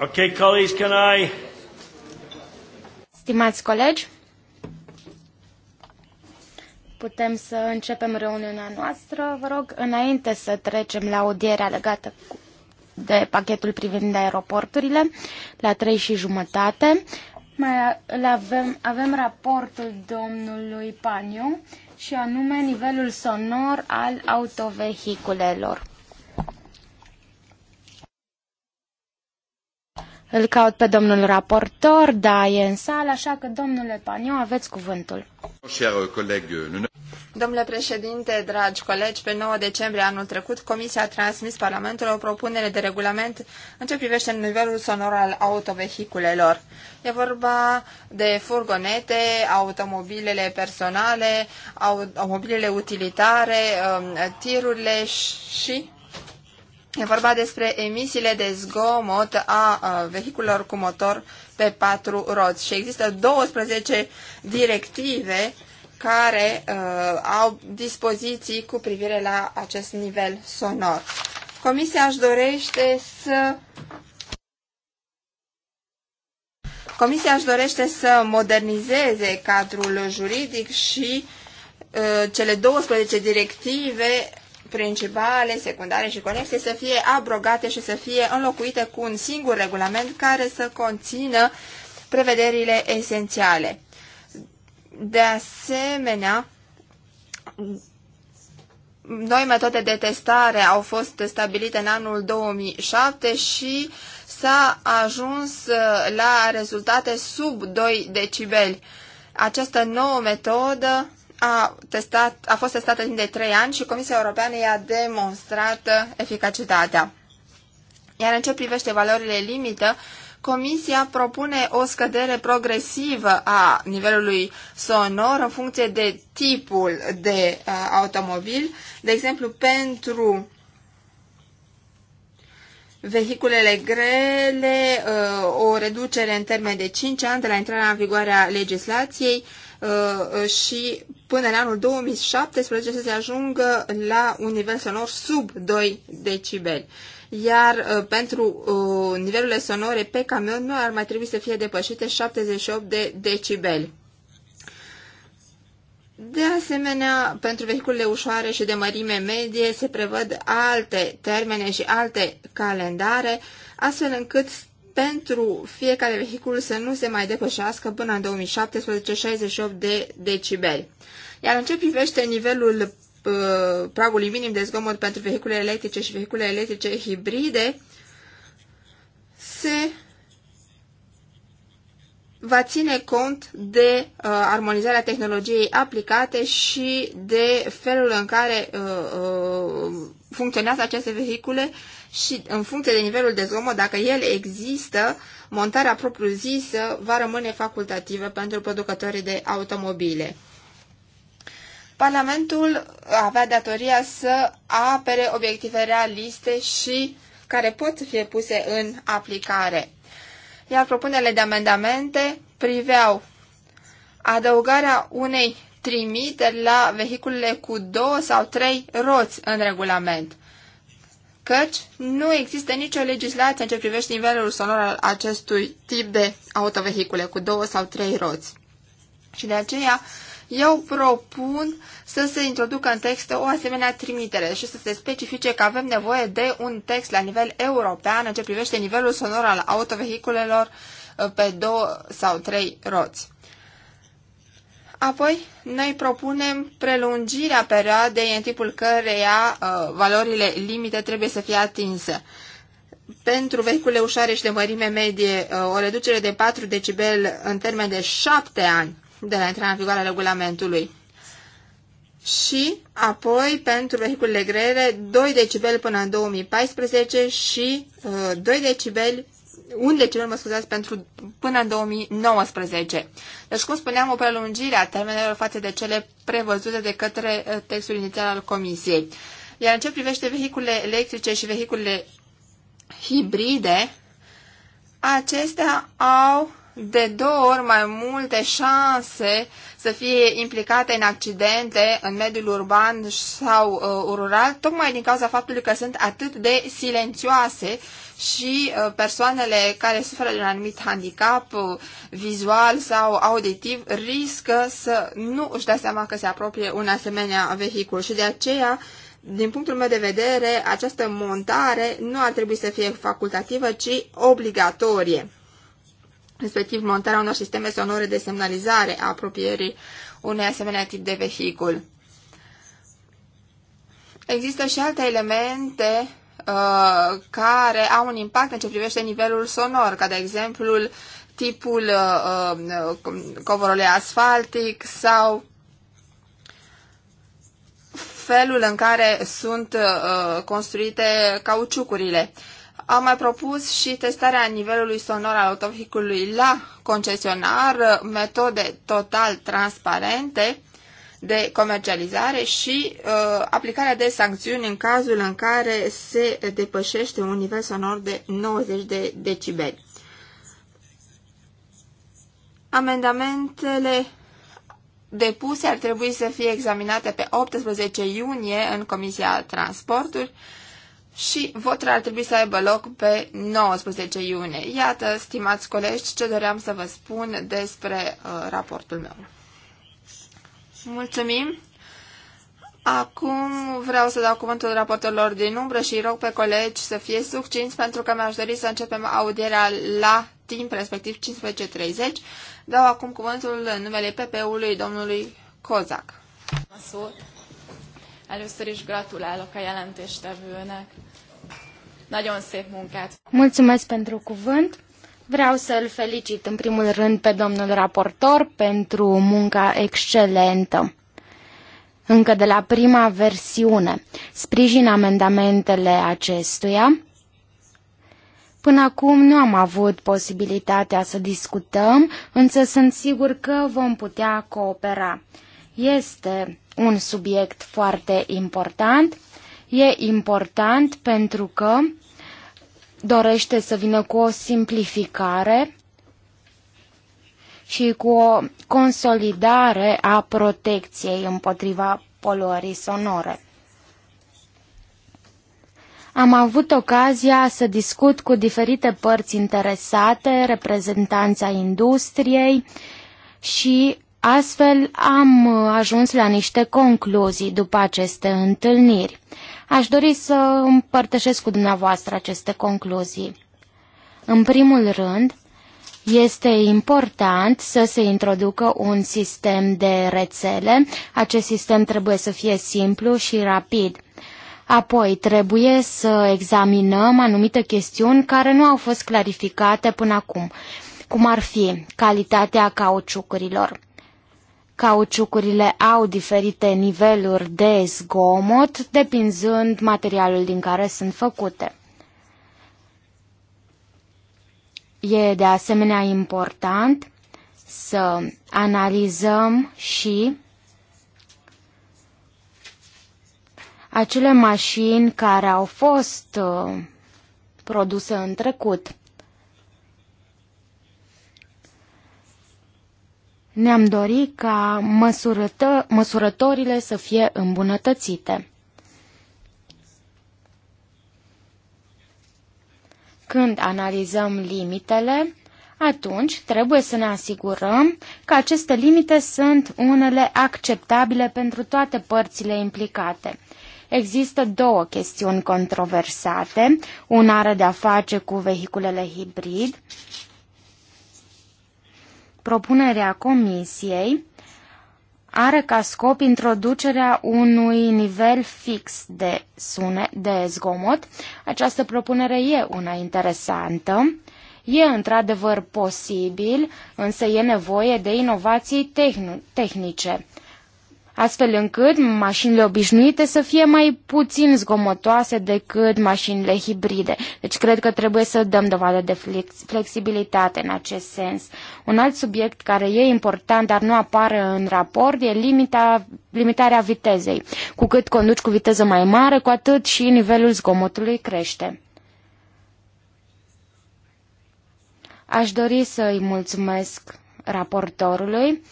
Okay, colleagues, can I... Stimați colegi, putem să începem reuniunea noastră. Vă rog, înainte să trecem la audierea legată de pachetul privind aeroporturile, la 3 și jumătate, mai avem, avem raportul domnului Paniu și anume nivelul sonor al autovehiculelor. Îl caut pe domnul raportor, da, e în sală, așa că, domnule Paniu, aveți cuvântul. Uh, uh, domnule președinte, dragi colegi, pe 9 decembrie anul trecut, Comisia a transmis Parlamentului o propunere de regulament în ce privește nivelul sonor al autovehiculelor. E vorba de furgonete, automobilele personale, automobilele utilitare, um, tirurile și E vorba despre emisiile de zgomot a vehiculelor cu motor pe patru roți și există 12 directive care a, au dispoziții cu privire la acest nivel sonor. Comisia își dorește să Comisia își dorește să modernizeze cadrul juridic și uh, cele 12 directive principale, secundare și conexe să fie abrogate și să fie înlocuite cu un singur regulament care să conțină prevederile esențiale. De asemenea, noi metode de testare au fost stabilite în anul 2007 și s-a ajuns uh, la rezultate sub 2 decibeli. Această nouă metodă a, testat, a fost testată timp de 3 ani și Comisia Europeană i-a demonstrat eficacitatea. Iar în ce privește valorile limită, Comisia propune o scădere progresivă a nivelului sonor în funcție de tipul de uh, automobil. De exemplu, pentru vehiculele grele, uh, o reducere în termen de 5 ani de la intrarea în vigoare a legislației, uh, Uh, uh, și până în anul 2017 să se ajungă la un nivel sonor sub 2 decibeli. Iar uh, pentru nivelurile sonore pe camion nu ar mai trebui să fie depășite 78 de decibeli. De asemenea, pentru vehiculele ușoare și de mărime medie se prevăd alte termene și alte calendare, astfel încât pentru fiecare vehicul să nu se mai depășească până în 2017 68 de decibeli. Iar în ce privește nivelul uh, pragului minim de zgomot pentru vehicule electrice și vehicule electrice hibride, se va ține cont de uh, armonizarea tehnologiei aplicate și de felul în care uh, uh, funcționează aceste vehicule și în funcție de nivelul de zgomot, dacă el există, montarea propriu-zisă va rămâne facultativă pentru producătorii de automobile. Parlamentul avea datoria să apere obiective realiste și care pot fi puse în aplicare. Iar propunerile de amendamente priveau adăugarea unei trimiteri la vehiculele cu două sau trei roți în regulament căci nu există nicio legislație în ce privește nivelul sonor al acestui tip de autovehicule cu două sau trei roți. Și de aceea eu propun să se introducă în text o asemenea trimitere și să se specifice că avem nevoie de un text la nivel european în ce privește nivelul sonor al autovehiculelor uh, pe două sau trei roți. Apoi, noi propunem prelungirea perioadei în timpul căreia uh, valorile limite trebuie să fie atinse. Pentru vehicule ușoare și de mărime medie, uh, o reducere de 4 decibel în termen de 7 ani de la intrarea în vigoare a regulamentului. Și apoi, pentru vehiculele grele, 2 decibel până în 2014 și uh, 2 decibel unde cerem, mă scuzați, pentru până în 2019. Deci, cum spuneam, o prelungire a termenelor față de cele prevăzute de către eh, textul inițial al Comisiei. Iar în ce privește vehiculele electrice și vehiculele hibride, acestea au de două ori mai multe șanse să fie implicate în accidente în mediul urban sau uh, rural, tocmai din cauza faptului că sunt atât de silențioase și uh, persoanele care suferă de un anumit handicap uh, vizual sau auditiv riscă să nu își dea seama că se apropie un asemenea vehicul și de aceea din punctul meu de vedere, această montare nu ar trebui să fie facultativă, ci obligatorie, respectiv montarea unor sisteme sonore de semnalizare a apropierii unui asemenea tip de vehicul. Există și alte elemente Uh, care au un impact în ce privește nivelul sonor, ca de exemplu tipul uh, uh covorului asfaltic sau felul în care sunt uh, construite cauciucurile. Am mai propus și testarea nivelului sonor al autovehicului la concesionar, metode total transparente de comercializare și uh, aplicarea de sancțiuni în cazul în care se depășește un nivel sonor de 90 de decibeli. Amendamentele depuse ar trebui să fie examinate pe 18 iunie în Comisia Transporturi și votul ar trebui să aibă loc pe 19 iunie. Iată, stimați colegi, ce doream să vă spun despre uh, raportul meu. Mulțumim! Acum vreau să dau cuvântul raportorilor din umbră și rog pe colegi să fie succinți pentru că mi-aș dori să începem audierea la timp, respectiv 15.30. Dau acum cuvântul în numele PP-ului domnului Kozak. Először is gratulálok a jelentéstevőnek. Nagyon szép munkát. Mulțumesc pentru cuvânt. Vreau să îl felicit în primul rând pe domnul raportor pentru munca excelentă. Încă de la prima versiune, sprijin amendamentele acestuia. Până acum nu am avut posibilitatea să discutăm, însă sunt sigur că vom putea coopera. Este un subiect foarte important. E important pentru că dorește să vină cu o simplificare și cu o consolidare a protecției împotriva poluării sonore. Am avut ocazia să discut cu diferite părți interesate, reprezentanța industriei și astfel am ajuns la niște concluzii după aceste întâlniri. Aș dori să împărtășesc cu dumneavoastră aceste concluzii. În primul rând, este important să se introducă un sistem de rețele. Acest sistem trebuie să fie simplu și rapid. Apoi, trebuie să examinăm anumite chestiuni care nu au fost clarificate până acum, cum ar fi calitatea cauciucurilor. Cauciucurile au diferite niveluri de zgomot, depinzând materialul din care sunt făcute. E de asemenea important să analizăm și acele mașini care au fost uh, produse în trecut. Ne-am dorit ca măsurătă, măsurătorile să fie îmbunătățite. Când analizăm limitele, atunci trebuie să ne asigurăm că aceste limite sunt unele acceptabile pentru toate părțile implicate. Există două chestiuni controversate, una are de-a face cu vehiculele hibrid Propunerea Comisiei are ca scop introducerea unui nivel fix de sune, de zgomot. Această propunere e una interesantă. E într-adevăr posibil, însă e nevoie de inovații tehnice astfel încât mașinile obișnuite să fie mai puțin zgomotoase decât mașinile hibride. Deci cred că trebuie să dăm dovadă de flexibilitate în acest sens. Un alt subiect care e important, dar nu apare în raport, e limita, limitarea vitezei. Cu cât conduci cu viteză mai mare, cu atât și nivelul zgomotului crește. Aș dori să îi mulțumesc raportorului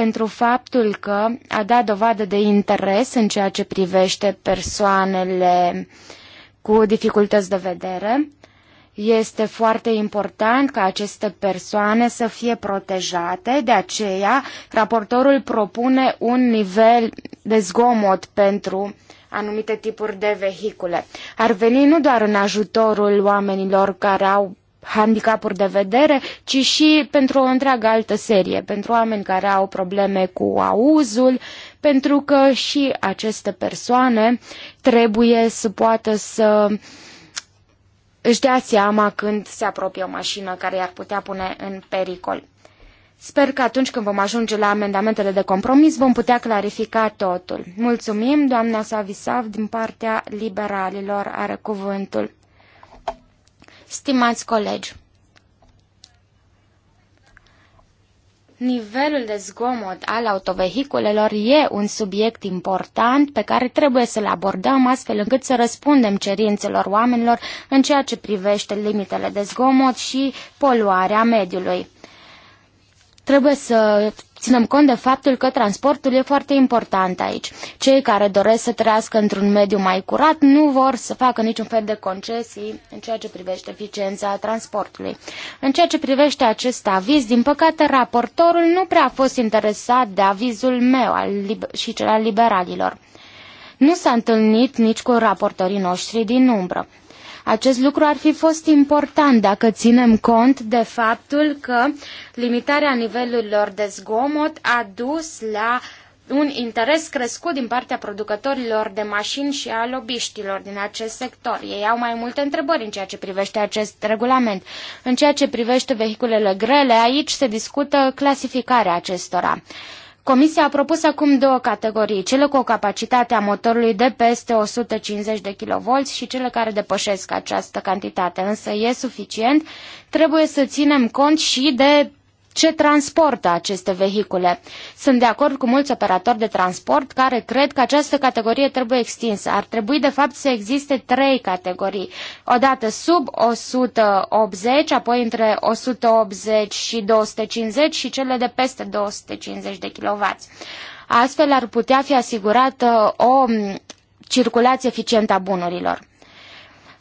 pentru faptul că a dat dovadă de interes în ceea ce privește persoanele cu dificultăți de vedere. Este foarte important ca aceste persoane să fie protejate, de aceea raportorul propune un nivel de zgomot pentru anumite tipuri de vehicule. Ar veni nu doar în ajutorul oamenilor care au handicapuri de vedere, ci și pentru o întreagă altă serie, pentru oameni care au probleme cu auzul, pentru că și aceste persoane trebuie să poată să își dea seama când se apropie o mașină care i-ar putea pune în pericol. Sper că atunci când vom ajunge la amendamentele de compromis vom putea clarifica totul. Mulțumim, doamna Savisav, din partea liberalilor are cuvântul. Stimați colegi, nivelul de zgomot al autovehiculelor e un subiect important pe care trebuie să-l abordăm astfel încât să răspundem cerințelor oamenilor în ceea ce privește limitele de zgomot și poluarea mediului trebuie să ținem cont de faptul că transportul e foarte important aici. Cei care doresc să trăiască într-un mediu mai curat nu vor să facă niciun fel de concesii în ceea ce privește eficiența transportului. În ceea ce privește acest aviz, din păcate, raportorul nu prea a fost interesat de avizul meu al și cel al liberalilor. Nu s-a întâlnit nici cu raportorii noștri din umbră. Acest lucru ar fi fost important dacă ținem cont de faptul că limitarea nivelurilor de zgomot a dus la un interes crescut din partea producătorilor de mașini și a lobiștilor din acest sector. Ei au mai multe întrebări în ceea ce privește acest regulament. În ceea ce privește vehiculele grele, aici se discută clasificarea acestora. Comisia a propus acum două categorii, cele cu o capacitate a motorului de peste 150 de kV și cele care depășesc această cantitate, însă e suficient. Trebuie să ținem cont și de ce transportă aceste vehicule. Sunt de acord cu mulți operatori de transport care cred că această categorie trebuie extinsă. Ar trebui, de fapt, să existe trei categorii. Odată sub 180, apoi între 180 și 250 și cele de peste 250 de kW. Astfel ar putea fi asigurată o circulație eficientă a bunurilor.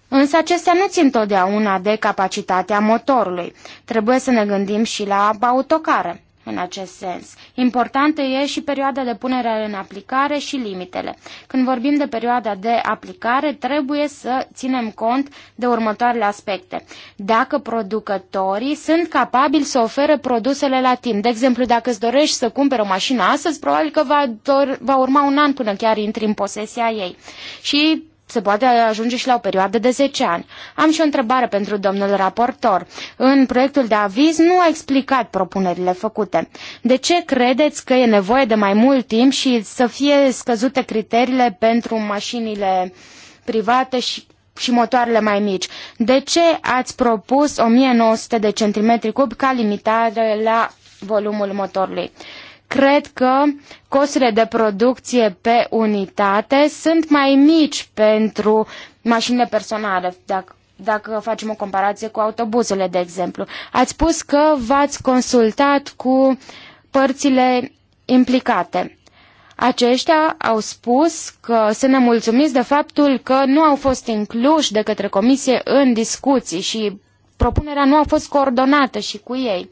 Însă acestea nu țin totdeauna de capacitatea motorului. Trebuie să ne gândim și la autocare în acest sens. Importantă e și perioada de punere în aplicare și limitele. Când vorbim de perioada de aplicare, trebuie să ținem cont de următoarele aspecte. Dacă producătorii sunt capabili să ofere produsele la timp, de exemplu, dacă îți dorești să cumperi o mașină astăzi, probabil că va, dor, va urma un an până chiar intri în posesia ei. Și se poate ajunge și la o perioadă de 10 ani. Am și o întrebare pentru domnul raportor. În proiectul de aviz nu a explicat propunerile făcute. De ce credeți că e nevoie de mai mult timp și să fie scăzute criteriile pentru mașinile private și și motoarele mai mici. De ce ați propus 1900 de centimetri cub ca limitare la volumul motorului? Cred că costurile de producție pe unitate sunt mai mici pentru mașinile personale, dacă, dacă facem o comparație cu autobuzele, de exemplu. Ați spus că v-ați consultat cu părțile implicate. Aceștia au spus că sunt nemulțumiți de faptul că nu au fost incluși de către comisie în discuții și propunerea nu a fost coordonată și cu ei.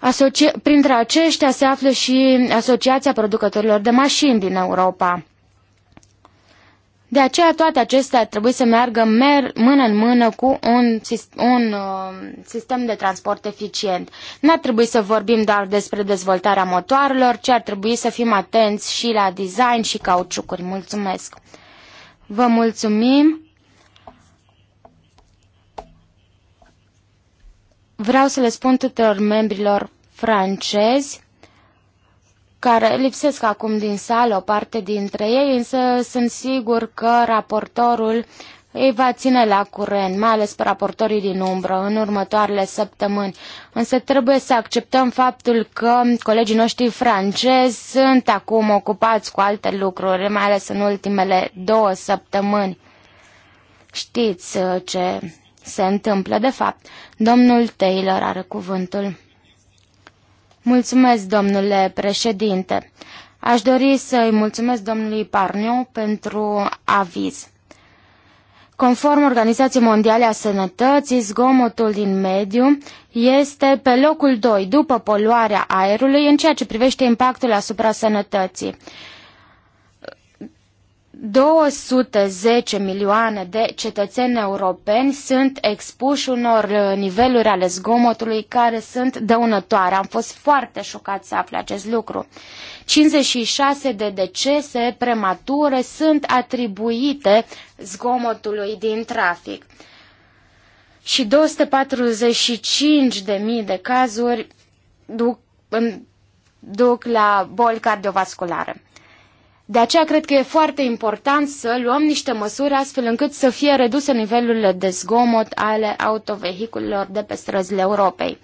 Asoci... Printre aceștia se află și Asociația Producătorilor de Mașini din Europa. De aceea toate acestea trebuie să meargă mer- mână în mână cu un, un uh, sistem de transport eficient. Nu ar trebui să vorbim doar despre dezvoltarea motoarelor, ci ar trebui să fim atenți și la design și cauciucuri. Mulțumesc! Vă mulțumim! Vreau să le spun tuturor membrilor francezi care lipsesc acum din sală o parte dintre ei, însă sunt sigur că raportorul îi va ține la curent, mai ales pe raportorii din umbră, în următoarele săptămâni. Însă trebuie să acceptăm faptul că colegii noștri francezi sunt acum ocupați cu alte lucruri, mai ales în ultimele două săptămâni. Știți uh, ce se întâmplă de fapt. Domnul Taylor are cuvântul. Mulțumesc, domnule președinte. Aș dori să-i mulțumesc domnului Parniu pentru aviz. Conform Organizației Mondiale a Sănătății, zgomotul din mediu este pe locul 2 după poluarea aerului în ceea ce privește impactul asupra sănătății. 210 milioane de cetățeni europeni sunt expuși unor uh, niveluri ale zgomotului care sunt dăunătoare. Am fost foarte șocat să afle acest lucru. 56 de decese premature sunt atribuite zgomotului din trafic și 245 de mii de cazuri duc, duc la boli cardiovasculare. De aceea cred că e foarte important să luăm niște măsuri astfel încât să fie reduse nivelurile de zgomot ale autovehiculelor de pe străzile Europei.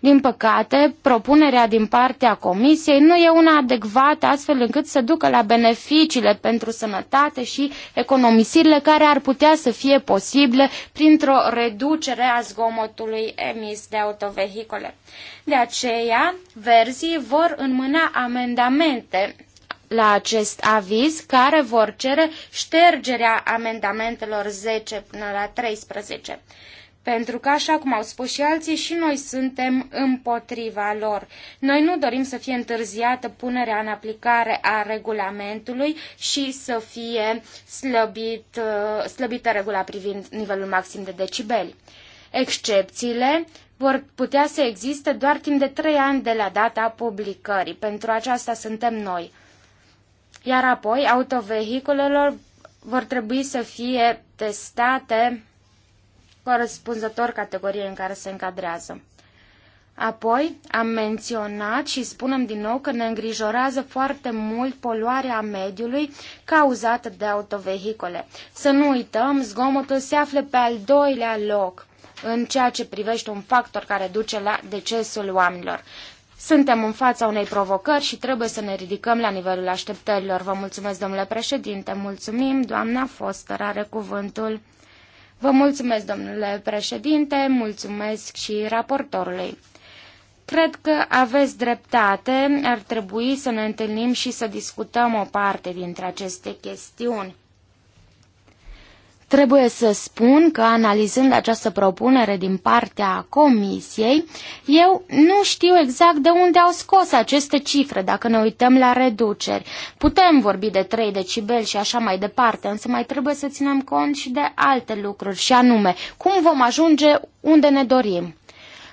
Din păcate, propunerea din partea Comisiei nu e una adecvată astfel încât să ducă la beneficiile pentru sănătate și economisirile care ar putea să fie posibile printr-o reducere a zgomotului emis de autovehicule. De aceea, verzii vor înmâna amendamente la acest aviz, care vor cere ștergerea amendamentelor 10 până la 13. Pentru că, așa cum au spus și alții, și noi suntem împotriva lor. Noi nu dorim să fie întârziată punerea în aplicare a regulamentului și să fie slăbit, uh, slăbită regula privind nivelul maxim de decibeli. Excepțiile vor putea să existe doar timp de trei ani de la data publicării. Pentru aceasta suntem noi. Iar apoi autovehiculelor vor trebui să fie testate corespunzător categoriei în care se încadrează. Apoi am menționat și spunem din nou că ne îngrijorează foarte mult poluarea mediului cauzată de autovehicole. Să nu uităm, zgomotul se află pe al doilea loc în ceea ce privește un factor care duce la decesul oamenilor. Suntem în fața unei provocări și trebuie să ne ridicăm la nivelul așteptărilor. Vă mulțumesc, domnule președinte. Mulțumim, doamna Foster are cuvântul. Vă mulțumesc, domnule președinte, mulțumesc și raportorului. Cred că aveți dreptate, ar trebui să ne întâlnim și să discutăm o parte dintre aceste chestiuni. Trebuie să spun că analizând această propunere din partea Comisiei, eu nu știu exact de unde au scos aceste cifre dacă ne uităm la reduceri. Putem vorbi de 3 decibel și așa mai departe, însă mai trebuie să ținem cont și de alte lucruri, și anume, cum vom ajunge unde ne dorim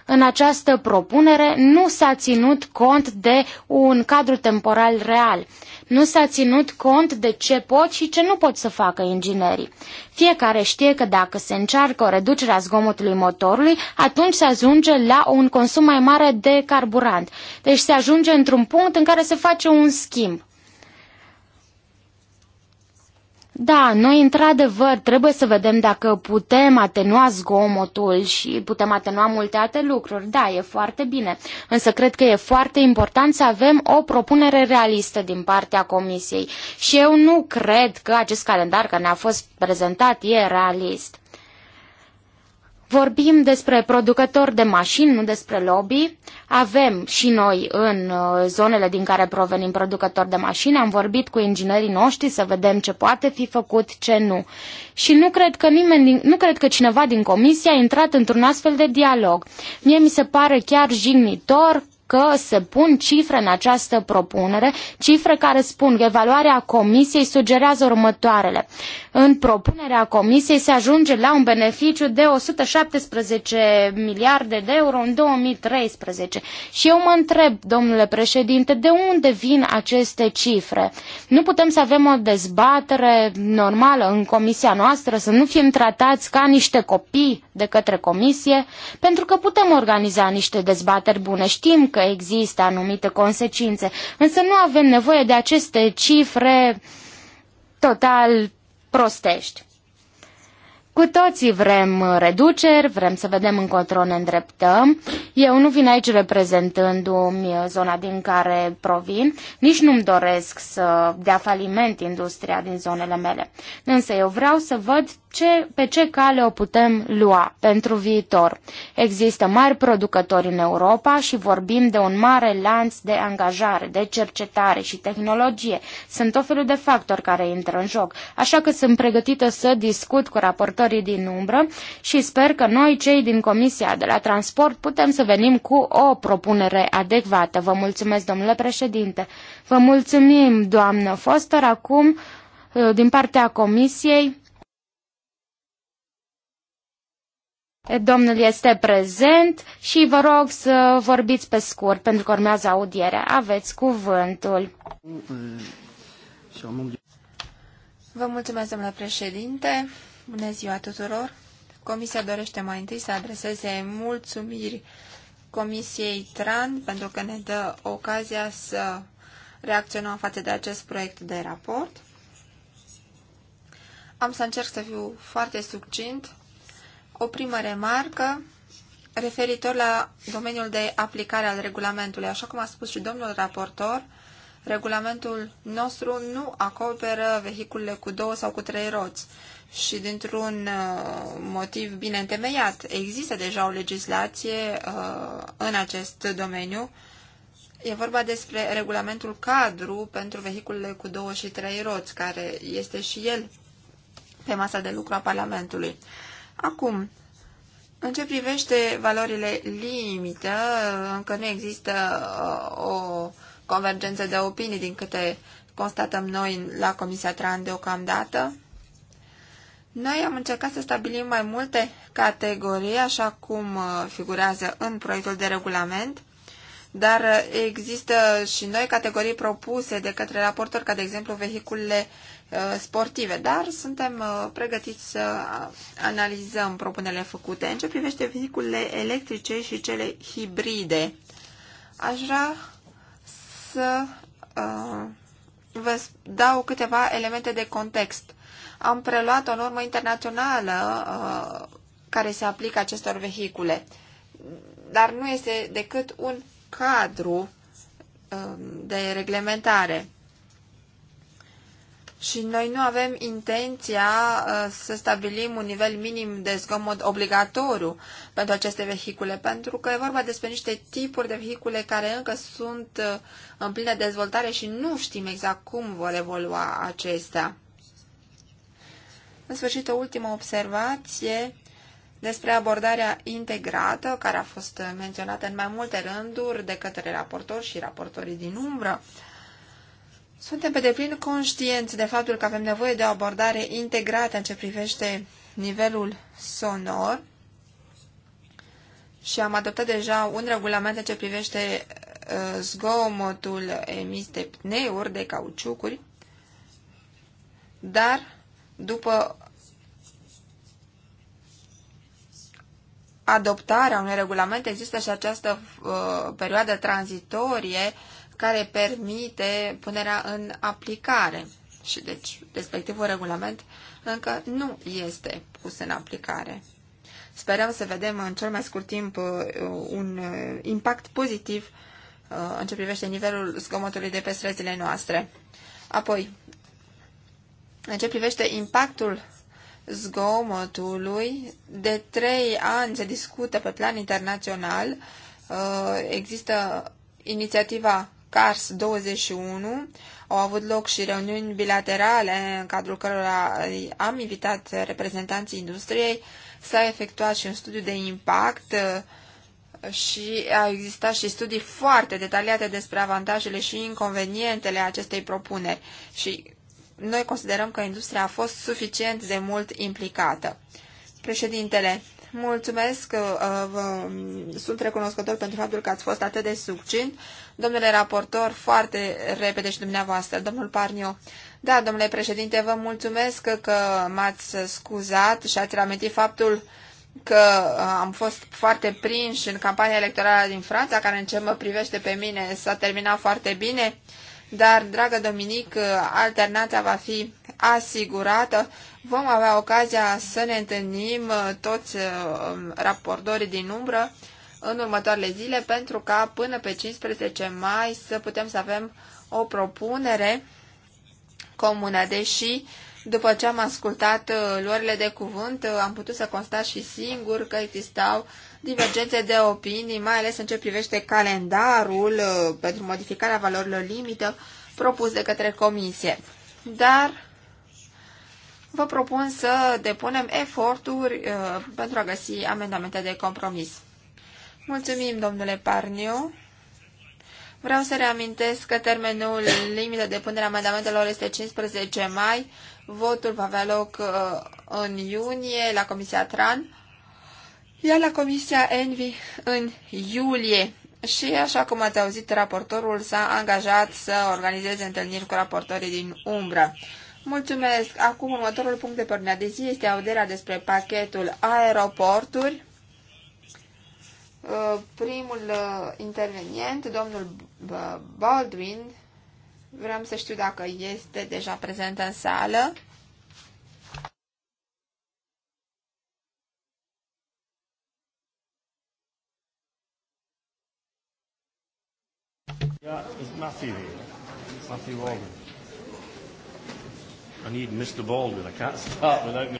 în această propunere nu s-a ținut cont de un cadru temporal real. Nu s-a ținut cont de ce pot și ce nu pot să facă inginerii. Fiecare știe că dacă se încearcă o reducere a zgomotului motorului, atunci se ajunge la un consum mai mare de carburant. Deci se ajunge într-un punct în care se face un schimb. Da, noi într-adevăr trebuie să vedem dacă putem atenua zgomotul și putem atenua multe alte lucruri. Da, e foarte bine. Însă cred că e foarte important să avem o propunere realistă din partea Comisiei. Și eu nu cred că acest calendar care ne-a fost prezentat e realist. Vorbim despre producători de mașini, nu despre lobby. Avem și noi în uh, zonele din care provenim producători de mașini, am vorbit cu inginerii noștri să vedem ce poate fi făcut, ce nu. Și nu cred că, nimeni, nu cred că cineva din comisie a intrat într-un astfel de dialog. Mie mi se pare chiar jignitor că se pun cifre în această propunere, cifre care spun că evaluarea comisiei sugerează următoarele. În propunerea comisiei se ajunge la un beneficiu de 117 miliarde de euro în 2013. Și eu mă întreb, domnule președinte, de unde vin aceste cifre? Nu putem să avem o dezbatere normală în comisia noastră, să nu fim tratați ca niște copii? de către comisie, pentru că putem organiza niște dezbateri bune. Știm că există anumite consecințe, însă nu avem nevoie de aceste cifre total prostești. Cu toții vrem reduceri, vrem să vedem încotro ne îndreptăm. Eu nu vin aici reprezentându-mi zona din care provin, nici nu-mi doresc să dea faliment industria din zonele mele. Însă eu vreau să văd ce, pe ce cale o putem lua pentru viitor. Există mari producători în Europa și vorbim de un mare lanț de angajare, de cercetare și tehnologie. Sunt tot felul de factori care intră în joc, așa că sunt pregătită să discut cu raportorii raportorii din umbră și sper că noi, cei din Comisia de la Transport, putem să venim cu o propunere adecvată. Vă mulțumesc, domnule președinte. Vă mulțumim, doamnă Foster. Acum, uh, din partea Comisiei, Domnul este prezent și vă rog să vorbiți pe scurt, pentru că urmează audierea. Aveți cuvântul. Mm, mm. Vă mulțumesc, domnule președinte. Bună ziua tuturor! Comisia dorește mai întâi să adreseze mulțumiri Comisiei TRAN pentru că ne dă ocazia să reacționăm față de acest proiect de raport. Am să încerc să fiu foarte succint. O primă remarcă referitor la domeniul de aplicare al regulamentului. Așa cum a spus și domnul raportor, regulamentul nostru nu acoperă vehiculele cu două sau cu trei roți și dintr-un uh, motiv bine întemeiat. Există deja o legislație uh, în acest domeniu. E vorba despre regulamentul cadru pentru vehiculele cu două și trei roți, care este și el pe masa de lucru a Parlamentului. Acum, în ce privește valorile limită, încă nu există uh, o convergență de opinii din câte constatăm noi la Comisia Tran deocamdată. Noi am încercat să stabilim mai multe categorii, așa cum uh, figurează în proiectul de regulament, dar uh, există și noi categorii propuse de către raportor, ca de exemplu vehiculele uh, sportive, dar suntem pregătiți să analizăm propunerile făcute. În ce privește vehiculele electrice și cele hibride, aș vrea să uh, vă dau câteva elemente de context am preluat o normă internațională uh, care se aplică acestor vehicule, dar nu este decât un cadru uh, de reglementare. Și noi nu avem intenția uh, să stabilim un nivel minim de zgomot obligatoriu pentru aceste vehicule, pentru că e vorba despre niște tipuri de vehicule care încă sunt uh, în plină dezvoltare și nu știm exact cum vor evolua acestea. În sfârșit, o ultimă observație despre abordarea integrată, care a fost menționată în mai multe rânduri de către raportori și raportorii din umbră. Suntem pe deplin conștienți de faptul că avem nevoie de o abordare integrată în ce privește nivelul sonor și am adoptat deja un regulament în ce privește uh, zgomotul emis de pneuri, de cauciucuri, dar după adoptarea unui regulament există și această uh, perioadă tranzitorie care permite punerea în aplicare. Și deci respectivul regulament încă nu este pus în aplicare. Sperăm să vedem în cel mai scurt timp uh, un uh, impact pozitiv uh, în ce privește nivelul zgomotului de pe străzile noastre. Apoi, în ce privește impactul zgomotului, de trei ani se discută pe plan internațional. Uh, există inițiativa CARS 21, au avut loc și reuniuni bilaterale în cadrul cărora am invitat reprezentanții industriei. S-a efectuat și un studiu de impact uh, și au existat și studii foarte detaliate despre avantajele și inconvenientele acestei propuneri și noi considerăm că industria a fost suficient de mult implicată. Președintele, mulțumesc, uh, uh, mm, sunt recunoscător pentru faptul că ați fost atât de succint. Domnule raportor, foarte repede și dumneavoastră, domnul Parnio. Da, domnule președinte, vă mulțumesc că m-ați scuzat și ați reamintit faptul că uh, am fost foarte prinși în campania electorală din Franța, care în ce mă privește pe mine s-a terminat foarte bine dar, dragă Dominic, alternanța va fi asigurată. Vom avea ocazia să ne întâlnim uh, toți uh, um, raportorii din umbră în următoarele zile pentru ca până pe 15 mai să putem să avem o propunere comună, deși după ce am ascultat uh, luările de cuvânt, am putut să constat și singur că existau divergențe de opinii, mai ales în ce privește calendarul uh, pentru modificarea valorilor limită propus de către comisie. Dar vă propun să depunem eforturi uh, pentru a găsi amendamente de compromis. Mulțumim, domnule Parniu. Vreau să reamintesc că termenul limită de punere a amendamentelor este 15 mai. Votul va avea loc uh, în iunie la Comisia TRAN iar la Comisia Envi în iulie. Și, așa cum ați auzit, raportorul s-a angajat să organizeze întâlniri cu raportorii din umbră. Mulțumesc! Acum, următorul punct de pornire de zi este auderea despre pachetul aeroporturi. Uh, primul uh, intervenient, domnul Baldwin, vreau să știu dacă este deja prezent în sală. Yeah, it's Matthew here. Matthew Baldwin. I need Mr. Baldwin. I can't start without.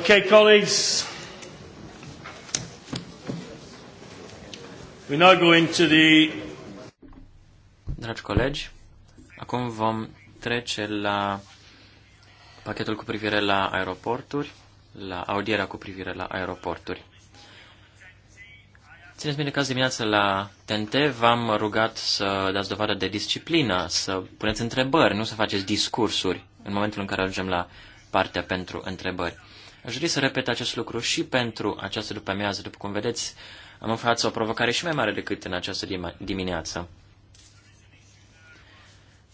Okay, colleagues. We now go into the... Dragi colegi, acum vom trece la pachetul cu privire la aeroporturi, la audierea cu privire la aeroporturi. Țineți bine că azi dimineață la TNT v-am rugat să dați dovadă de disciplină, să puneți întrebări, nu să faceți discursuri în momentul în care ajungem la partea pentru întrebări. Aș dori să repet acest lucru și pentru această după amiază. După cum vedeți, am în față o provocare și mai mare decât în această dimineață.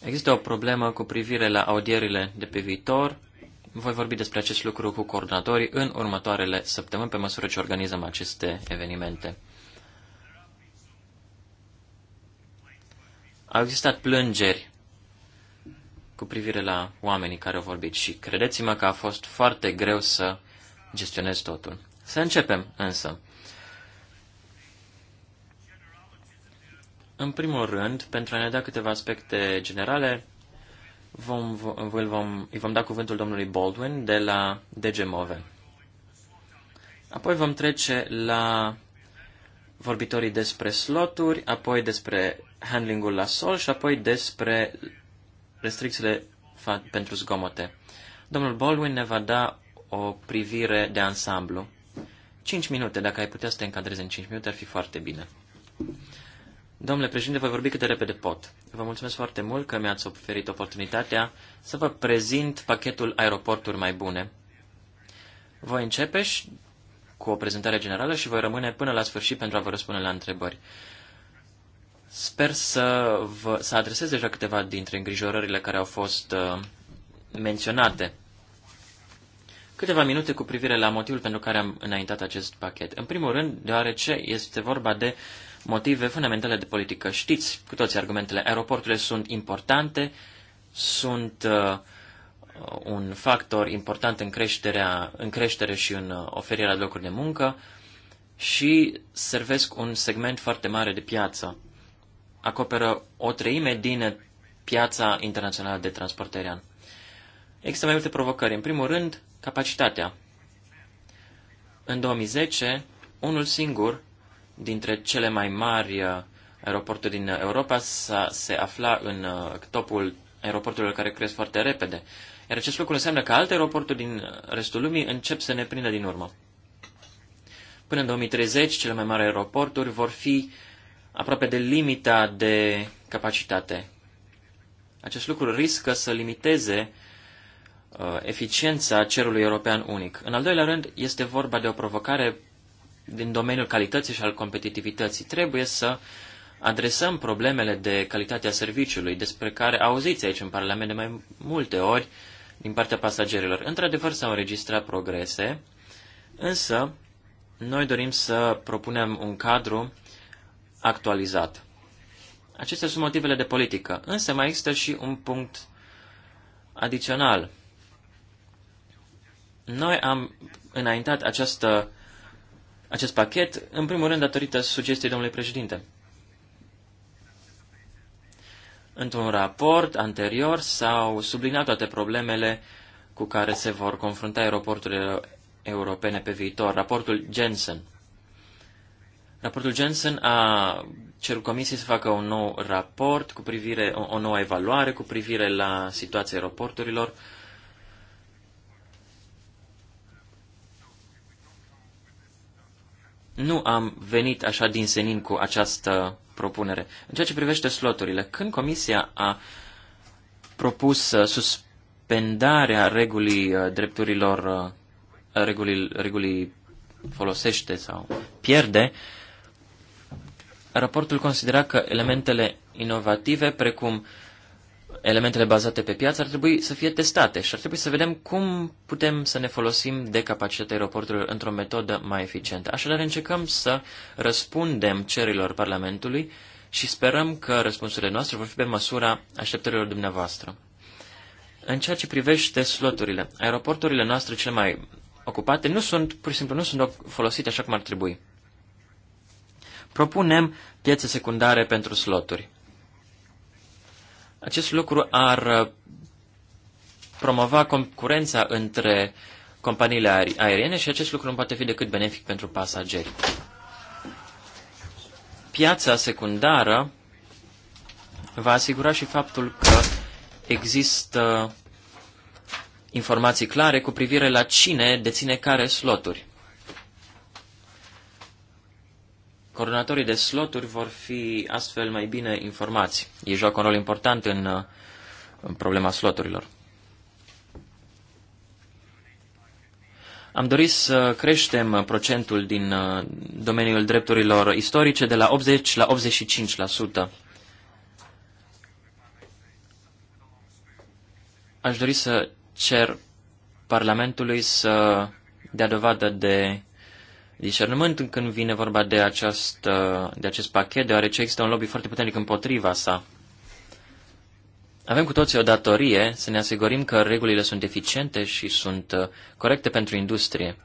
Există o problemă cu privire la audierile de pe viitor. Voi vorbi despre acest lucru cu coordonatorii în următoarele săptămâni, pe măsură ce organizăm aceste evenimente. Au existat plângeri cu privire la oamenii care au vorbit și credeți-mă că a fost foarte greu să gestionez totul. Să începem însă. În primul rând, pentru a ne da câteva aspecte generale, vom, vom, vom, îi vom da cuvântul domnului Baldwin de la DG Move. Apoi vom trece la vorbitorii despre sloturi, apoi despre handlingul la sol și apoi despre restricțiile pentru zgomote. Domnul Baldwin ne va da o privire de ansamblu. 5 minute, dacă ai putea să te încadrezi în 5 minute, ar fi foarte bine. Domnule președinte, voi vorbi cât de repede pot. Vă mulțumesc foarte mult că mi-ați oferit oportunitatea să vă prezint pachetul aeroporturi mai bune. Voi începe și cu o prezentare generală și voi rămâne până la sfârșit pentru a vă răspunde la întrebări. Sper să, vă, să adresez deja câteva dintre îngrijorările care au fost uh, menționate. Câteva minute cu privire la motivul pentru care am înaintat acest pachet. În primul rând, deoarece este vorba de motive fundamentale de politică. Știți cu toți argumentele. Aeroporturile sunt importante, sunt uh, un factor important în, creșterea, în creștere și în uh, oferirea locurilor locuri de muncă și servesc un segment foarte mare de piață acoperă o treime din piața internațională de transport aerian. Există mai multe provocări. În primul rând, capacitatea. În 2010, unul singur dintre cele mai mari uh, aeroporturi din Europa se afla în uh, topul aeroporturilor care cresc foarte repede. Iar acest lucru înseamnă că alte aeroporturi din restul lumii încep să ne prindă din urmă. Până în 2030, cele mai mari aeroporturi vor fi aproape de limita de capacitate. Acest lucru riscă să limiteze uh, eficiența cerului european unic. În al doilea rând, este vorba de o provocare din domeniul calității și al competitivității. Trebuie să adresăm problemele de calitate a serviciului, despre care auziți aici în Parlament de mai multe ori din partea pasagerilor. Într-adevăr s-au înregistrat progrese, însă noi dorim să propunem un cadru actualizat. Acestea sunt motivele de politică, însă mai există și un punct adițional. Noi am înaintat această, acest pachet, în primul rând, datorită sugestiei domnului președinte. Într-un raport anterior s-au subliniat toate problemele cu care se vor confrunta aeroporturile europene pe viitor, raportul Jensen – Raportul Jensen a cerut comisiei să facă un nou raport cu privire, o, o nouă evaluare cu privire la situația aeroporturilor. Nu am venit așa din senin cu această propunere. În ceea ce privește sloturile, când comisia a propus uh, suspendarea regulii uh, drepturilor, uh, regulii, regulii folosește sau pierde, uh, Raportul considera că elementele inovative, precum elementele bazate pe piață, ar trebui să fie testate și ar trebui să vedem cum putem să ne folosim de capacitatea aeroporturilor într-o metodă mai eficientă. Așadar, încercăm să răspundem cerilor Parlamentului și sperăm că răspunsurile noastre vor fi pe măsura așteptărilor dumneavoastră. În ceea ce privește sloturile, aeroporturile noastre cele mai ocupate nu sunt, pur și simplu, nu sunt folosite așa cum ar trebui. Propunem piețe secundare pentru sloturi. Acest lucru ar uh, promova concurența între companiile aeriene și acest lucru nu poate fi decât benefic pentru pasageri. Piața secundară va asigura și faptul că există informații clare cu privire la cine deține care sloturi. Coordonatorii de sloturi vor fi astfel mai bine informați. Ei joacă un rol important în, uh, în problema sloturilor. Am dorit să creștem procentul din uh, domeniul drepturilor istorice de la 80 la 85%. Aș dori să cer Parlamentului să dea dovadă de discernământ când vine vorba de, această, de acest pachet, deoarece există un lobby foarte puternic împotriva sa. Avem cu toții o datorie să ne asigurăm că regulile sunt eficiente și sunt uh, corecte pentru industrie.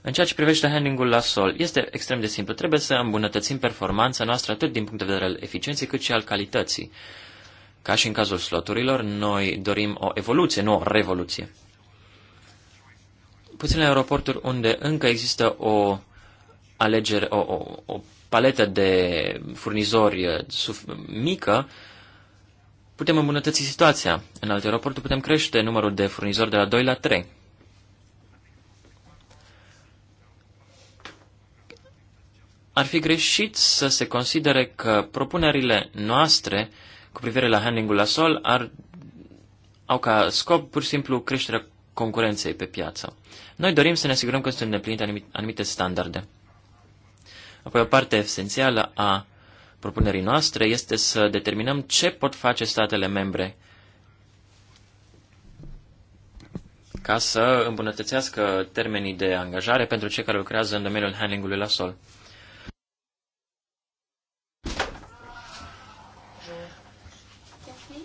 În ceea ce privește handling-ul la sol, este extrem de simplu. Trebuie să îmbunătățim performanța noastră atât din punct de vedere al eficienței cât și al calității. Ca și în cazul sloturilor, noi dorim o evoluție, nu o revoluție. Puține aeroporturi unde încă există o alegere, o, o, o paletă de furnizori eh, mică, putem îmbunătăți situația. În alte aeroporturi putem crește numărul de furnizori de la 2 la 3. Ar fi greșit să se considere că propunerile noastre cu privire la handlingul la sol ar, au ca scop pur și simplu creșterea concurenței pe piață. Noi dorim să ne asigurăm că sunt îndeplinite anumite standarde. Apoi o parte esențială a propunerii noastre este să determinăm ce pot face statele membre ca să îmbunătățească termenii de angajare pentru cei care lucrează în domeniul handlingului la sol.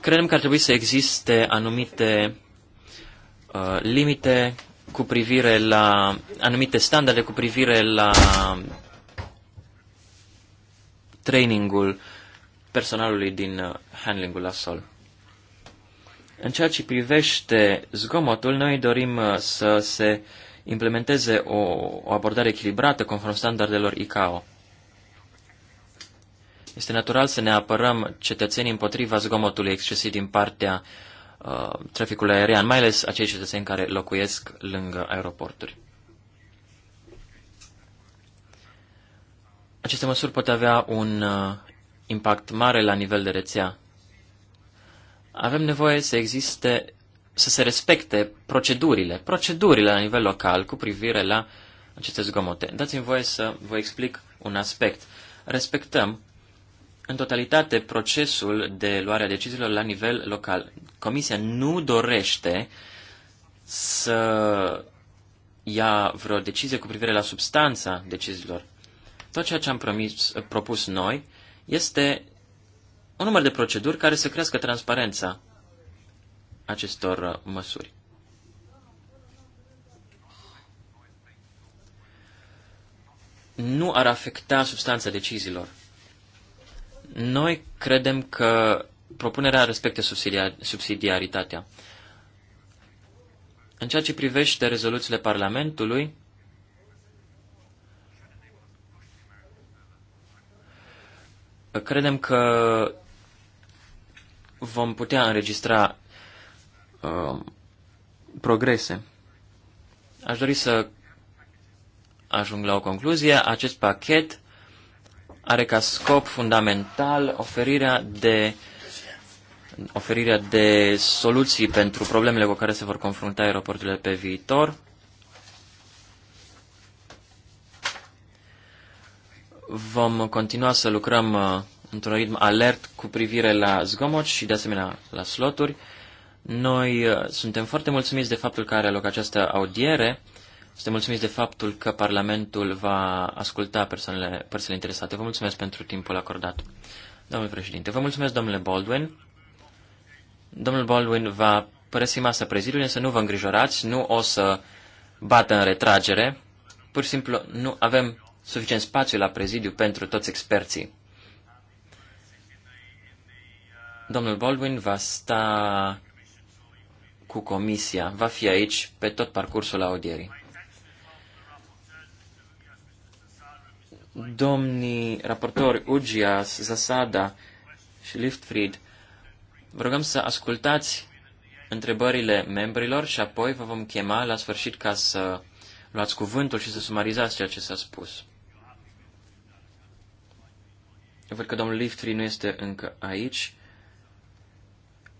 Credem că ar trebui să existe anumite uh, limite cu privire la anumite standarde cu privire la trainingul personalului din uh, handlingul la sol. În ceea ce privește zgomotul, noi dorim uh, să se implementeze o, o abordare echilibrată conform standardelor ICAO. Este natural să ne apărăm cetățenii împotriva zgomotului excesiv din partea uh, traficului aerian, mai ales acei cetățeni care locuiesc lângă aeroporturi. Aceste măsuri pot avea un uh, impact mare la nivel de rețea. Avem nevoie să existe, să se respecte procedurile, procedurile la nivel local cu privire la aceste zgomote. Dați-mi voie să vă explic un aspect. Respectăm în totalitate procesul de luare a deciziilor la nivel local. Comisia nu dorește să ia vreo decizie cu privire la substanța deciziilor tot ceea ce am promis, propus noi este un număr de proceduri care să crească transparența acestor uh, măsuri. Nu ar afecta substanța deciziilor. Noi credem că propunerea respectă subsidiaritatea. În ceea ce privește rezoluțiile Parlamentului, Credem că vom putea înregistra uh, progrese. Aș dori să ajung la o concluzie. Acest pachet are ca scop fundamental oferirea de oferirea de soluții pentru problemele cu care se vor confrunta aeroporturile pe viitor. Vom continua să lucrăm uh, într-un ritm alert cu privire la zgomot și, de asemenea, la sloturi. Noi uh, suntem foarte mulțumiți de faptul că are loc această audiere. Suntem mulțumiți de faptul că Parlamentul va asculta persoanele, persoanele interesate. Vă mulțumesc pentru timpul acordat. Domnule președinte, vă mulțumesc, domnule Baldwin. Domnul Baldwin va părăsi masa prezidiului, însă nu vă îngrijorați, nu o să bată în retragere. Pur și simplu nu avem suficient spațiu la prezidiu pentru toți experții. Domnul Baldwin va sta cu comisia, va fi aici pe tot parcursul audierii. Domnii raportori Ugias, Zasada și Liftfried, vă rugăm să ascultați întrebările membrilor și apoi vă vom chema la sfârșit ca să luați cuvântul și să sumarizați ceea ce s-a spus. Văd că domnul Liftri nu este încă aici.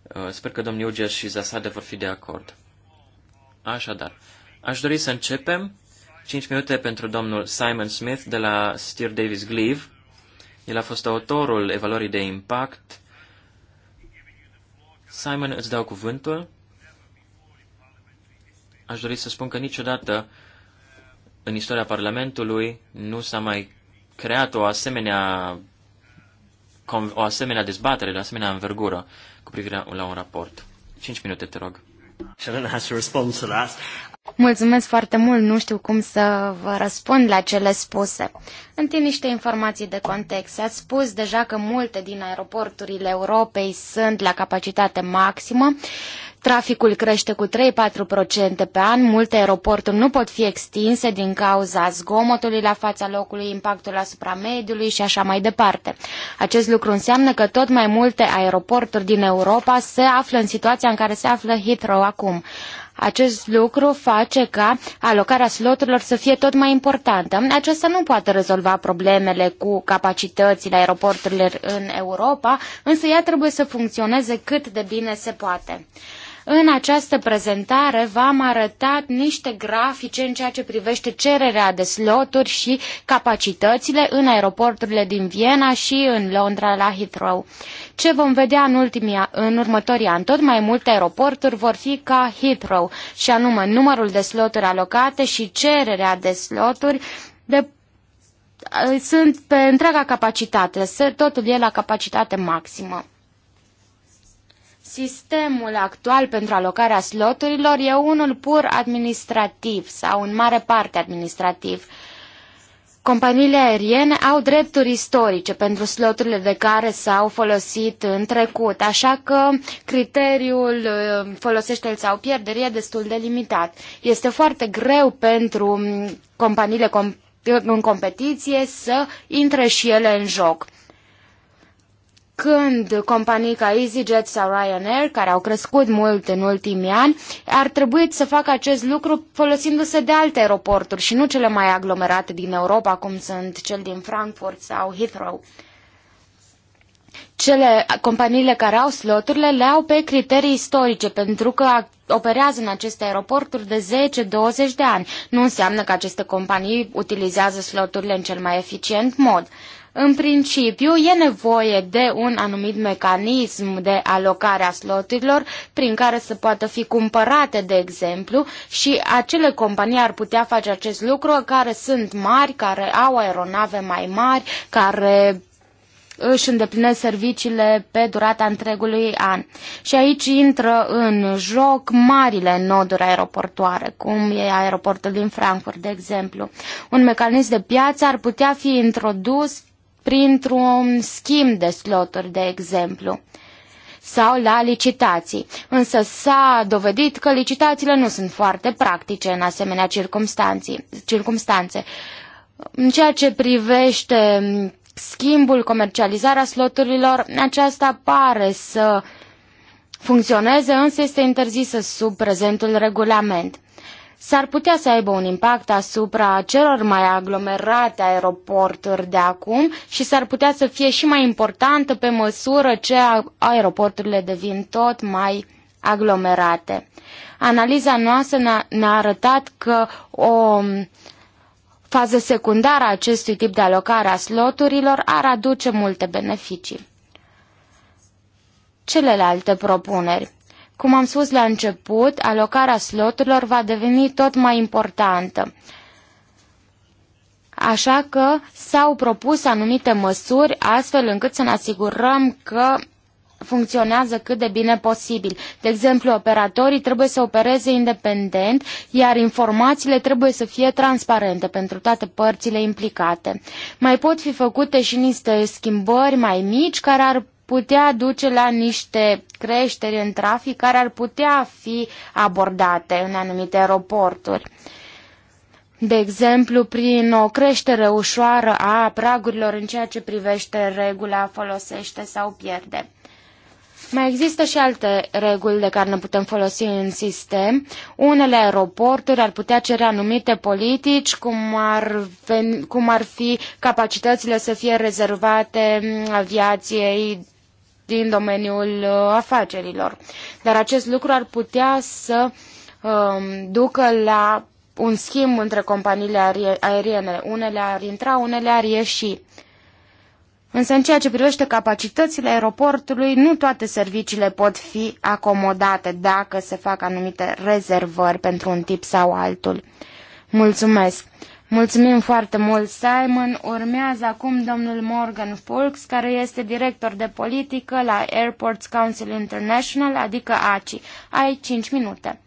Uh, sper că domnul Uger și Zasade vor fi de acord. Așadar, aș dori să începem. 5 minute pentru domnul Simon Smith de la Steer Davis Gleave. El a fost autorul evaluării de impact. Simon, îți dau cuvântul. Aș dori să spun că niciodată în istoria Parlamentului nu s-a mai creat o asemenea o asemenea dezbatere, de asemenea învergură cu privire la un raport. 5 minute, te rog. Mulțumesc foarte mult, nu știu cum să vă răspund la cele spuse. Întâi niște informații de context. S-a spus deja că multe din aeroporturile Europei sunt la capacitate maximă. Uh, Traficul crește cu 3-4% pe an, multe aeroporturi nu pot fi extinse din cauza zgomotului la fața locului, impactul asupra mediului și așa mai departe. Acest lucru înseamnă că tot mai multe aeroporturi din Europa se află în situația în care se află Heathrow acum. Acest lucru face ca alocarea sloturilor să fie tot mai importantă. Aceasta nu poate rezolva problemele cu capacitățile aeroporturilor în Europa, însă ea trebuie să funcționeze cât de bine se poate. În această prezentare v-am arătat niște grafice în ceea ce privește cererea de sloturi și capacitățile în aeroporturile din Viena și în Londra la Heathrow. Ce vom vedea în, ultimii, în următorii ani? Tot mai multe aeroporturi vor fi ca Heathrow, și anume numărul de sloturi alocate și cererea de sloturi de sunt pe întreaga capacitate, totul e la capacitate maximă. Sistemul actual pentru alocarea sloturilor e unul pur administrativ sau în mare parte administrativ. Companiile aeriene au drepturi istorice pentru sloturile de care s-au folosit în trecut, așa că criteriul uh, folosește-l sau pierdere e destul de limitat. Este foarte greu pentru mm, companiile în competiție să intre și ele în joc când companii ca EasyJet sau Ryanair, care au crescut mult în ultimii ani, ar trebui să facă acest lucru folosindu-se de alte aeroporturi și nu cele mai aglomerate din Europa, cum sunt cel din Frankfurt sau Heathrow. Cele companiile care au sloturile le au pe criterii istorice, pentru că operează în aceste aeroporturi de 10-20 de ani. Nu înseamnă că aceste companii utilizează sloturile în cel mai eficient mod. În principiu, e nevoie de un anumit mecanism de alocare a sloturilor prin care să poată fi cumpărate, de exemplu, și acele companii ar putea face acest lucru care sunt mari, care au aeronave mai mari, care își îndeplinesc serviciile pe durata întregului an. Și aici intră în joc marile noduri aeroportoare, cum e aeroportul din Frankfurt, de exemplu. Un mecanism de piață ar putea fi introdus printr-un schimb de sloturi, de exemplu sau la licitații. Însă s-a dovedit că licitațiile nu sunt foarte practice în asemenea circumstanțe. În ceea ce privește schimbul, comercializarea sloturilor, aceasta pare să funcționeze, însă este interzisă sub prezentul regulament s-ar putea să aibă un impact asupra celor mai aglomerate aeroporturi de acum și s-ar putea să fie și mai importantă pe măsură ce aeroporturile devin tot mai aglomerate. Analiza noastră ne-a arătat că o fază secundară a acestui tip de alocare a sloturilor ar aduce multe beneficii. Celelalte propuneri cum am spus la început, alocarea sloturilor va deveni tot mai importantă. Așa că s-au propus anumite măsuri astfel încât să ne asigurăm că funcționează cât de bine posibil. De exemplu, operatorii trebuie să opereze independent, iar informațiile trebuie să fie transparente pentru toate părțile implicate. Mai pot fi făcute și niște schimbări mai mici care ar putea duce la niște creșteri în trafic care ar putea fi abordate în anumite aeroporturi. De exemplu, prin o creștere ușoară a pragurilor în ceea ce privește regula folosește sau pierde. Mai există și alte reguli de care ne putem folosi în sistem. Unele aeroporturi ar putea cere anumite politici, cum ar, cum ar fi capacitățile să fie rezervate mm, aviației din domeniul uh, afacerilor. Dar acest lucru ar putea să um, ducă la un schimb între companiile aeriene. Unele ar intra, unele ar ieși. Însă în ceea ce privește capacitățile aeroportului, nu toate serviciile pot fi acomodate dacă se fac anumite rezervări pentru un tip sau altul. Mulțumesc! Mulțumim foarte mult, Simon. Urmează acum domnul Morgan Fulks, care este director de politică la Airports Council International, adică ACI. Ai 5 minute.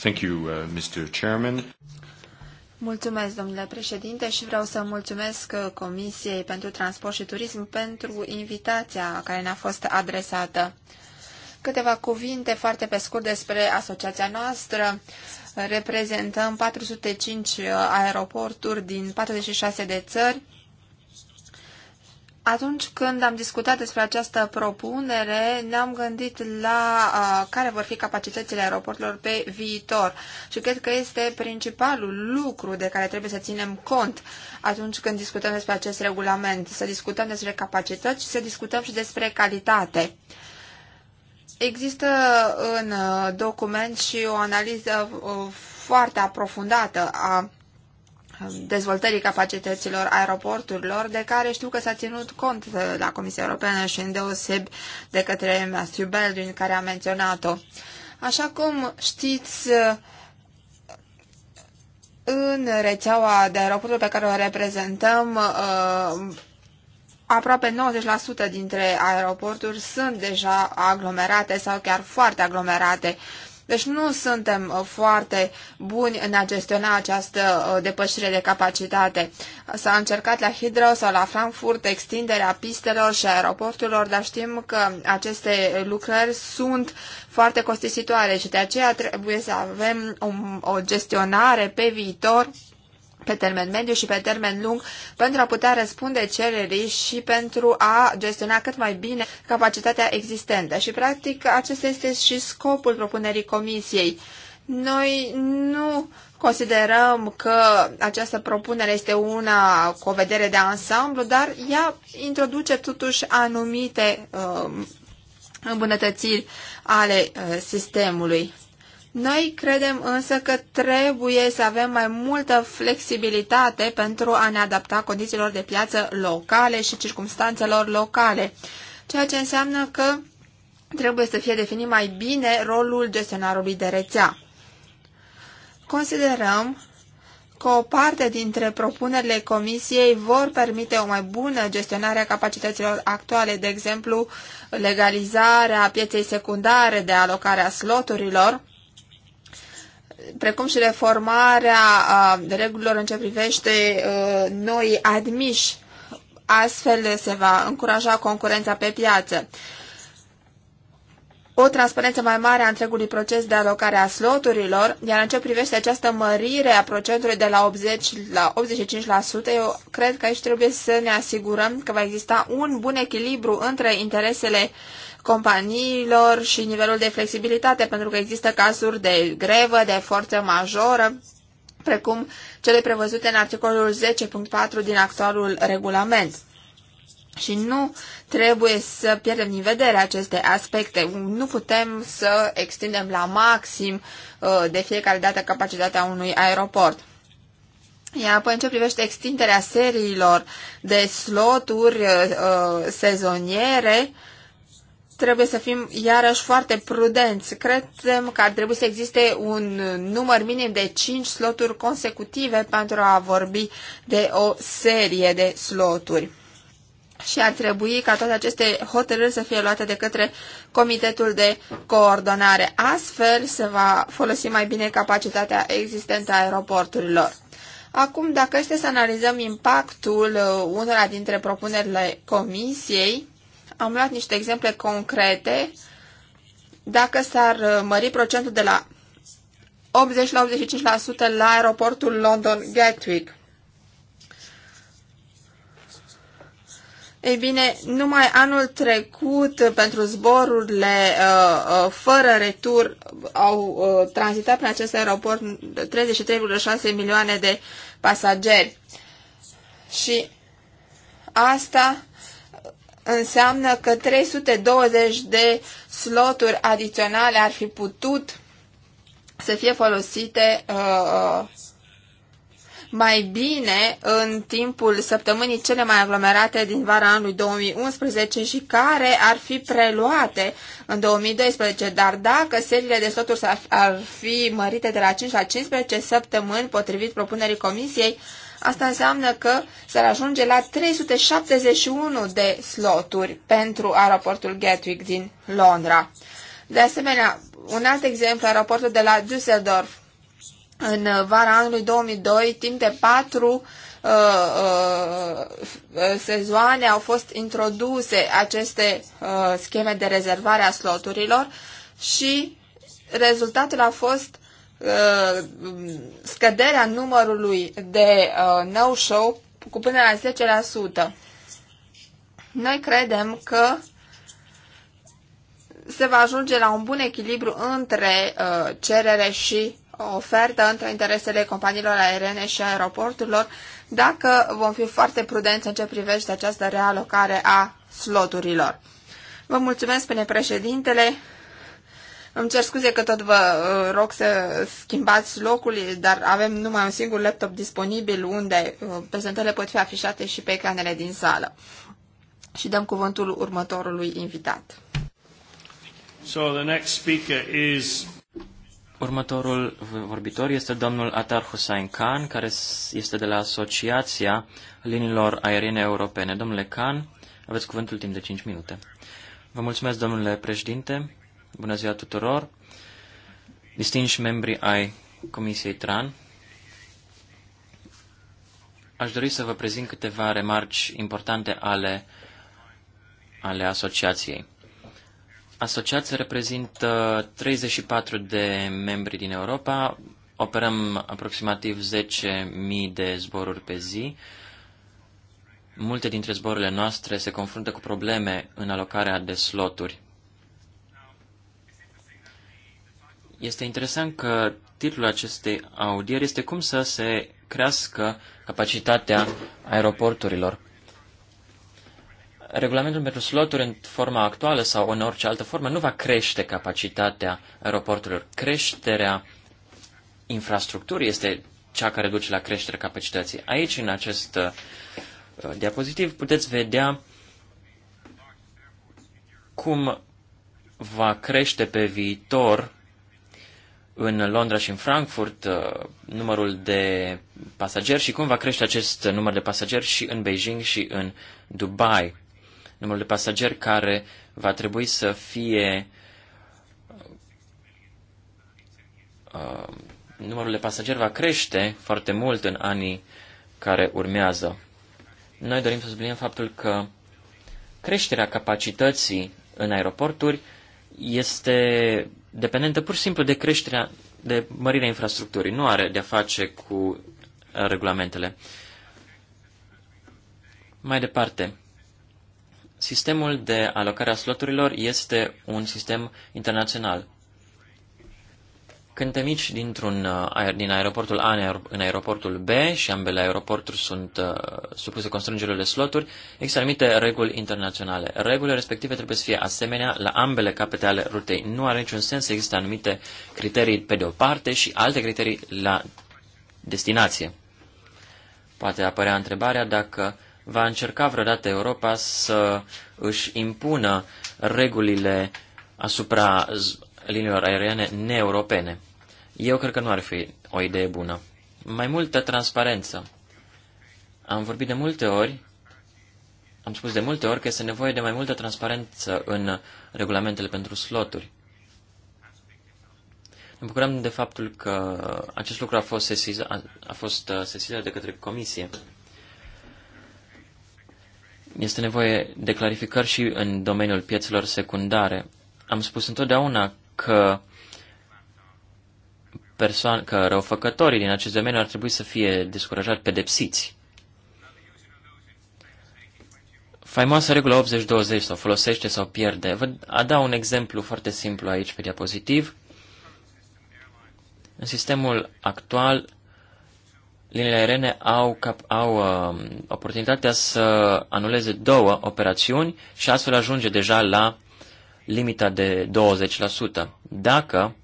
Thank you, uh, Mr. Chairman. Mulțumesc, domnule președinte, și vreau să mulțumesc uh, Comisiei pentru Transport și Turism pentru invitația care ne-a fost adresată. Câteva cuvinte foarte pe scurt despre asociația noastră. Reprezentăm 405 aeroporturi din 46 de țări. Atunci când am discutat despre această propunere, ne-am gândit la uh, care vor fi capacitățile aeroporturilor pe viitor și cred că este principalul lucru de care trebuie să ținem cont atunci când discutăm despre acest regulament, să discutăm despre capacități și să discutăm și despre calitate. Uh, Există în uh, document și o analiză uh, foarte aprofundată a uh, dezvoltării capacităților aeroporturilor, de care știu că s-a ținut cont la Comisia Europeană și în deoseb de către Matthew Baldwin, care a menționat-o. Așa cum știți, în rețeaua de aeroporturi pe care o reprezentăm, aproape 90% dintre aeroporturi sunt deja aglomerate sau chiar foarte aglomerate. Deci nu suntem uh, foarte buni în a gestiona această uh, depășire de capacitate. S-a încercat la Hydro sau la Frankfurt extinderea pistelor și aeroporturilor, dar știm că aceste lucrări sunt foarte costisitoare și de aceea trebuie să avem o gestionare pe viitor pe termen mediu și pe termen lung pentru a putea răspunde cererii și pentru a gestiona cât mai bine capacitatea existentă. Și, practic, acesta este și scopul propunerii Comisiei. Noi nu considerăm că această propunere este una cu o vedere de ansamblu, dar ea introduce totuși anumite uh, îmbunătățiri ale uh, sistemului. Noi credem însă că trebuie să avem mai multă flexibilitate pentru a ne adapta condițiilor de piață locale și circumstanțelor locale, ceea ce înseamnă că trebuie să fie definit mai bine rolul gestionarului de rețea. Considerăm că o parte dintre propunerile comisiei vor permite o mai bună gestionare a capacităților actuale, de exemplu legalizarea pieței secundare de alocarea sloturilor, precum și reformarea regulilor în ce privește noi admiși. Astfel se va încuraja concurența pe piață. O transparență mai mare a întregului proces de alocare a sloturilor, iar în ce privește această mărire a procentului de la 80 la 85%, eu cred că aici trebuie să ne asigurăm că va exista un bun echilibru între interesele companiilor și nivelul de flexibilitate, pentru că există cazuri de grevă, de forță majoră, precum cele prevăzute în articolul 10.4 din actualul regulament. Și nu trebuie să pierdem din vedere aceste aspecte. Nu putem să extindem la maxim uh, de fiecare dată capacitatea unui aeroport. Iar apoi în ce privește extinderea seriilor de sloturi uh, uh sezoniere, uh, trebuie să fim iarăși foarte prudenți. Credem că ar trebui să existe un număr minim de 5 sloturi consecutive pentru a vorbi de o serie de sloturi. Și ar trebui ca toate aceste hotărâri să fie luate de către Comitetul de Coordonare. Astfel se va folosi mai bine capacitatea existentă a aeroporturilor. Acum, dacă este să analizăm impactul uh, unora dintre propunerile Comisiei, am luat niște exemple concrete. Dacă s-ar uh, mări procentul de la 80 la 85% la aeroportul London Gatwick. Ei bine, numai anul trecut, uh, pentru zborurile uh, uh, fără retur, au uh, tranzitat prin acest aeroport 33,6 milioane de pasageri. Și asta înseamnă că 320 de sloturi adiționale ar fi putut să fie folosite uh, uh, mai bine în timpul săptămânii cele mai aglomerate din vara anului 2011 și care ar fi preluate în 2012. Dar dacă seriile de sloturi ar fi mărite de la 5 la 15 săptămâni, potrivit propunerii comisiei, uh, Asta înseamnă că s-ar ajunge la 371 de sloturi pentru aeroportul Gatwick din Londra. De asemenea, un alt exemplu, aeroportul de la Düsseldorf. În vara anului 2002, timp de patru uh, uh, sezoane au fost introduse aceste uh, scheme de rezervare a sloturilor și rezultatul a fost Uh, scăderea numărului de uh, no-show cu până la 10%. Noi credem că se va ajunge la un bun echilibru între uh, cerere și ofertă, între interesele companiilor aeriene și aeroporturilor, dacă vom fi foarte prudenți în ce privește această realocare a sloturilor. Vă mulțumesc, spune președintele. Îmi cer scuze că tot vă uh, rog să schimbați locul, dar avem numai un singur laptop disponibil unde uh, prezentările pot fi afișate și pe ecranele din sală. Și dăm cuvântul următorului invitat. So the next speaker is... Următorul vorbitor este domnul Atar Hussain Khan, care este de la Asociația Linilor Aeriene Europene. Domnule Khan, aveți cuvântul timp de 5 minute. Vă mulțumesc, domnule președinte. Bună ziua tuturor! Distinși membri ai Comisiei TRAN, aș dori să vă prezint câteva remarci importante ale, ale asociației. Asociația reprezintă 34 de membri din Europa, operăm aproximativ 10.000 de zboruri pe zi. Multe dintre zborurile noastre se confruntă cu probleme în alocarea de sloturi. Este interesant că titlul acestei audieri este cum să se crească capacitatea aeroporturilor. Regulamentul pentru sloturi în forma actuală sau în orice altă formă nu va crește capacitatea aeroporturilor. Creșterea infrastructurii este cea care duce la creșterea capacității. Aici, în acest uh, diapozitiv, puteți vedea cum va crește pe viitor în Londra și în Frankfurt uh, numărul de pasageri și cum va crește acest număr de pasageri și în Beijing și în Dubai. Numărul de pasageri care va trebui să fie uh, numărul de pasageri va crește foarte mult în anii care urmează. Noi dorim să subliniem faptul că creșterea capacității în aeroporturi este dependentă pur și simplu de creșterea, de mărirea infrastructurii. Nu are de-a face cu uh, regulamentele. Mai departe, sistemul de alocare a sloturilor este un sistem internațional. Când te mici dintr-un uh, aer, din aeroportul A în, aeroportul B și ambele aeroporturi sunt uh, supuse constrângerilor de sloturi, există anumite reguli internaționale. Regulile respective trebuie să fie asemenea la ambele capete ale rutei. Nu are niciun sens să există anumite criterii pe de o parte și alte criterii la destinație. Poate apărea întrebarea dacă va încerca vreodată Europa să își impună regulile asupra liniilor aeriene neeuropene. Eu cred că nu ar fi o idee bună. Mai multă transparență. Am vorbit de multe ori, am spus de multe ori că este nevoie de mai multă transparență în regulamentele pentru sloturi. Ne bucurăm de faptul că acest lucru a fost sesizat, a fost uh, sesizat de către comisie. Este nevoie de clarificări și în domeniul piețelor secundare. Am spus întotdeauna că persoan- că răufăcătorii din acest domeniu ar trebui să fie descurajați, pedepsiți. Faimoasa regulă 80-20 sau folosește sau pierde. Vă da un exemplu foarte simplu aici pe diapozitiv. În sistemul actual, liniile aerene au, cap, au uh, oportunitatea să anuleze două operațiuni și astfel ajunge deja la limita de 20%. Dacă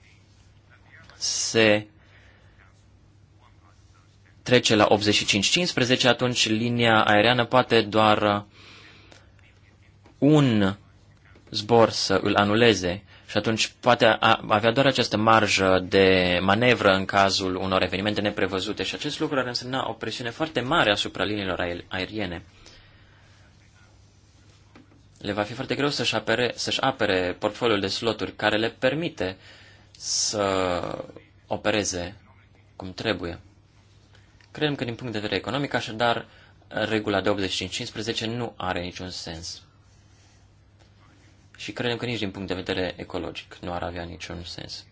se trece la 85-15, atunci linia aeriană poate doar un zbor să îl anuleze și atunci poate avea doar această marjă de manevră în cazul unor evenimente neprevăzute și acest lucru ar însemna o presiune foarte mare asupra liniilor aeriene le va fi foarte greu să-și apere, să-și apere portfoliul de sloturi care le permite să opereze cum trebuie. Credem că din punct de vedere economic, așadar, regula de 85-15 nu are niciun sens. Și credem că nici din punct de vedere ecologic nu ar avea niciun sens.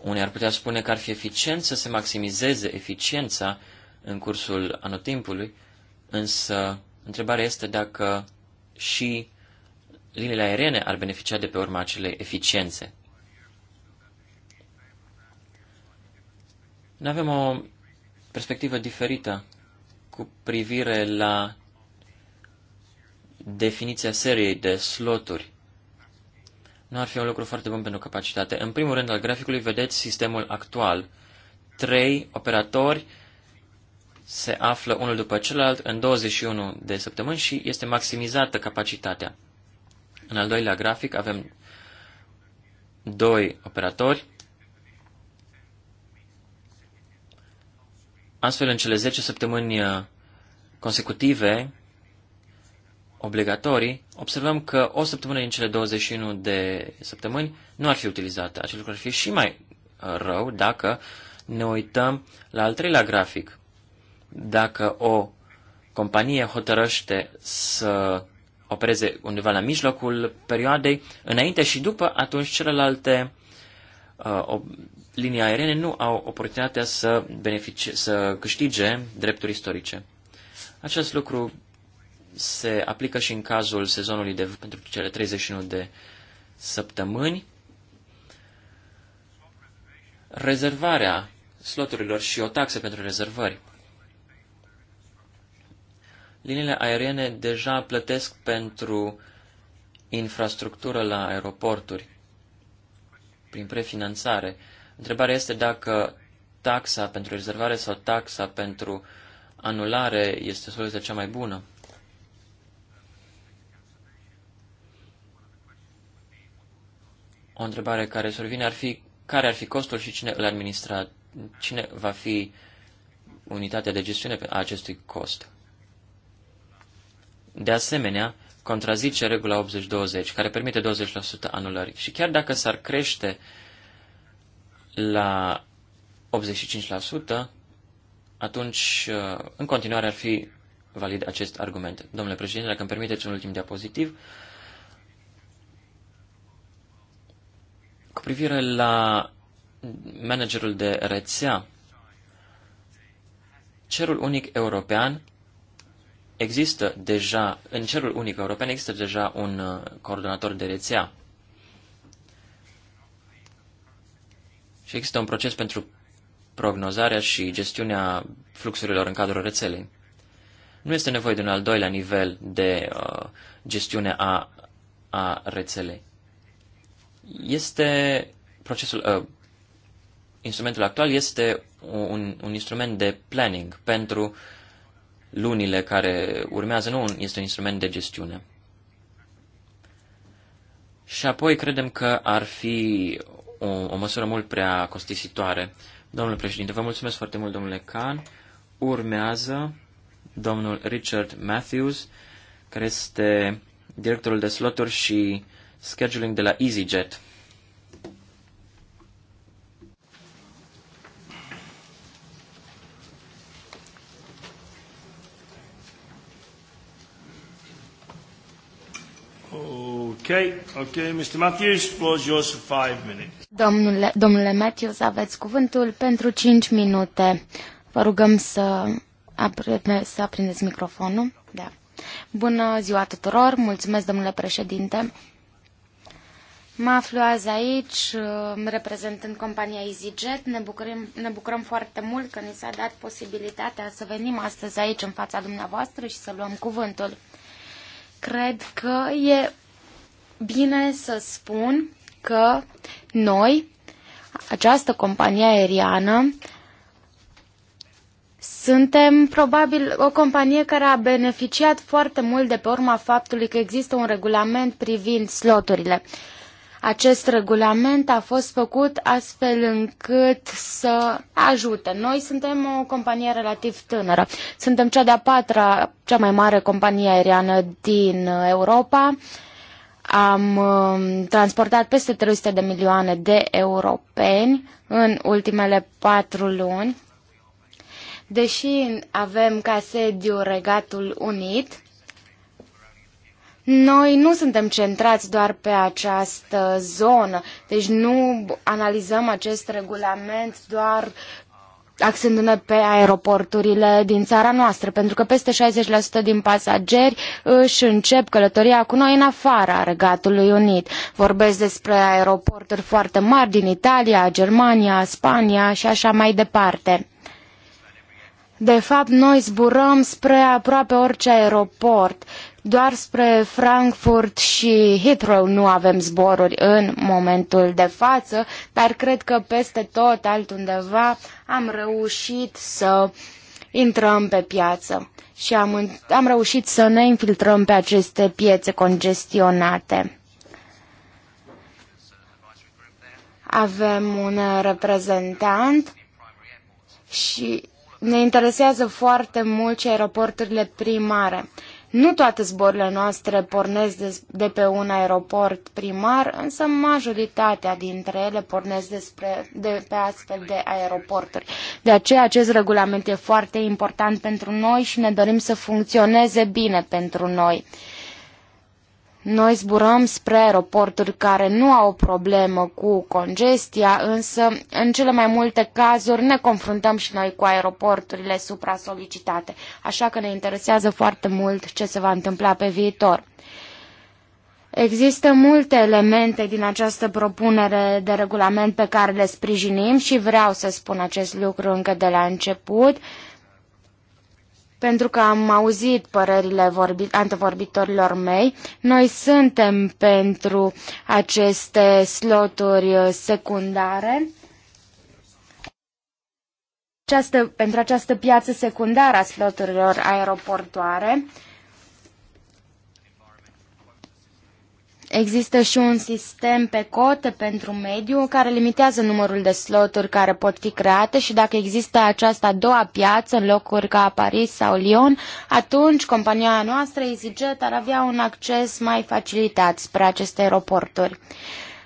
Unii ar putea spune că ar fi eficient să se maximizeze eficiența în cursul anotimpului, însă întrebarea este dacă și liniile aeriene ar beneficia de pe urma acelei eficiențe. Ne avem o perspectivă diferită cu privire la definiția seriei de sloturi. Nu ar fi un lucru foarte bun pentru capacitate. În primul rând al graficului vedeți sistemul actual. Trei operatori se află unul după celălalt în 21 de săptămâni și este maximizată capacitatea. În al doilea grafic avem doi operatori. Astfel, în cele 10 săptămâni uh, consecutive, obligatorii, observăm că o săptămână din cele 21 de săptămâni nu ar fi utilizată. Acest lucru ar fi și mai rău dacă ne uităm la al treilea grafic. Dacă o companie hotărăște să opereze undeva la mijlocul perioadei, înainte și după, atunci celelalte uh, linii aeriene nu au oportunitatea să, beneficie, să câștige drepturi istorice. Acest lucru se aplică și în cazul sezonului de pentru cele 31 de săptămâni. Rezervarea sloturilor și o taxă pentru rezervări. Liniile aeriene deja plătesc pentru infrastructură la aeroporturi prin prefinanțare. Întrebarea este dacă taxa pentru rezervare sau taxa pentru anulare este soluția cea mai bună. O întrebare care survine ar fi care ar fi costul și cine îl administra, cine va fi unitatea de gestiune a acestui cost de asemenea, contrazice regula 80-20, care permite 20% anulări. Și chiar dacă s-ar crește la 85%, atunci, uh, în continuare, ar fi valid acest argument. Domnule președinte, dacă îmi permiteți un ultim diapozitiv, cu privire la managerul de rețea, cerul unic european Există deja, în cerul unic european, există deja un uh, coordonator de rețea. Și există un proces pentru prognozarea și gestiunea fluxurilor în cadrul rețelei. Nu este nevoie de un al doilea nivel de uh, gestiune a, a rețelei. Este procesul, uh, instrumentul actual este un, un instrument de planning pentru lunile care urmează nu este un instrument de gestiune. Și apoi credem că ar fi o, o măsură mult prea costisitoare. Domnule președinte, vă mulțumesc foarte mult, domnule Can. Urmează domnul Richard Matthews, care este directorul de sloturi și scheduling de la EasyJet. Okay, okay, Mr. Matthews, yours for five minutes. Domnule, domnule Matthews, aveți cuvântul pentru 5 minute. Vă rugăm să, apre, să aprindeți microfonul. Da. Bună ziua tuturor, mulțumesc domnule președinte. Mă aflu azi aici, uh, reprezentând compania EasyJet. Ne bucurăm, ne bucurăm foarte mult că ni s-a dat posibilitatea să venim astăzi aici în fața dumneavoastră și să luăm cuvântul. Cred că e bine să spun că noi, această companie aeriană, suntem probabil o companie care a beneficiat foarte mult de pe urma faptului că există un regulament privind sloturile. Acest regulament a fost făcut astfel încât să ajute. Noi suntem o companie relativ tânără. Suntem cea de-a patra, cea mai mare companie aeriană din Europa. Uh, am um, transportat peste 300 de milioane de europeni în ultimele patru luni. Deși avem ca sediu Regatul Unit, noi nu suntem centrați doar pe această zonă, deci nu analizăm acest regulament doar axându-ne pe aeroporturile din țara noastră, pentru că peste 60% din pasageri își încep călătoria cu noi în afara Regatului Unit. Vorbesc despre aeroporturi foarte mari din Italia, Germania, Spania și așa mai departe. De fapt, noi zburăm spre aproape orice aeroport doar spre Frankfurt și Heathrow nu avem zboruri în momentul de față, dar cred că peste tot altundeva am reușit să intrăm pe piață și am, am reușit să ne infiltrăm pe aceste piețe congestionate. Avem un reprezentant și ne interesează foarte mult și aeroporturile primare nu toate zborurile noastre pornesc de, de pe un aeroport primar, însă majoritatea dintre ele pornesc despre, de pe astfel de aeroporturi. De aceea acest regulament e foarte important pentru noi și ne dorim să funcționeze bine pentru noi. Noi zburăm spre aeroporturi care nu au o problemă cu congestia, însă în cele mai multe cazuri ne confruntăm și noi cu aeroporturile supra-solicitate, așa că ne interesează foarte mult ce se va întâmpla pe viitor. Există multe elemente din această propunere de regulament pe care le sprijinim și vreau să spun acest lucru încă de la început pentru că am auzit părerile vorbi, antevorbitorilor mei. Noi suntem pentru aceste sloturi secundare. Această, pentru această piață secundară a sloturilor aeroportoare. Există și un sistem pe cote pentru mediu care limitează numărul de sloturi care pot fi create și dacă există această a doua piață în locuri ca Paris sau Lyon, atunci compania noastră EasyJet ar avea un acces mai facilitat spre aceste aeroporturi.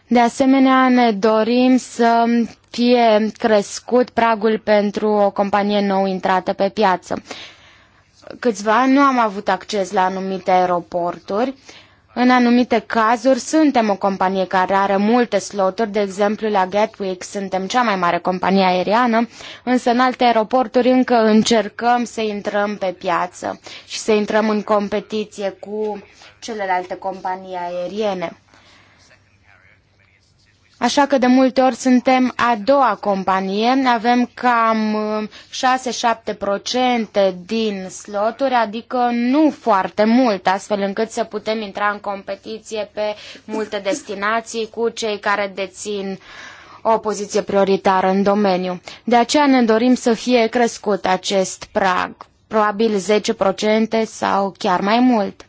De asemenea, ne dorim să fie crescut pragul pentru o companie nou intrată pe piață. Câțiva nu am avut acces la anumite aeroporturi în anumite cazuri suntem o companie care are multe sloturi, de exemplu la Gatwick suntem cea mai mare companie aeriană, însă în alte aeroporturi încă încercăm să intrăm pe piață și să intrăm în competiție cu celelalte companii aeriene. Așa că de multe ori suntem a doua companie, avem cam 6-7% din sloturi, adică nu foarte mult, astfel încât să putem intra în competiție pe multe destinații cu cei care dețin o poziție prioritară în domeniu. De aceea ne dorim să fie crescut acest prag, probabil 10% sau chiar mai mult.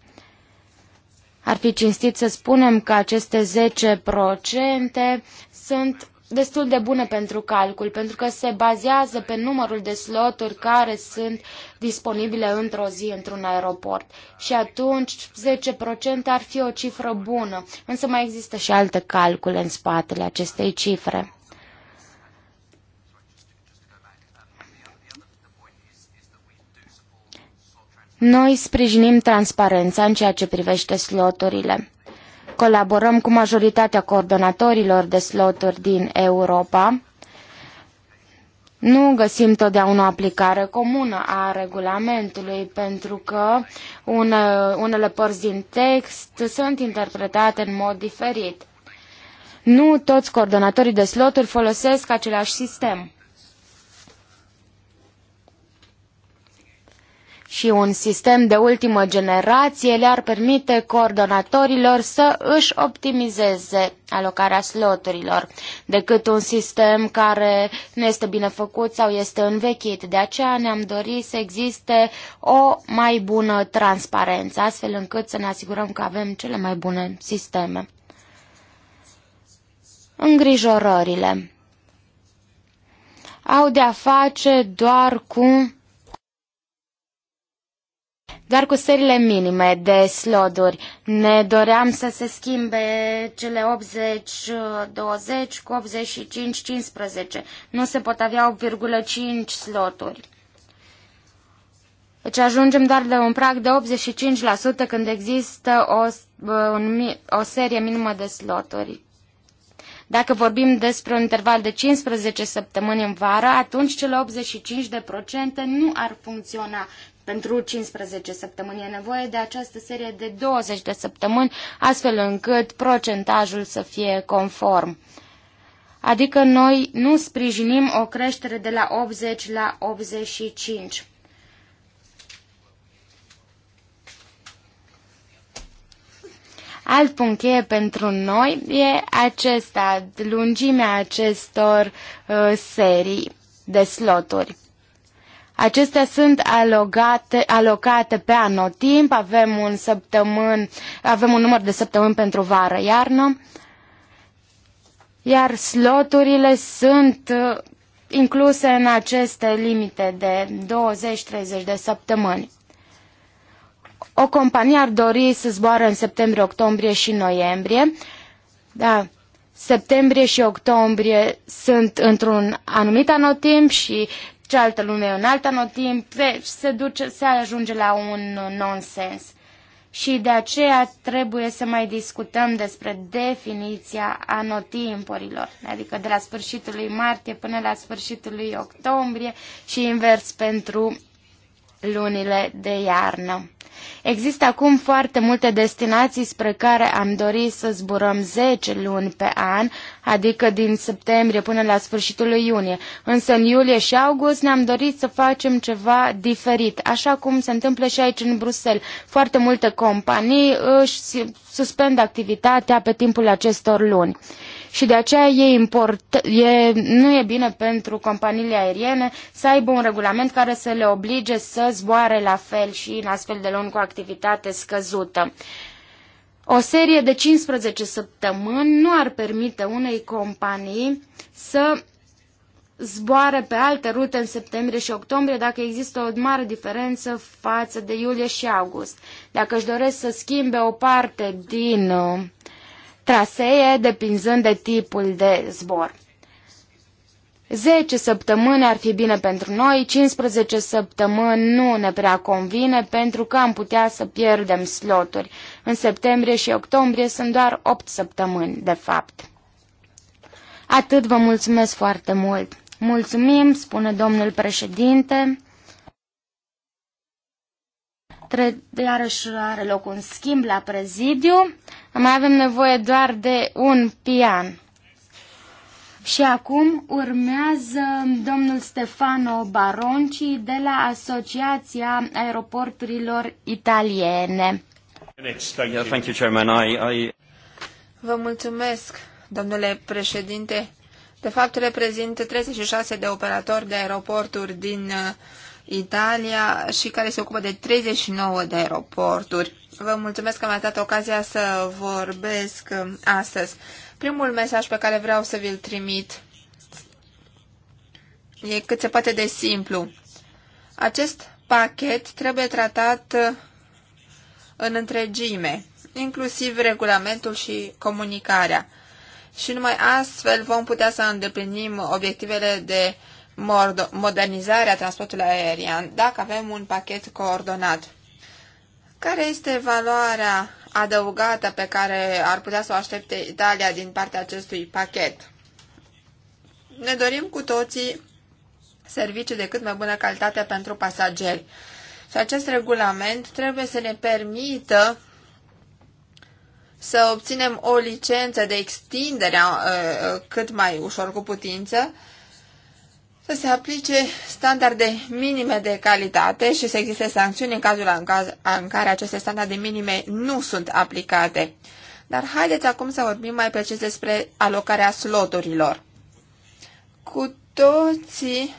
Ar fi cinstit să spunem că aceste 10% sunt destul de bune pentru calcul, pentru că se bazează pe numărul de sloturi care sunt disponibile într-o zi într-un aeroport. Și atunci 10% ar fi o cifră bună, însă mai există și alte calcule în spatele acestei cifre. Noi sprijinim transparența în ceea ce privește sloturile. Colaborăm cu majoritatea coordonatorilor de sloturi din Europa. Nu găsim totdeauna o aplicare comună a regulamentului, pentru că une, unele părți din text sunt interpretate în mod diferit. Nu toți coordonatorii de sloturi folosesc același sistem. și un sistem de ultimă generație le-ar permite coordonatorilor să își optimizeze alocarea sloturilor, decât un sistem care nu este bine făcut sau este învechit. De aceea ne-am dorit să existe o mai bună transparență, astfel încât să ne asigurăm că avem cele mai bune sisteme. Îngrijorările au de-a face doar cu doar cu serile minime de sloduri ne doream să se schimbe cele 80-20 cu 85-15. Nu se pot avea 8,5 sloturi. Deci ajungem doar de un prag de 85% când există o, un, o serie minimă de sloturi. Dacă vorbim despre un interval de 15 săptămâni în vară, atunci cele 85% nu ar funcționa, pentru 15 săptămâni. E nevoie de această serie de 20 de săptămâni, astfel încât procentajul să fie conform. Adică noi nu sprijinim o creștere de la 80 la 85. Alt punct cheie pentru noi e acesta, lungimea acestor uh, serii de sloturi. Acestea sunt alocate, alocate pe anotimp, avem un, săptămân, avem un număr de săptămâni pentru vară-iarnă, iar sloturile sunt uh, incluse în aceste limite de 20-30 de săptămâni. O companie ar dori să zboare în septembrie, octombrie și noiembrie. Da, septembrie și octombrie sunt într-un anumit anotimp și cealaltă lume în alt anotimp, se, duce, se ajunge la un nonsens. Și de aceea trebuie să mai discutăm despre definiția anotimpurilor, adică de la sfârșitul lui martie până la sfârșitul lui octombrie și invers pentru lunile de iarnă. Există acum foarte multe destinații spre care am dorit să zburăm 10 luni pe an, adică din septembrie până la sfârșitul lui iunie. Însă în iulie și august ne-am dorit să facem ceva diferit, așa cum se întâmplă și aici în Bruxelles. Foarte multe companii își suspendă activitatea pe timpul acestor luni și de aceea e import, e, nu e bine pentru companiile aeriene să aibă un regulament care să le oblige să zboare la fel și în astfel de luni cu activitate scăzută. O serie de 15 săptămâni nu ar permite unei companii să zboare pe alte rute în septembrie și octombrie dacă există o mare diferență față de iulie și august. Dacă își doresc să schimbe o parte din uh, trasee depinzând de tipul de zbor. 10 săptămâni ar fi bine pentru noi, 15 săptămâni nu ne prea convine pentru că am putea să pierdem sloturi. În septembrie și octombrie sunt doar 8 săptămâni, de fapt. Atât vă mulțumesc foarte mult. Mulțumim, spune domnul președinte. Tre- iarăși are loc un schimb la prezidiu. Mai avem nevoie doar de un pian. Și acum urmează domnul Stefano Baronci de la Asociația Aeroporturilor Italiene. Vă mulțumesc, domnule președinte. De fapt, reprezint 36 de operatori de aeroporturi din uh, Italia și care se ocupă de 39 de aeroporturi. Vă mulțumesc că mi-ați dat ocazia să vorbesc um, astăzi. Primul mesaj pe care vreau să vi-l trimit e cât se poate de simplu. Acest pachet trebuie tratat uh, în întregime, inclusiv regulamentul și comunicarea. Și numai astfel vom putea să îndeplinim obiectivele de modernizare a transportului aerian dacă avem un pachet coordonat. Care este valoarea adăugată pe care ar putea să o aștepte Italia din partea acestui pachet? Ne dorim cu toții servicii de cât mai bună calitate pentru pasageri. Și acest regulament trebuie să ne permită să obținem o licență de extindere uh, uh, cât mai ușor cu putință să se aplice standarde minime de calitate și să existe sancțiuni în cazul în, caz, în care aceste standarde minime nu sunt aplicate. Dar haideți acum să vorbim mai precis despre alocarea sloturilor. Cu toții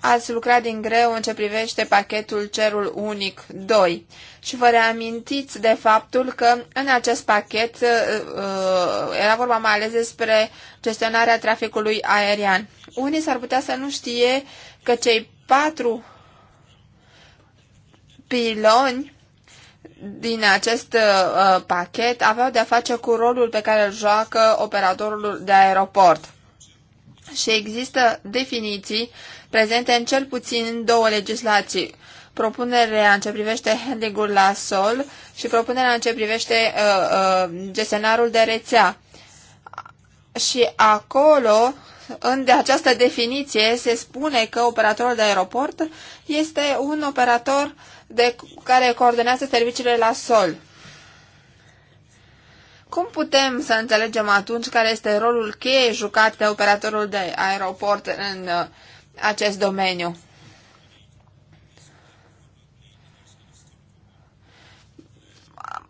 ați lucrat din greu în ce privește pachetul Cerul Unic 2 și vă reamintiți de faptul că în acest pachet uh, uh, era vorba mai ales despre gestionarea traficului aerian. Unii s-ar putea să nu știe că cei patru piloni din acest uh, uh pachet aveau de-a face cu rolul pe care îl joacă operatorul de aeroport. Și există definiții uh, prezente în cel puțin două legislații. Propunerea în ce privește handling la sol și propunerea în ce privește uh, uh, gestionarul de rețea. Și acolo, în de această definiție, se spune că operatorul de aeroport este un operator de, care coordonează serviciile la sol. Cum putem să înțelegem atunci care este rolul cheie jucat de operatorul de aeroport în uh, acest domeniu.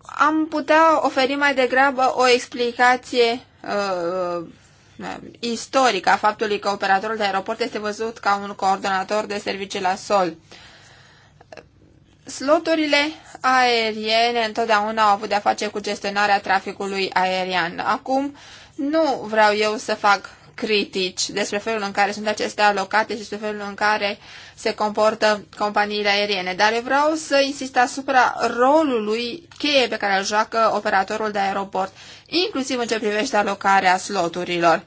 Am putea oferi mai degrabă o explicație uh, uh, istorică a faptului că operatorul de aeroport este văzut ca un coordonator de servicii la sol. Sloturile aeriene întotdeauna au avut de-a face cu gestionarea traficului aerian. Acum nu vreau eu să fac critici despre felul în care sunt acestea alocate și despre felul în care se comportă companiile aeriene, dar eu vreau să insist asupra rolului cheie pe care îl joacă operatorul de aeroport, inclusiv în ce privește alocarea sloturilor.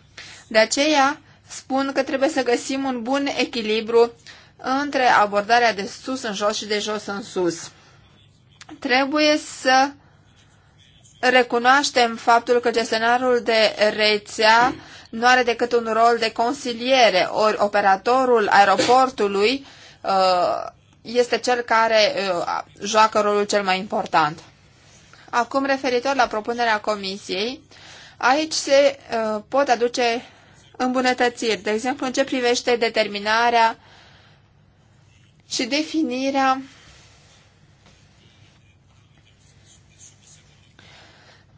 De aceea spun că trebuie să găsim un bun echilibru între abordarea de sus în jos și de jos în sus. Trebuie să recunoaștem faptul că gestionarul de rețea nu are decât un rol de consiliere, ori operatorul aeroportului uh, este cel care uh, joacă rolul cel mai important. Acum, referitor la propunerea comisiei, aici se uh, pot aduce îmbunătățiri, de exemplu, în ce privește determinarea și definirea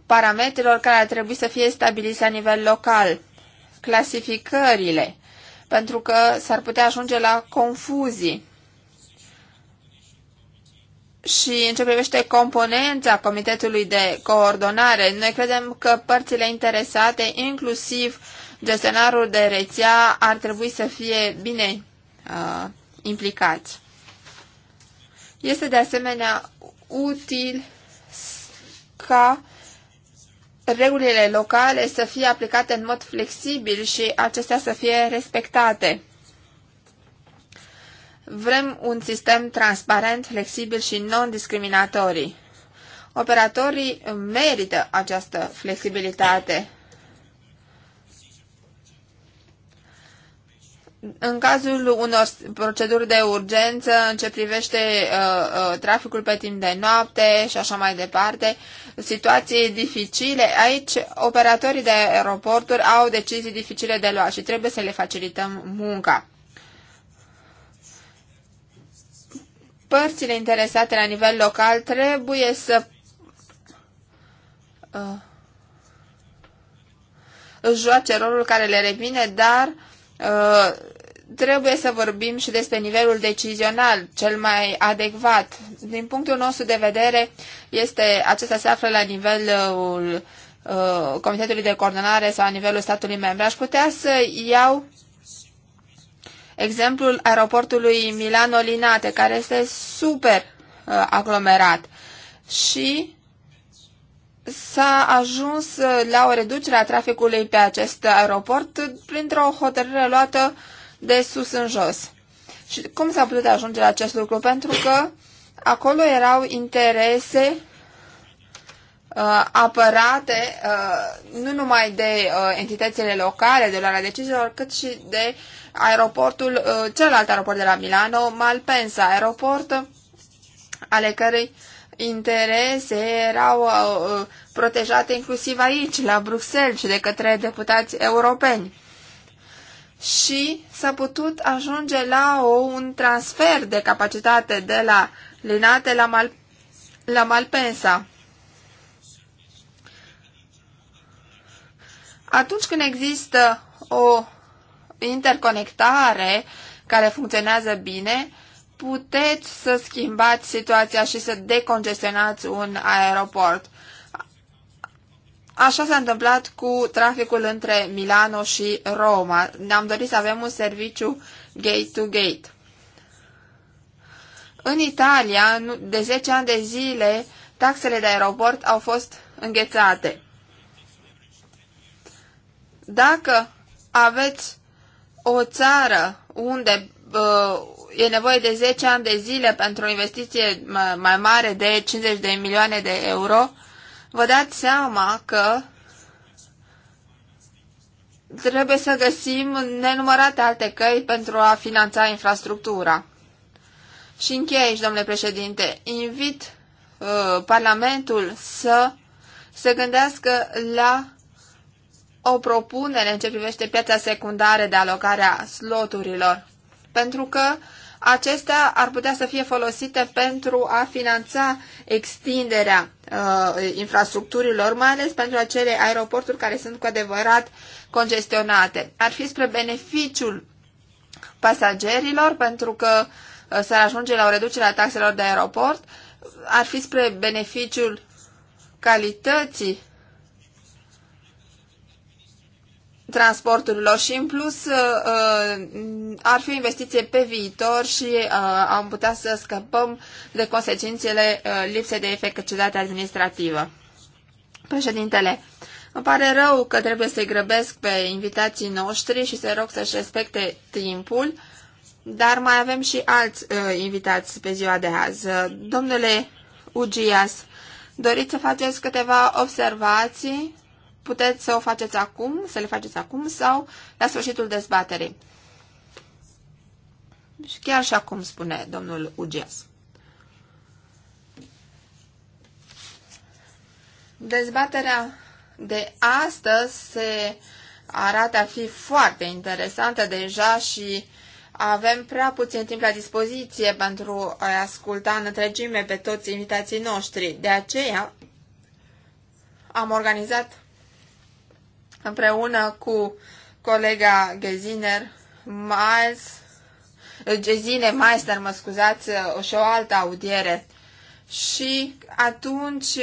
parametrilor care ar trebui să fie stabiliți la nivel local clasificările, pentru că s-ar putea ajunge la confuzii. Și în ce privește componența Comitetului de Coordonare, noi credem că părțile interesate, inclusiv gestionarul de rețea, ar trebui să fie bine uh, implicați. Este de asemenea util ca regulile locale să fie aplicate în mod flexibil și acestea să fie respectate. Vrem un sistem transparent, flexibil și non-discriminatorii. Operatorii merită această flexibilitate. În cazul unor proceduri de urgență în ce privește uh, uh, traficul pe timp de noapte și așa mai departe, situații dificile, aici operatorii de aeroporturi au decizii dificile de luat și trebuie să le facilităm munca. Părțile interesate la nivel local trebuie să uh, își joace rolul care le revine, dar uh, trebuie să vorbim și despre nivelul decizional cel mai adecvat. Din punctul nostru de vedere, este, acesta se află la nivelul uh, Comitetului de Coordonare sau la nivelul statului membru. Aș putea să iau exemplul aeroportului Milano-Linate, care este super uh, aglomerat și s-a ajuns la o reducere a traficului pe acest aeroport printr-o hotărâre luată uh, de sus în jos. Și cum s-a putut ajunge la acest lucru? Pentru că acolo erau interese uh, apărate uh, nu numai de uh, entitățile locale, de luarea deciziilor, cât și de aeroportul, uh, celălalt aeroport de la Milano, Malpensa, aeroport ale cărei interese erau uh, uh protejate inclusiv aici, la Bruxelles, și de către deputați europeni și s-a putut ajunge la o, un transfer de capacitate de la Linate la, Mal, la Malpensa. Atunci când există o interconectare care funcționează bine, puteți să schimbați situația și să decongestionați un aeroport. Așa s-a întâmplat cu traficul între Milano și Roma. Ne-am dorit să avem un serviciu gate-to-gate. -gate. În Italia, de 10 ani de zile, taxele de aeroport au fost înghețate. Dacă aveți o țară unde uh, e nevoie de 10 ani de zile pentru o investiție mai mare de 50 de milioane de euro, uh, vă dați seama că trebuie să găsim nenumărate alte căi pentru a finanța infrastructura. Și încheie aici, domnule președinte, invit uh, Parlamentul să se gândească la o propunere în ce privește piața secundară de alocare a sloturilor, pentru că acestea ar putea să fie folosite pentru a finanța extinderea uh, infrastructurilor, mai ales pentru acele aeroporturi care sunt cu adevărat congestionate. Ar fi spre beneficiul pasagerilor, pentru că uh, s-ar ajunge la o reducere a taxelor de aeroport, ar fi spre beneficiul calității transporturilor și în plus uh, uh, ar fi o investiție pe viitor și uh, am putea să scăpăm de consecințele lipsei de eficacitate administrativă. Președintele, îmi pare rău că trebuie să-i grăbesc pe invitații noștri și să rog să-și respecte timpul, dar mai avem și alți uh, invitați pe ziua de azi. Domnule Ugias, doriți să faceți câteva observații? Puteți să o faceți acum, să le faceți acum sau la sfârșitul dezbaterii. Și chiar și acum spune domnul Ugias. Dezbaterea de astăzi se arată a fi foarte interesantă deja și avem prea puțin timp la dispoziție pentru a asculta în întregime pe toți invitații noștri. De aceea am organizat împreună cu colega Geziner, Miles, Gezine Meister, mă scuzați, și o altă audiere. Și atunci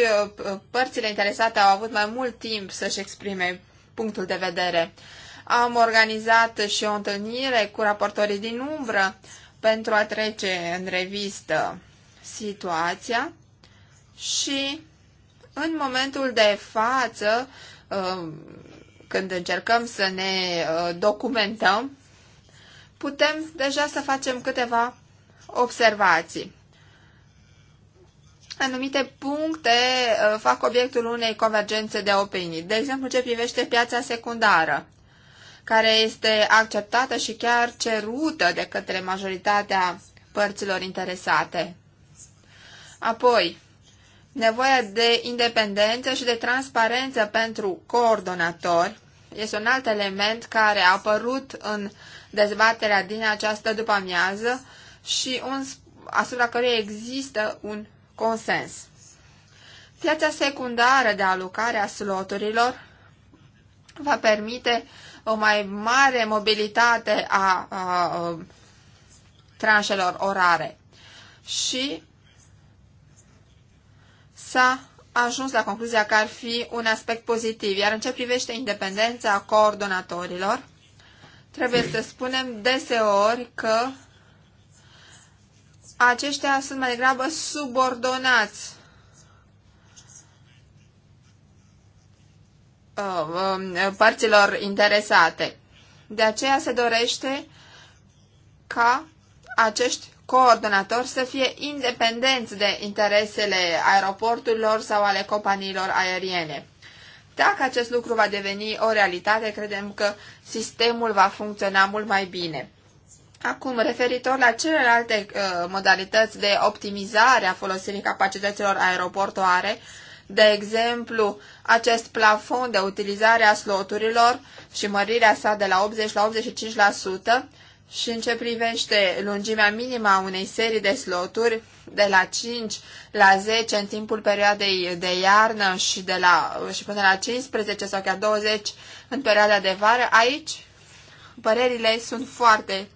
părțile interesate au avut mai mult timp să-și exprime punctul de vedere. Am organizat și o întâlnire cu raportorii din umbră pentru a trece în revistă situația și în momentul de față um, când încercăm să ne uh, documentăm, putem deja să facem câteva observații. Anumite puncte uh, fac obiectul unei convergențe de opinii, de exemplu ce privește piața secundară, care este acceptată și chiar cerută de către majoritatea părților interesate. Apoi, nevoia de independență și de transparență pentru coordonatori este un alt element care a apărut în dezbaterea din această după-amiază și un, asupra căruia există un consens. Piața secundară de alocare a sloturilor va permite o mai mare mobilitate a, a, a tranșelor orare și s-a ajuns la concluzia că ar fi un aspect pozitiv, iar în ce privește independența coordonatorilor, trebuie să spunem deseori că aceștia sunt mai degrabă subordonați uh, um, părților interesate. De aceea se dorește ca acești coordonatori să fie independenți de interesele aeroporturilor sau ale companiilor aeriene. Dacă acest lucru va deveni o realitate, credem că sistemul va funcționa mult mai bine. Acum, referitor la celelalte uh, modalități de optimizare a folosirii capacităților aeroportoare, de exemplu, acest plafon de utilizare a sloturilor și mărirea sa de la 80 la 85%, și în ce privește lungimea minimă a unei serii de sloturi, de la 5 la 10 în timpul perioadei de iarnă și, de la, și până la 15 sau chiar 20 în perioada de vară, aici părerile sunt foarte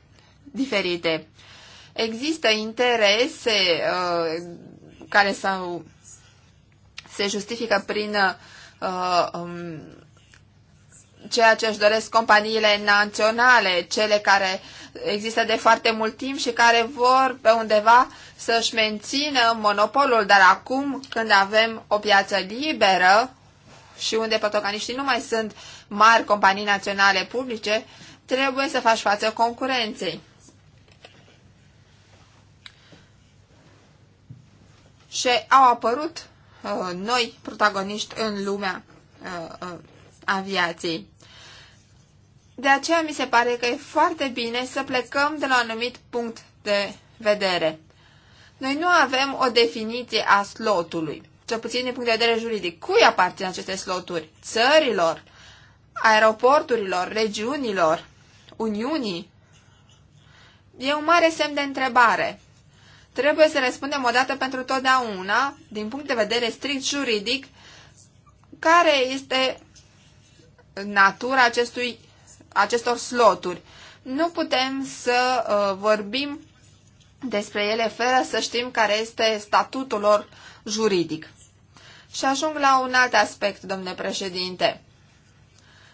diferite. Există interese uh, care s-au, se justifică prin uh, um, ceea ce își doresc companiile naționale, cele care există de foarte mult timp și care vor pe undeva să-și mențină monopolul, dar acum când avem o piață liberă și unde pătocaniștii nu mai sunt mari companii naționale publice, trebuie să faci față concurenței. Și au apărut uh, noi protagoniști în lumea uh, uh, aviației. De aceea mi se pare că e foarte bine să plecăm de la un anumit punct de vedere. Noi nu avem o definiție a slotului, cel puțin din punct de vedere juridic. Cui aparțin aceste sloturi? Țărilor, aeroporturilor, regiunilor, Uniunii? E un mare semn de întrebare. Trebuie să răspundem odată pentru totdeauna, din punct de vedere strict juridic, care este natura acestui acestor sloturi. Nu putem să uh, vorbim despre ele fără să știm care este statutul lor juridic. Și ajung la un alt aspect, domnule președinte.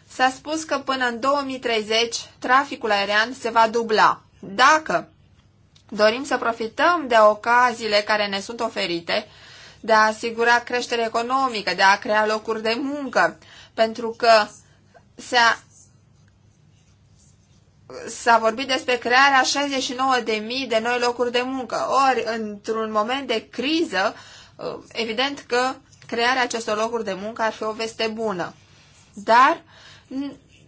S-a spus că până în 2030 traficul aerian se va dubla. Dacă dorim să profităm de ocaziile care ne sunt oferite, de a asigura creștere economică, de a crea locuri de muncă, pentru că se s-a vorbit despre crearea 69.000 de noi locuri de muncă. Ori, într-un moment de criză, uh, evident că crearea acestor locuri de muncă ar fi o veste bună. Dar,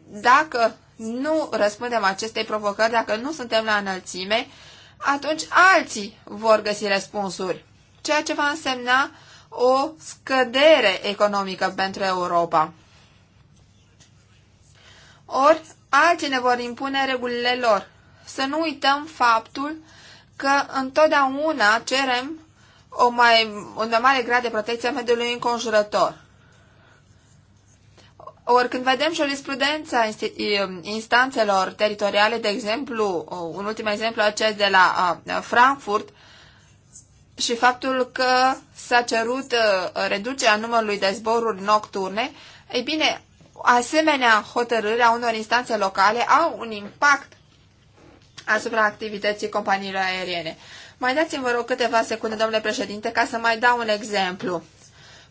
dacă nu răspundem acestei provocări, dacă nu suntem la înălțime, atunci alții vor găsi răspunsuri, ceea ce va însemna o scădere economică pentru Europa. Ori alții ne vor impune regulile lor. Să nu uităm faptul că întotdeauna cerem o mai, un mai mare grad de protecție a mediului înconjurător. Ori când vedem jurisprudența instanțelor teritoriale, de exemplu, un ultim exemplu acest de la Frankfurt, și faptul că s-a cerut uh, reducerea numărului de zboruri nocturne, ei bine, asemenea hotărâri a unor instanțe locale au un impact asupra activității companiilor aeriene. Mai dați-mi, vă rog, câteva secunde, domnule președinte, ca să mai dau un exemplu.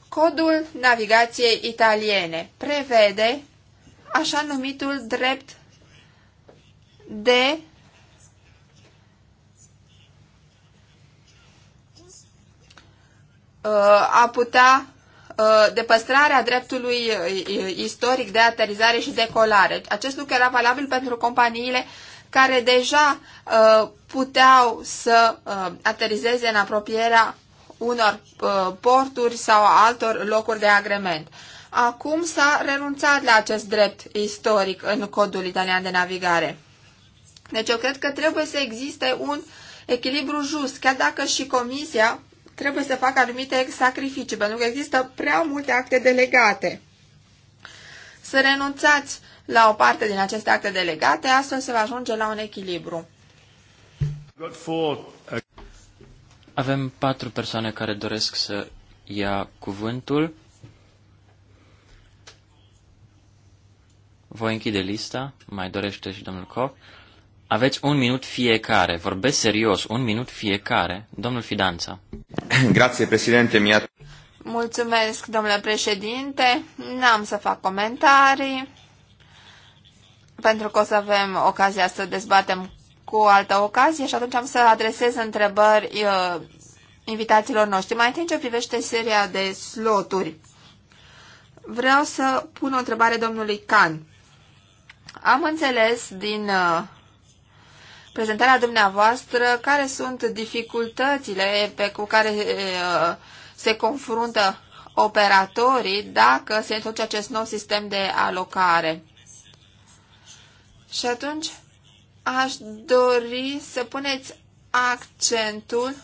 Codul navigației italiene prevede așa numitul drept de uh, a putea Uh, de păstrare a dreptului uh, istoric de aterizare și decolare. Acest lucru era valabil pentru companiile care deja uh, puteau să aterizeze în apropierea unor porturi sau altor locuri de agrement. Acum s-a renunțat la acest drept istoric în codul italian de navigare. Deci eu cred că trebuie să existe un echilibru just, chiar dacă și Comisia trebuie să facă anumite sacrificii, pentru că există prea multe acte delegate. Să renunțați la o parte din aceste acte delegate, astfel se va ajunge la un echilibru. Avem patru persoane care doresc să ia cuvântul. Voi închide lista, mai dorește și domnul Koch. Aveți un minut fiecare. Vorbesc serios. Un minut fiecare. Domnul Fidanța. Grație, președinte. mi Mulțumesc, domnule președinte. N-am să fac comentarii, pentru că o să avem ocazia să dezbatem cu altă ocazie și atunci am să adresez întrebări uh, invitațiilor noștri. Mai întâi ce privește seria de sloturi. Vreau să pun o întrebare domnului Can. Am înțeles din uh, prezentarea dumneavoastră care sunt dificultățile pe cu care se confruntă operatorii dacă se întoarce acest nou sistem de alocare. Și atunci aș dori să puneți accentul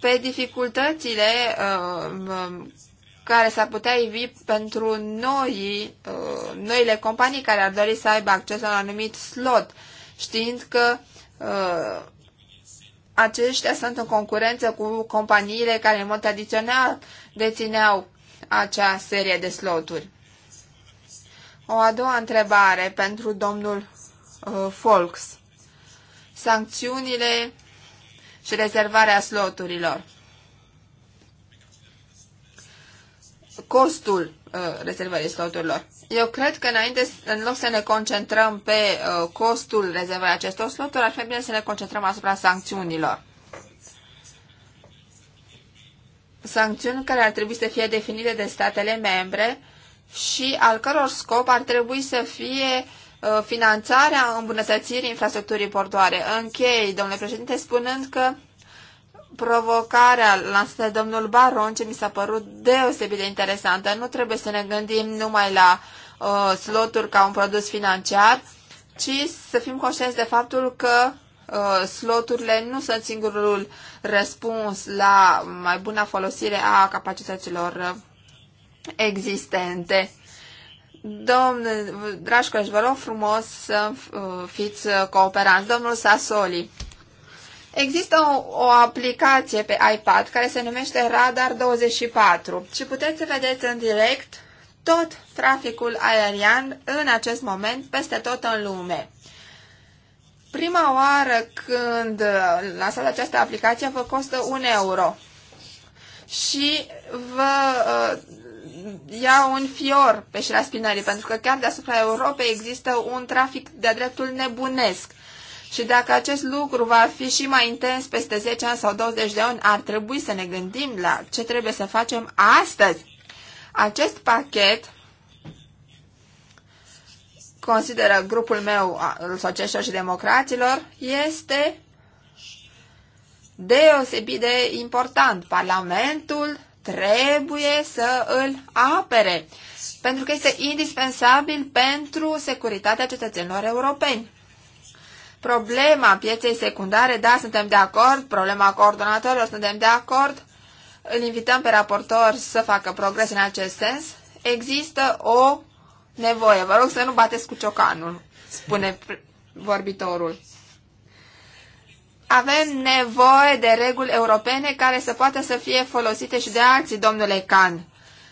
pe dificultățile care s-ar putea ivi pentru noi, noile companii care ar dori să aibă acces la un anumit slot știind că uh, aceștia sunt în concurență cu companiile care în mod tradițional dețineau acea serie de sloturi. O a doua întrebare pentru domnul uh, Folks. Sancțiunile și rezervarea sloturilor. Costul uh, rezervării sloturilor. Eu cred că înainte, în loc să ne concentrăm pe uh, costul rezervării acestor sloturi, ar fi bine să ne concentrăm asupra sancțiunilor. Sancțiuni care ar trebui să fie definite de statele membre și al căror scop ar trebui să fie uh, finanțarea îmbunătățirii infrastructurii portoare. Închei, domnule președinte, spunând că provocarea lansată de domnul Baron, ce mi s-a părut deosebit de interesantă. Nu trebuie să ne gândim numai la uh, sloturi ca un produs financiar, ci să fim conștienți de faptul că uh, sloturile nu sunt singurul răspuns la mai bună folosire a capacităților uh, existente. Domnul dragi vă rog frumos să uh, fiți uh, cooperanți. Domnul Sasoli. Există o, o aplicație pe iPad care se numește Radar24 și puteți să vedeți în direct tot traficul aerian în acest moment peste tot în lume. Prima oară când lansați această aplicație vă costă un euro și vă uh, ia un fior pe șirea spinării, pentru că chiar deasupra Europei există un trafic de-a dreptul nebunesc. Și dacă acest lucru va fi și mai intens peste 10 ani sau 20 de ani, ar trebui să ne gândim la ce trebuie să facem astăzi. Acest pachet consideră grupul meu al socialiștilor și democraților, este deosebit de important. Parlamentul trebuie să îl apere, pentru că este indispensabil pentru securitatea cetățenilor europeni. Problema pieței secundare, da, suntem de acord, problema coordonatorilor, suntem de acord, îl invităm pe raportor să facă progres în acest sens. Există o nevoie, vă rog să nu bateți cu ciocanul, spune vorbitorul. Avem nevoie de reguli europene care să poată să fie folosite și de alții, domnule Can.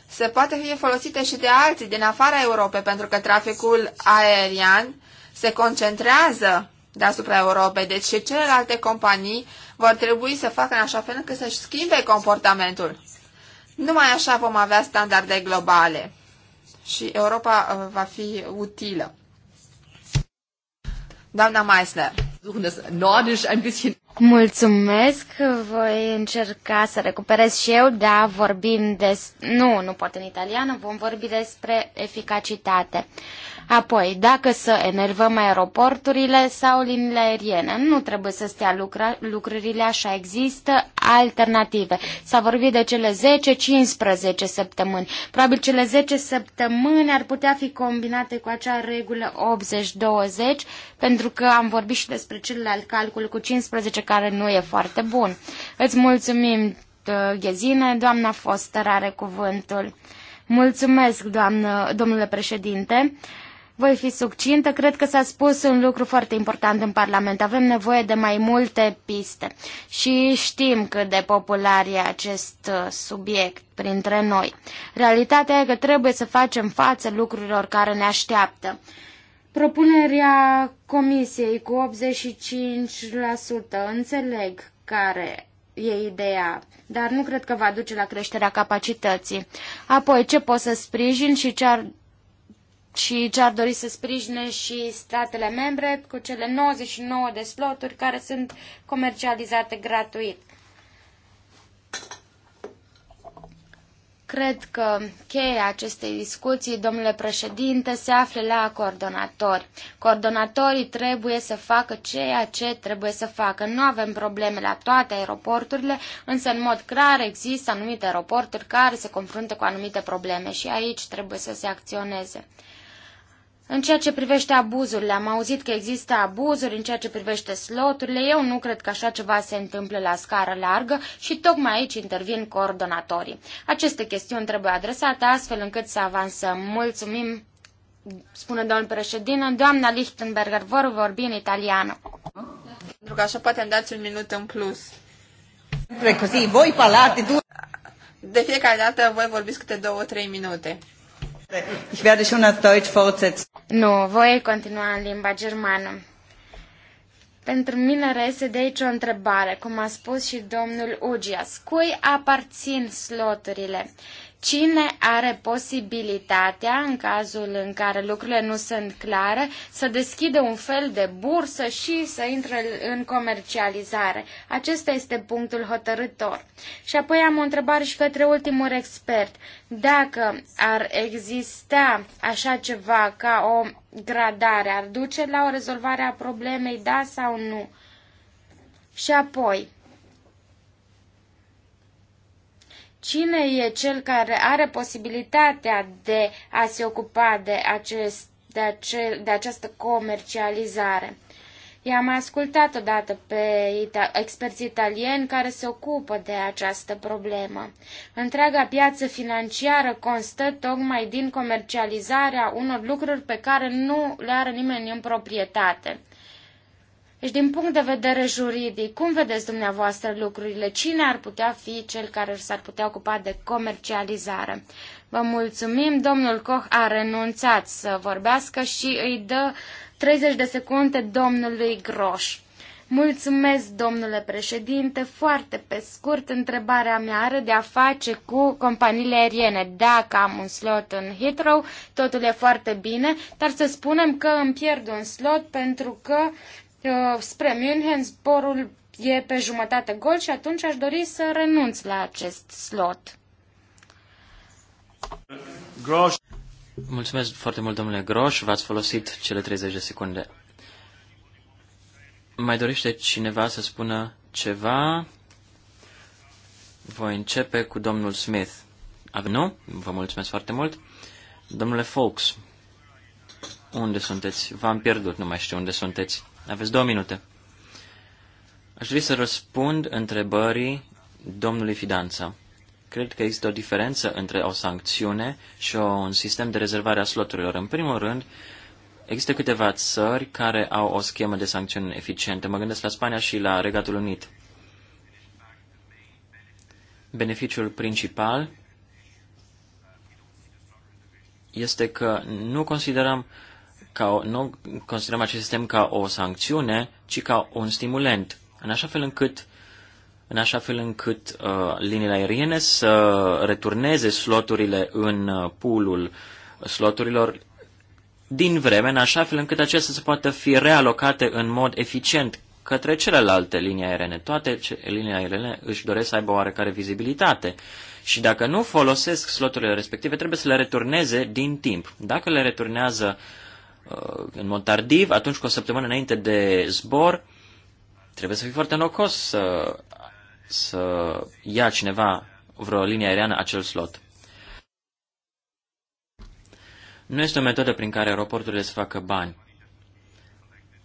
Să poată fi folosite și de alții din afara Europei, pentru că traficul aerian se concentrează deasupra Europei. Deci și celelalte companii vor trebui să facă în așa fel încât să-și schimbe comportamentul. Numai așa vom avea standarde globale și Europa uh, va fi utilă. Doamna Meissner. Mulțumesc, voi încerca să recuperez și eu, da, vorbim des... Nu, nu pot în italiană, vom vorbi despre eficacitate. Uh, Apoi, dacă să enervăm aeroporturile sau liniile aeriene, nu trebuie să stea lucra, lucrurile așa, există alternative. S-a vorbit de cele 10-15 săptămâni. Probabil cele 10 săptămâni ar putea fi combinate cu acea regulă 80-20, pentru că am vorbit și despre celălalt calcul cu 15, care nu e foarte bun. Îți mulțumim, uh, Ghezine, doamna Foster are cuvântul. Mulțumesc, doamnă, domnule președinte. Voi fi succintă, cred că s-a spus un lucru foarte important în Parlament. Avem nevoie de mai multe piste și știm cât de popular e acest uh, subiect printre noi. Realitatea e că trebuie să facem față lucrurilor care ne așteaptă. Propunerea comisiei cu 85% înțeleg care e ideea, dar nu cred că va duce la creșterea capacității. Apoi, ce pot să sprijin și ce ar și ce ar dori să sprijine și statele membre cu cele 99 de sloturi care sunt comercializate gratuit. Cred că cheia acestei discuții, domnule președinte, se află la coordonatori. Coordonatorii trebuie să facă ceea ce trebuie să facă. Nu avem probleme la toate aeroporturile, însă în mod clar există anumite aeroporturi care se confruntă cu anumite probleme și aici trebuie să se acționeze. În ceea ce privește abuzurile, am auzit că există abuzuri în ceea ce privește sloturile. Eu nu cred că așa ceva se întâmplă la scară largă și tocmai aici intervin coordonatorii. Aceste chestiuni trebuie adresate astfel încât să avansăm. Mulțumim, spune domnul președinte. Doamna Lichtenberger, vor vorbi în italiană. Pentru că așa poate îmi dați un minut în plus. Così, voi palate. du- De fiecare dată voi vorbiți câte două, trei minute. Ich werde schon auf Deutsch fortsetzen. Nu, voi continua în limba germană. Pentru mine reiese de aici o întrebare, cum a spus și domnul Ugias. Cui aparțin sloturile? Cine are posibilitatea, în cazul în care lucrurile nu sunt clare, să deschide un fel de bursă și să intre în comercializare? Acesta este punctul hotărător. Și apoi am o întrebare și către ultimul expert. Dacă ar exista așa ceva ca o gradare, ar duce la o rezolvare a problemei, da sau nu? Și apoi, Cine e cel care are posibilitatea de a se ocupa de, acest, de, ace, de această comercializare? I-am ascultat odată pe ita- experți italieni care se ocupă de această problemă. Întreaga piață financiară constă tocmai din comercializarea unor lucruri pe care nu le are nimeni în proprietate. Deci, din punct de vedere juridic, cum vedeți dumneavoastră lucrurile? Cine ar putea fi cel care s-ar putea ocupa de comercializare? Vă mulțumim, domnul Koch a renunțat să vorbească și îi dă 30 de secunde domnului Groș. Mulțumesc, domnule președinte. Foarte pe scurt, întrebarea mea are de a face cu companiile aeriene. Dacă am un slot în Heathrow, totul e foarte bine, dar să spunem că îmi pierd un slot pentru că Uh, spre München zborul e pe jumătate gol și atunci aș dori să renunț la acest slot. Groș. Mulțumesc foarte mult, domnule Groș. V-ați folosit cele 30 de secunde. Mai dorește cineva să spună ceva? Voi începe cu domnul Smith. Nu? Vă mulțumesc foarte mult. Domnule Fox, unde sunteți? V-am pierdut, nu mai știu unde sunteți. Aveți două minute. Aș vrea să răspund întrebării domnului Fidanța. Cred că există o diferență între o sancțiune și un sistem de rezervare a sloturilor. În primul rând, există câteva țări care au o schemă de sancțiuni eficientă. Mă gândesc la Spania și la Regatul Unit. Beneficiul principal este că nu considerăm ca o, nu considerăm acest sistem ca o sancțiune, ci ca un stimulent, în așa fel încât în așa fel încât uh, liniile aeriene să returneze sloturile în uh, poolul sloturilor din vreme, în așa fel încât acestea să poată fi realocate în mod eficient către celelalte linii aeriene. Toate ce, linii aeriene își doresc să aibă oarecare vizibilitate și dacă nu folosesc sloturile respective, trebuie să le returneze din timp. Dacă le returnează uh, în mod tardiv, atunci cu o săptămână înainte de zbor, trebuie să fii foarte nocos să, să ia cineva vreo linie aeriană acel slot. Nu este o metodă prin care aeroporturile să facă bani.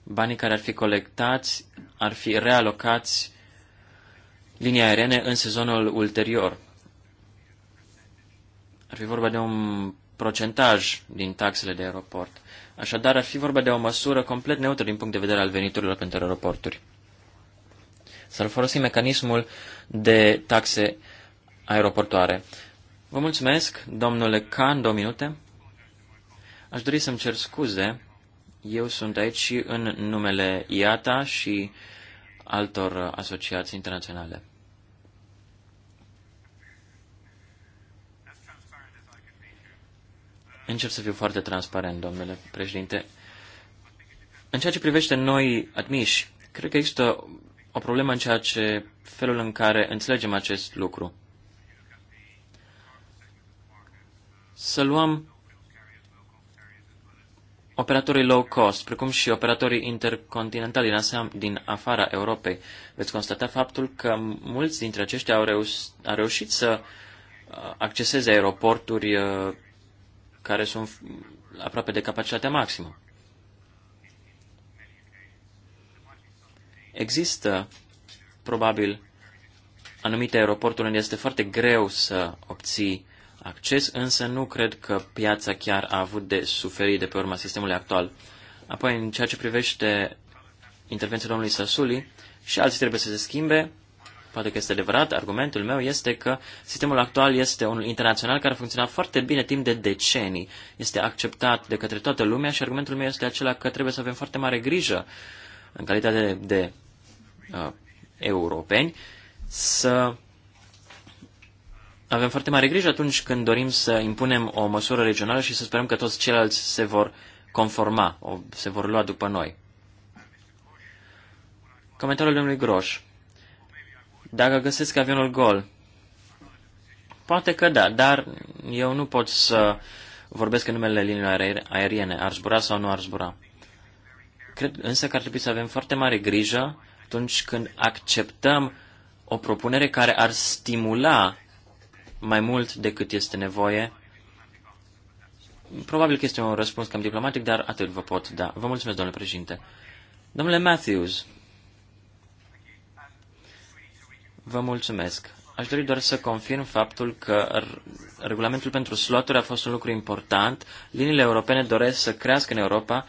Banii care ar fi colectați ar fi realocați linia aeriene în sezonul ulterior. Ar fi vorba de un procentaj din taxele de aeroport. Așadar, ar fi vorba de o măsură complet neutră din punct de vedere al veniturilor pentru aeroporturi. S-ar folosi mecanismul de taxe aeroportoare. Vă mulțumesc, domnule Can, două minute. Aș dori să-mi cer scuze. Eu sunt aici și în numele IATA și altor asociații internaționale. Încep să fiu foarte transparent, domnule președinte. În ceea ce privește noi admiși, cred că există o problemă în ceea ce felul în care înțelegem acest lucru. Să luăm operatorii low cost, precum și operatorii intercontinentali din, asem, din afara Europei. Veți constata faptul că mulți dintre aceștia au, reuș- au reușit să uh, acceseze aeroporturi uh, care sunt aproape de capacitatea maximă. Există, probabil, anumite aeroporturi unde este foarte greu să obții acces, însă nu cred că piața chiar a avut de suferit de pe urma sistemului actual. Apoi, în ceea ce privește intervenția domnului Sasuli, și alții trebuie să se schimbe, Poate că este adevărat, argumentul meu este că sistemul actual este unul internațional care a funcționat foarte bine timp de decenii. Este acceptat de către toată lumea și argumentul meu este acela că trebuie să avem foarte mare grijă în calitate de, de uh, europeni să avem foarte mare grijă atunci când dorim să impunem o măsură regională și să sperăm că toți ceilalți se vor conforma, o, se vor lua după noi. Comentariul domnului Groș dacă găsesc avionul gol. Poate că da, dar eu nu pot să vorbesc în numele liniilor aeriene, ar zbura sau nu ar zbura. Cred însă că ar trebui să avem foarte mare grijă atunci când acceptăm o propunere care ar stimula mai mult decât este nevoie. Probabil că este un răspuns cam diplomatic, dar atât vă pot da. Vă mulțumesc, domnule președinte. Domnule Matthews, Vă mulțumesc. Aș dori doar să confirm faptul că regulamentul pentru sloturi a fost un lucru important. Liniile europene doresc să crească în Europa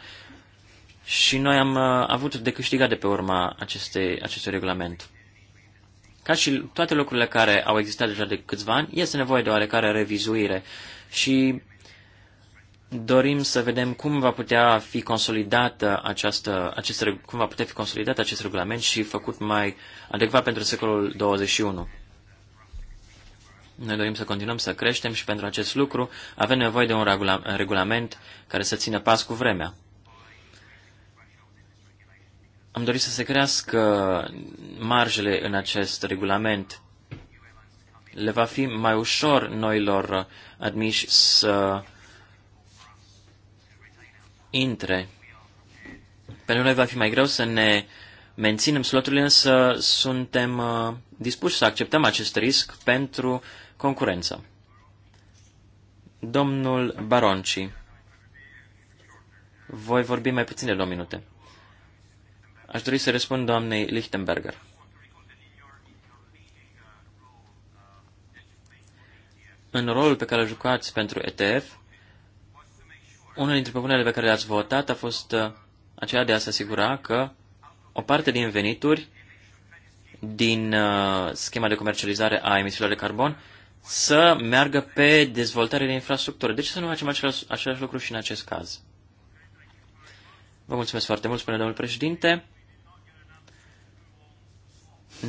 și noi am uh, avut de câștigat de pe urma acestei, acestui regulament. Ca și toate lucrurile care au existat deja de câțiva ani, este nevoie de oarecare revizuire și Dorim să vedem cum va putea fi consolidată această, acest, cum va putea fi consolidat acest regulament și făcut mai adecvat pentru secolul 21. Noi dorim să continuăm să creștem și pentru acest lucru avem nevoie de un regulament care să țină pas cu vremea. Am dorit să se crească marjele în acest regulament. Le va fi mai ușor noilor admiși să intre. Pentru noi va fi mai greu să ne menținem sloturile, însă suntem uh, dispuși să acceptăm acest risc pentru concurență. Domnul Baronci, voi vorbi mai puțin de două minute. Aș dori să răspund doamnei Lichtenberger. În rolul pe care îl jucați pentru ETF, una dintre propunerile pe care le-ați votat a fost uh, aceea de a se asigura că o parte din venituri din uh, schema de comercializare a emisiilor de carbon să meargă pe dezvoltarea de infrastructură. De ce să nu facem același, același lucru și în acest caz? Vă mulțumesc foarte mult, spune domnul președinte.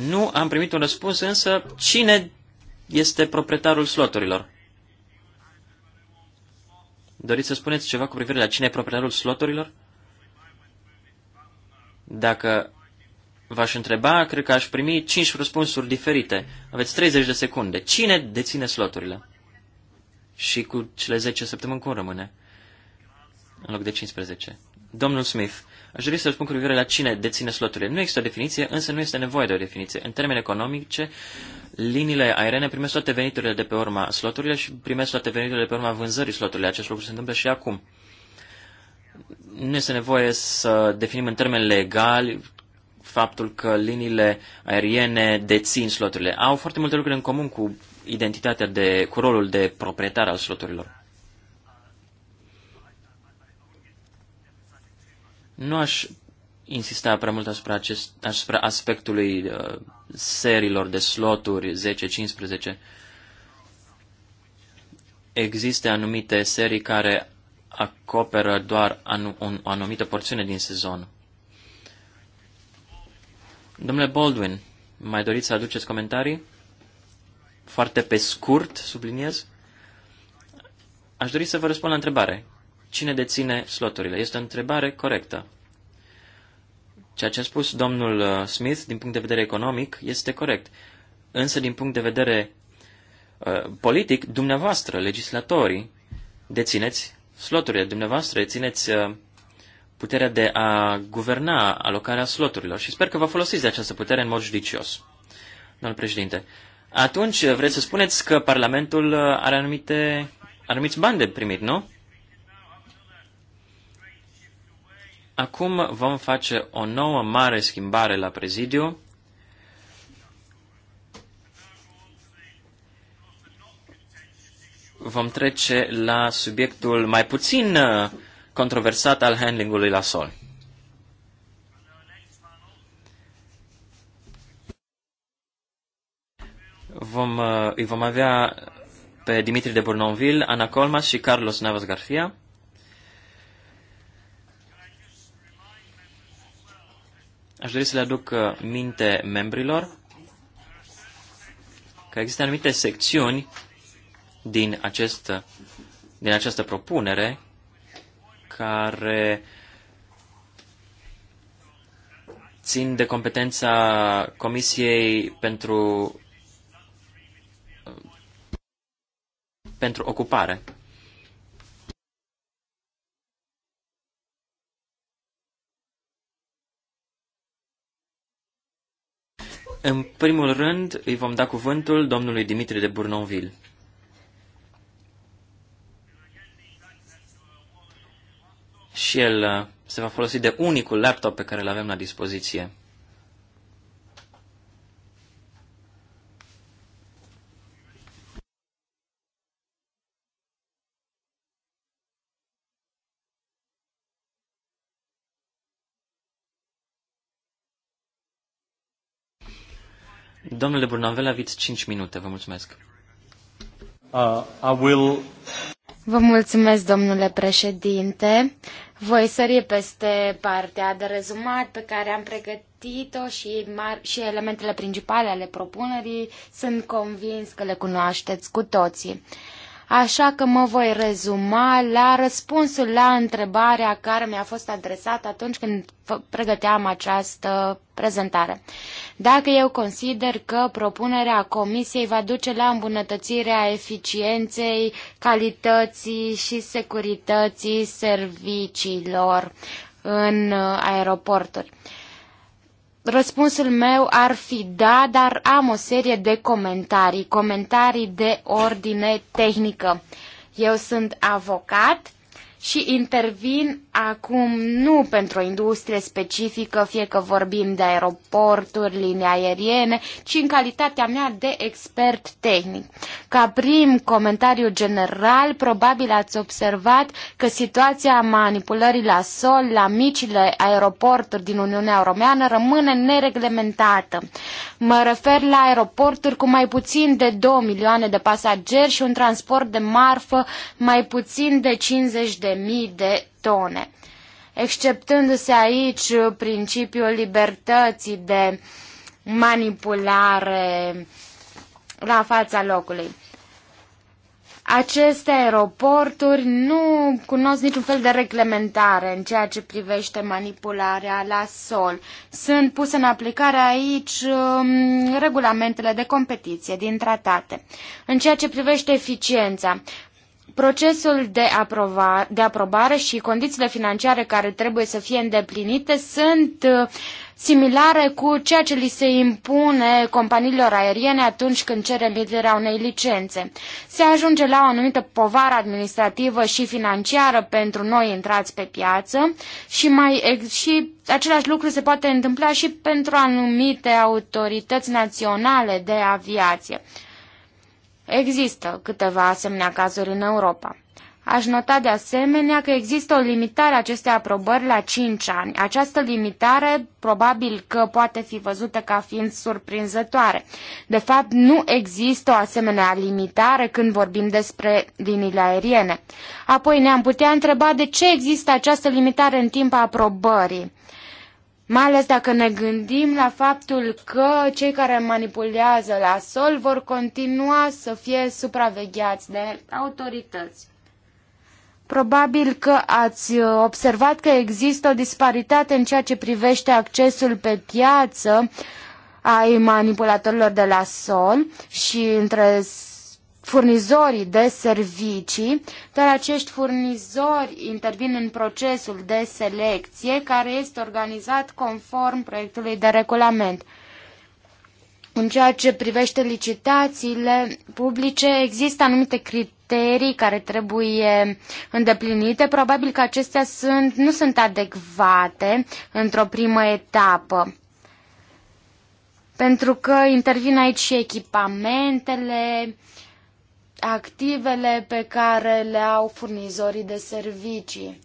Nu am primit un răspuns, însă cine este proprietarul sloturilor? Doriți să spuneți ceva cu privire la cine e proprietarul sloturilor? Dacă v-aș întreba, cred că aș primi 5 răspunsuri diferite. Aveți 30 de secunde. Cine deține sloturile? Și cu cele 10 săptămâni cum rămâne? În loc de 15. Domnul Smith. Aș dori să spun cu privire la cine deține sloturile. Nu există o definiție, însă nu este nevoie de o definiție. În termeni economice, liniile aeriene primesc toate veniturile de pe urma sloturile și primesc toate veniturile de pe urma vânzării sloturilor. Acest lucru se întâmplă și acum. Nu este nevoie să definim în termeni legali faptul că liniile aeriene dețin sloturile. Au foarte multe lucruri în comun cu identitatea de, cu rolul de proprietar al sloturilor. Nu aș insista prea mult asupra, acest, asupra aspectului uh, serilor de sloturi 10-15. Există anumite serii care acoperă doar anu- un, o anumită porțiune din sezon. Domnule Baldwin, mai doriți să aduceți comentarii? Foarte pe scurt, subliniez. Aș dori să vă răspund la întrebare. Cine deține sloturile? Este o întrebare corectă. Ceea ce a spus domnul uh, Smith din punct de vedere economic este corect. Însă din punct de vedere uh, politic, dumneavoastră, legislatorii, dețineți sloturile. Dumneavoastră dețineți uh, puterea de a guverna alocarea sloturilor și sper că vă folosiți de această putere în mod judicios. Domnul președinte, atunci vreți să spuneți că Parlamentul uh, are anumite, anumiți bani de primit, nu? Acum vom face o nouă mare schimbare la prezidiu. Vom trece la subiectul mai puțin uh, controversat al handlingului la sol. Vom, uh, îi vom avea pe Dimitri de Bournonville, Ana Colmas și Carlos Navas Garfia. Aș dori să le aduc uh, minte membrilor că există anumite secțiuni din, acest, uh, din această propunere care țin de competența Comisiei pentru, uh, pentru ocupare. În primul rând, îi vom da cuvântul domnului Dimitri de Bournonville. Și el uh, se va folosi de unicul laptop pe care îl avem la dispoziție. Domnule Burnavel, aveți 5 minute. Vă mulțumesc. Uh, I will... Vă mulțumesc, domnule președinte. Voi sări peste partea de rezumat pe care am pregătit-o și, și elementele principale ale propunerii. Sunt convins că le cunoașteți cu toții. Uh, așa că mă voi rezuma la răspunsul la întrebarea care mi-a fost adresată atunci când pregăteam această prezentare. Dacă eu consider că propunerea Comisiei va duce la îmbunătățirea eficienței, calității și securității serviciilor în uh, aeroporturi. Uh, Răspunsul meu ar fi da, dar am o serie de comentarii, comentarii de ordine tehnică. Eu sunt avocat și intervin acum nu pentru o industrie specifică, fie că vorbim de aeroporturi, linii aeriene, ci în calitatea mea de expert tehnic. Ca prim comentariu general, probabil ați observat că situația manipulării la sol la micile aeroporturi din Uniunea Europeană rămâne nereglementată. Mă refer la aeroporturi cu mai puțin de 2 milioane de pasageri și un transport de marfă mai puțin de 50 de de tone, exceptându-se aici principiul libertății de manipulare la fața locului aceste aeroporturi nu cunosc niciun fel de reglementare în ceea ce privește manipularea la sol. Sunt puse în aplicare aici um, regulamentele de competiție din tratate. În ceea ce privește eficiența, procesul de, aprova, de aprobare și condițiile financiare care trebuie să fie îndeplinite sunt uh, similare cu ceea ce li se impune companiilor aeriene atunci când cer emiterea unei licențe. Se ajunge la o anumită povară administrativă și financiară pentru noi intrați pe piață și, mai, și același lucru se poate întâmpla și pentru anumite autorități naționale de aviație. Există câteva asemenea cazuri în Europa. Aș nota de asemenea că există o limitare a acestei aprobări la 5 ani. Această limitare probabil că poate fi văzută ca fiind surprinzătoare. De fapt, nu există o asemenea limitare când vorbim despre liniile aeriene. Apoi ne-am putea întreba de ce există această limitare în timp a aprobării. Mai ales dacă ne gândim la faptul că cei care manipulează la sol vor continua să fie supravegheați de autorități. Probabil că ați observat că există o disparitate în ceea ce privește accesul pe piață ai manipulatorilor de la sol și între furnizorii de servicii, dar acești furnizori intervin în procesul de selecție care este organizat conform proiectului de regulament. În ceea ce privește licitațiile publice, există anumite criterii care trebuie îndeplinite. Probabil că acestea sunt, nu sunt adecvate într-o primă etapă. Pentru că intervin aici și echipamentele, uh, activele pe care le au furnizorii de servicii.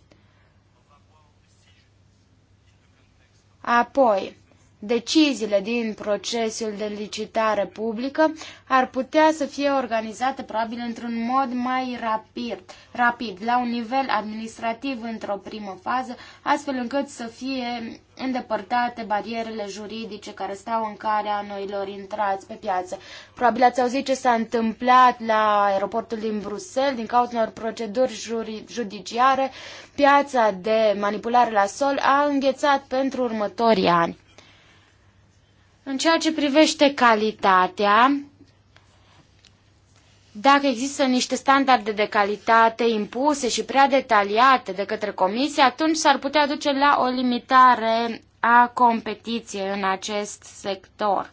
Apoi, deciziile din procesul de licitare publică ar putea să fie organizate probabil într-un mod mai rapid, rapid, la un nivel administrativ într-o primă fază, astfel încât să fie îndepărtate barierele juridice care stau în calea noilor intrați pe piață. Probabil ați auzit ce s-a întâmplat la aeroportul din Bruxelles din cauza unor proceduri judiciare. Piața de manipulare la sol a înghețat pentru următorii ani. În ceea ce privește calitatea, dacă există niște standarde de calitate impuse și prea detaliate de către comisie, atunci s-ar putea duce la o limitare a competiției în acest sector.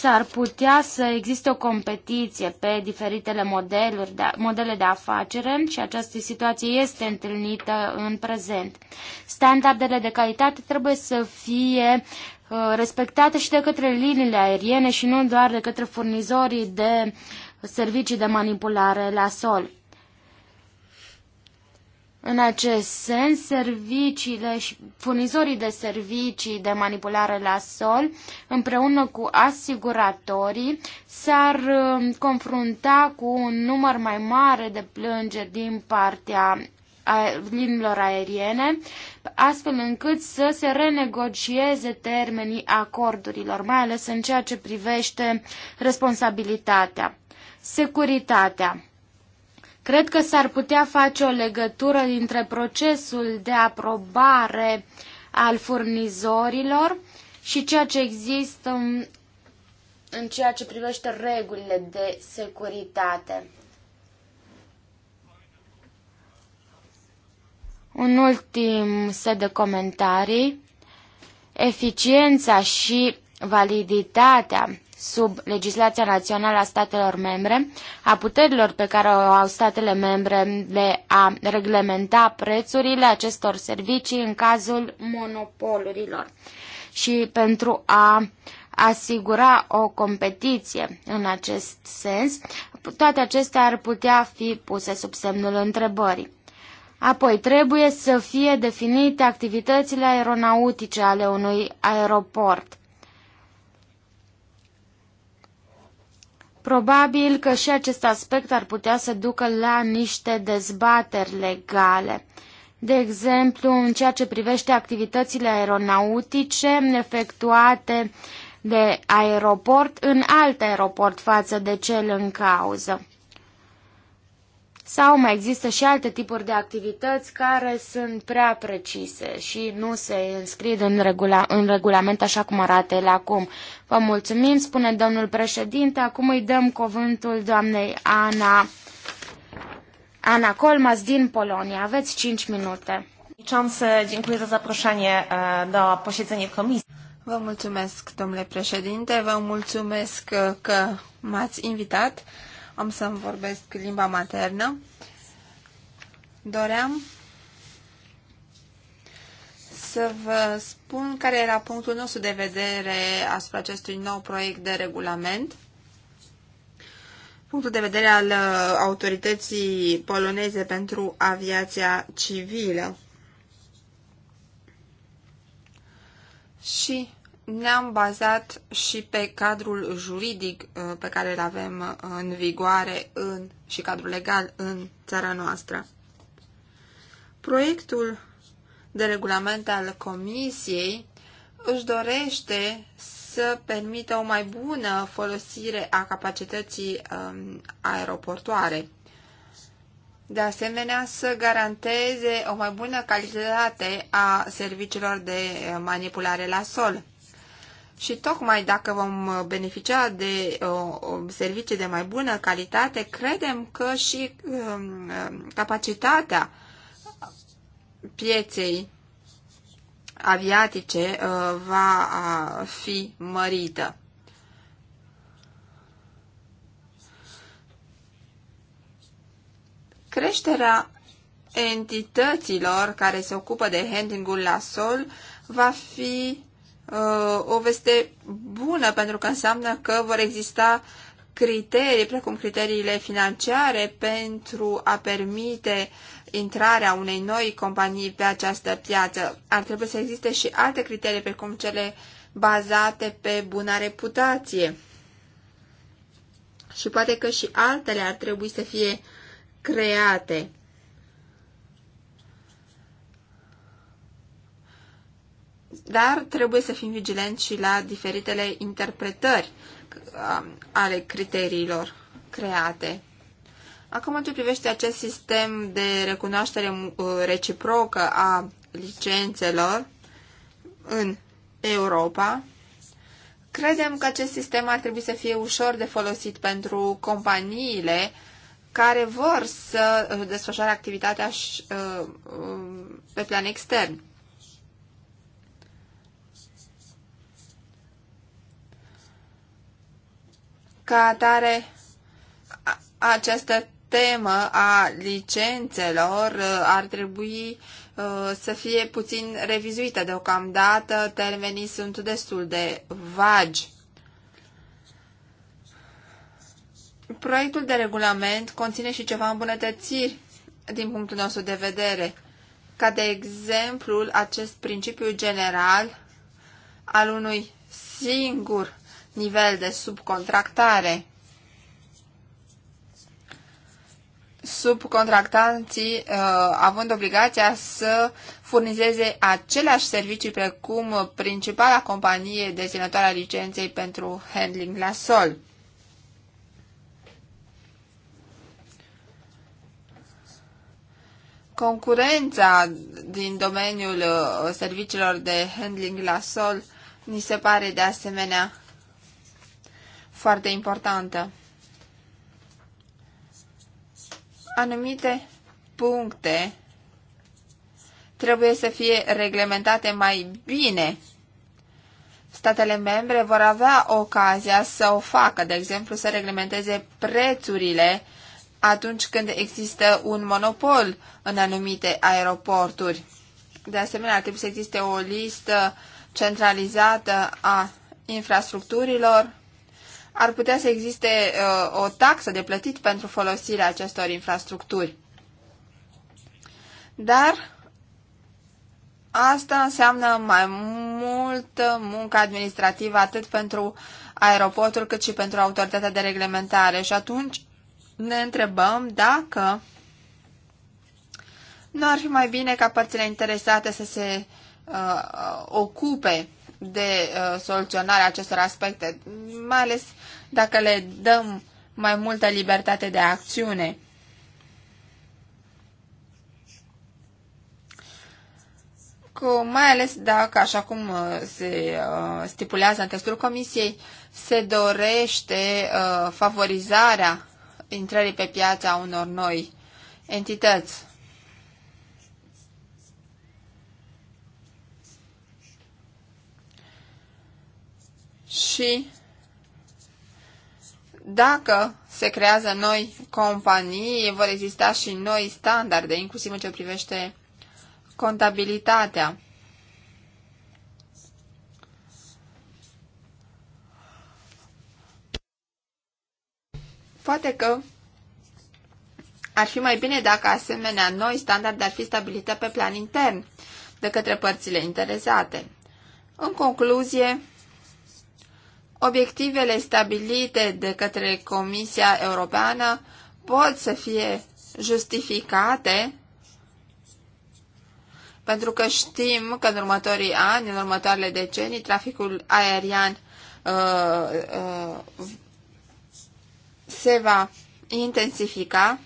s-ar putea să existe o competiție pe diferitele modeluri de, modele de afacere și această situație este întâlnită în prezent. Standardele de calitate trebuie să fie uh, respectate și de către liniile aeriene și nu doar de către furnizorii de servicii de manipulare la sol. În acest sens, serviciile și furnizorii de servicii de manipulare la sol, împreună cu asiguratorii, s-ar um, confrunta cu un număr mai mare de plângeri din partea linilor aeriene, astfel încât să se renegocieze termenii acordurilor, mai ales în ceea ce privește responsabilitatea. Securitatea Cred că s-ar putea face o legătură dintre procesul de aprobare al furnizorilor și ceea ce există în ceea ce privește regulile de securitate. Un ultim set de comentarii. Eficiența și validitatea sub legislația națională a statelor membre, a puterilor pe care o au statele membre de a reglementa prețurile acestor servicii în cazul monopolurilor și pentru a asigura o competiție în acest sens, toate acestea ar putea fi puse sub semnul întrebării. Apoi, trebuie să fie definite activitățile aeronautice ale unui aeroport. Probabil că și acest aspect ar putea să ducă la niște dezbateri legale. De exemplu, în ceea ce privește activitățile aeronautice efectuate de aeroport în alt aeroport față de cel în cauză. Sau mai există și alte tipuri de activități care sunt prea precise și nu se înscrie în, regula, în regulament așa cum arată el acum. Vă mulțumim, spune domnul președinte. Acum îi dăm cuvântul doamnei Ana, Ana Colmas din Polonia. Aveți 5 minute. Vă mulțumesc, domnule președinte, vă mulțumesc că m-ați invitat am să-mi vorbesc limba maternă. Doream să vă spun care era punctul nostru de vedere asupra acestui nou proiect de regulament. Punctul de vedere al uh, autorității poloneze pentru aviația civilă. Și ne-am bazat și pe cadrul juridic uh, pe care îl avem uh, în vigoare în, și cadrul legal în țara noastră. Proiectul de regulament al Comisiei își dorește să permită o mai bună folosire a capacității um, aeroportoare. De asemenea, să garanteze o mai bună calitate a serviciilor de uh, manipulare la sol. Și tocmai dacă vom uh, beneficia de uh, servicii de mai bună calitate, credem că și um, um, capacitatea pieței aviatice uh, va fi mărită. Creșterea entităților care se ocupă de handlingul la sol va fi Uh, o veste bună, pentru că înseamnă că vor exista criterii, precum criteriile financiare, pentru a permite intrarea unei noi companii pe această piață. Ar trebui să existe și alte criterii, precum cele bazate pe buna reputație. Și poate că și altele ar trebui să fie create. dar trebuie să fim vigilenți și la diferitele interpretări um, ale criteriilor create. Acum, în ce privește acest sistem de recunoaștere uh, reciprocă a licențelor în Europa, credem că acest sistem ar trebui să fie ușor de folosit pentru companiile care vor să uh, desfășoare activitatea uh, um, pe plan extern. Ca atare, această temă a licențelor uh, ar trebui uh, să fie puțin revizuită deocamdată, termenii sunt destul de vagi. Proiectul de regulament conține și ceva îmbunătățiri din punctul nostru de vedere, ca de exemplu acest principiu general al unui singur nivel de subcontractare. Subcontractanții uh, având obligația să furnizeze aceleași servicii precum principala companie deținătoare a licenței pentru handling la sol. concurența din domeniul uh, serviciilor de handling la sol ni se pare de asemenea foarte importantă. Anumite puncte trebuie să fie reglementate mai bine. Statele membre vor avea ocazia să o facă, de exemplu, să reglementeze prețurile atunci când există un monopol în anumite aeroporturi. De asemenea, trebuie să existe o listă centralizată a infrastructurilor ar putea să existe uh, o taxă de plătit pentru folosirea acestor infrastructuri. Dar asta înseamnă mai multă muncă administrativă atât pentru aeroportul cât și pentru autoritatea de reglementare și atunci ne întrebăm dacă nu ar fi mai bine ca părțile interesate să se uh, ocupe de uh, soluționarea acestor aspecte, mai ales dacă le dăm mai multă libertate de acțiune. Cu, mai ales dacă, așa cum uh, se uh, stipulează în testul comisiei, se dorește uh, favorizarea intrării pe piața unor noi entități. și dacă se creează noi companii, vor exista și noi standarde, inclusiv în ce privește contabilitatea. Poate că ar fi mai bine dacă asemenea noi standarde ar fi stabilite pe plan intern de către părțile interesate. În concluzie, obiectivele stabilite de către Comisia Europeană pot să fie justificate pentru că știm că în următorii ani, în următoarele decenii, traficul aerian uh, uh, se va intensifica,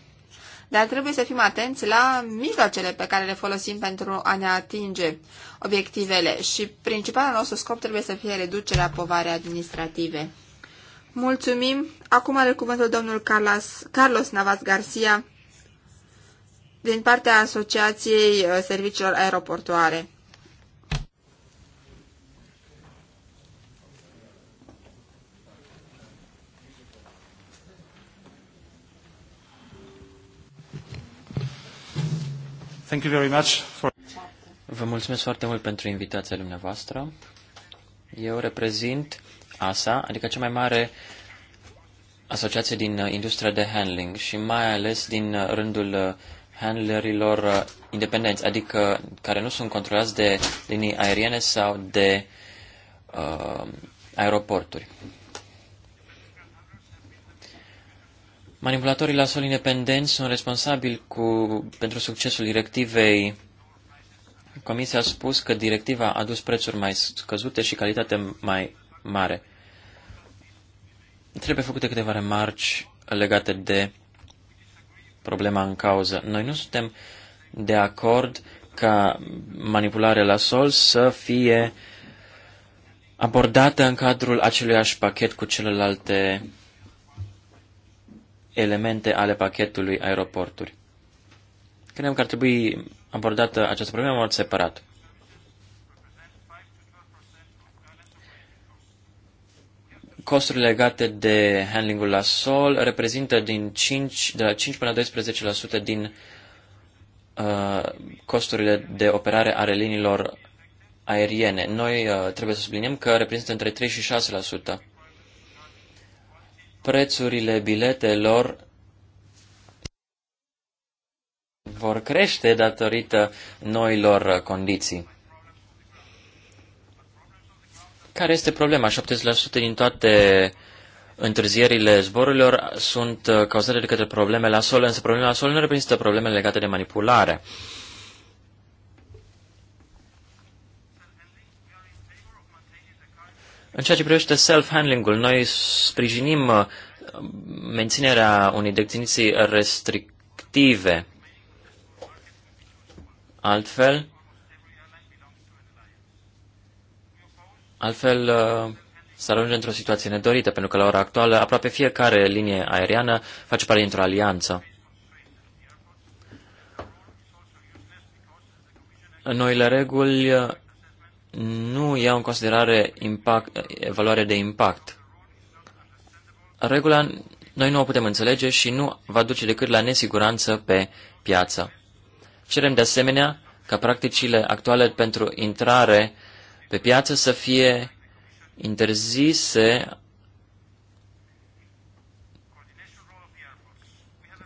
dar trebuie să fim atenți la mijloacele pe care le folosim pentru a ne atinge obiectivele și principalul nostru scop trebuie să fie reducerea povarei administrative. Mulțumim! Acum are cuvântul domnul Carlos, Carlos Navas Garcia din partea Asociației uh, Serviciilor Aeroportoare. Thank you very much for Vă mulțumesc foarte mult pentru invitația dumneavoastră. Eu reprezint ASA, adică cea mai mare asociație din uh, industria de handling și mai ales din uh, rândul uh, handlerilor independenți, adică care nu sunt controlați de linii aeriene sau de uh, aeroporturi. Manipulatorii la sol independenți sunt responsabili cu, pentru succesul directivei Comisia a spus că directiva a dus prețuri mai scăzute și calitate mai mare. Trebuie făcute câteva remarci legate de problema în cauză. Noi nu suntem de acord ca manipularea la sol să fie abordată în cadrul aceluiași pachet cu celelalte elemente ale pachetului aeroporturi. Credem că ar trebui abordată această problemă în mod separat. Costurile legate de handlingul la sol reprezintă din 5, de la 5 până la 12% din uh, costurile de operare ale liniilor aeriene. Noi uh, trebuie să subliniem că reprezintă între 3 și 6%. Prețurile biletelor vor crește datorită noilor condiții. Care este problema? 70% din toate întârzierile zborurilor sunt uh, cauzate de către probleme la sol, însă problema la sol nu reprezintă probleme legate de manipulare. În ceea ce privește self-handling-ul, noi sprijinim uh, menținerea unei definiții restrictive Altfel, altfel uh, să ajunge într-o situație nedorită, pentru că la ora actuală aproape fiecare linie aeriană face parte dintr-o alianță. Noile reguli uh, nu iau în considerare impact, evaluare de impact. Regula noi nu o putem înțelege și nu va duce decât la nesiguranță pe piață. Cerem de asemenea ca practicile actuale pentru intrare pe piață să fie interzise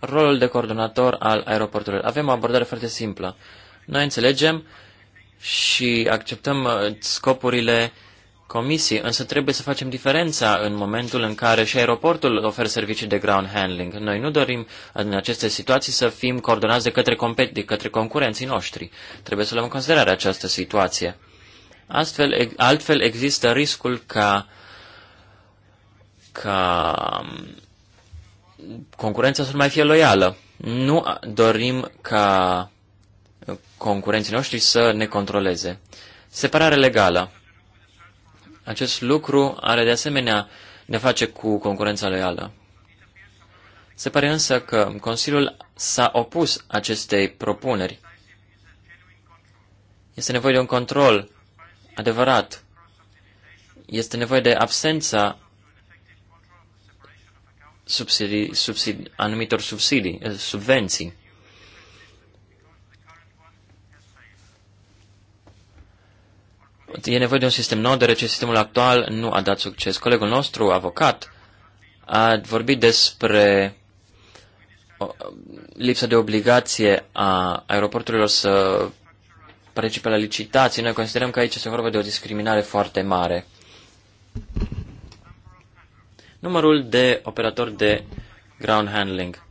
rolul de coordonator al aeroporturilor. Avem o abordare foarte simplă. Noi înțelegem și acceptăm uh, scopurile comisii, însă trebuie să facem diferența în momentul în care și aeroportul oferă servicii de ground handling. Noi nu dorim în aceste situații să fim coordonați de către, compet- de către concurenții noștri. Trebuie să luăm în considerare această situație. Astfel, altfel există riscul ca, ca um, concurența să nu mai fie loială. Nu dorim ca concurenții noștri să ne controleze. Separare legală. Acest lucru are de asemenea de face cu concurența loială. Se pare însă că Consiliul s-a opus acestei propuneri. Este nevoie de un control adevărat. Este nevoie de absența subsidii, subsidii, anumitor subsidii, eh, subvenții. E nevoie de un sistem nou, deoarece sistemul actual nu a dat succes. Colegul nostru, avocat, a vorbit despre lipsa de obligație a aeroporturilor să participe la licitații. Noi considerăm că aici se vorba de o discriminare foarte mare. Numărul de operatori de ground handling.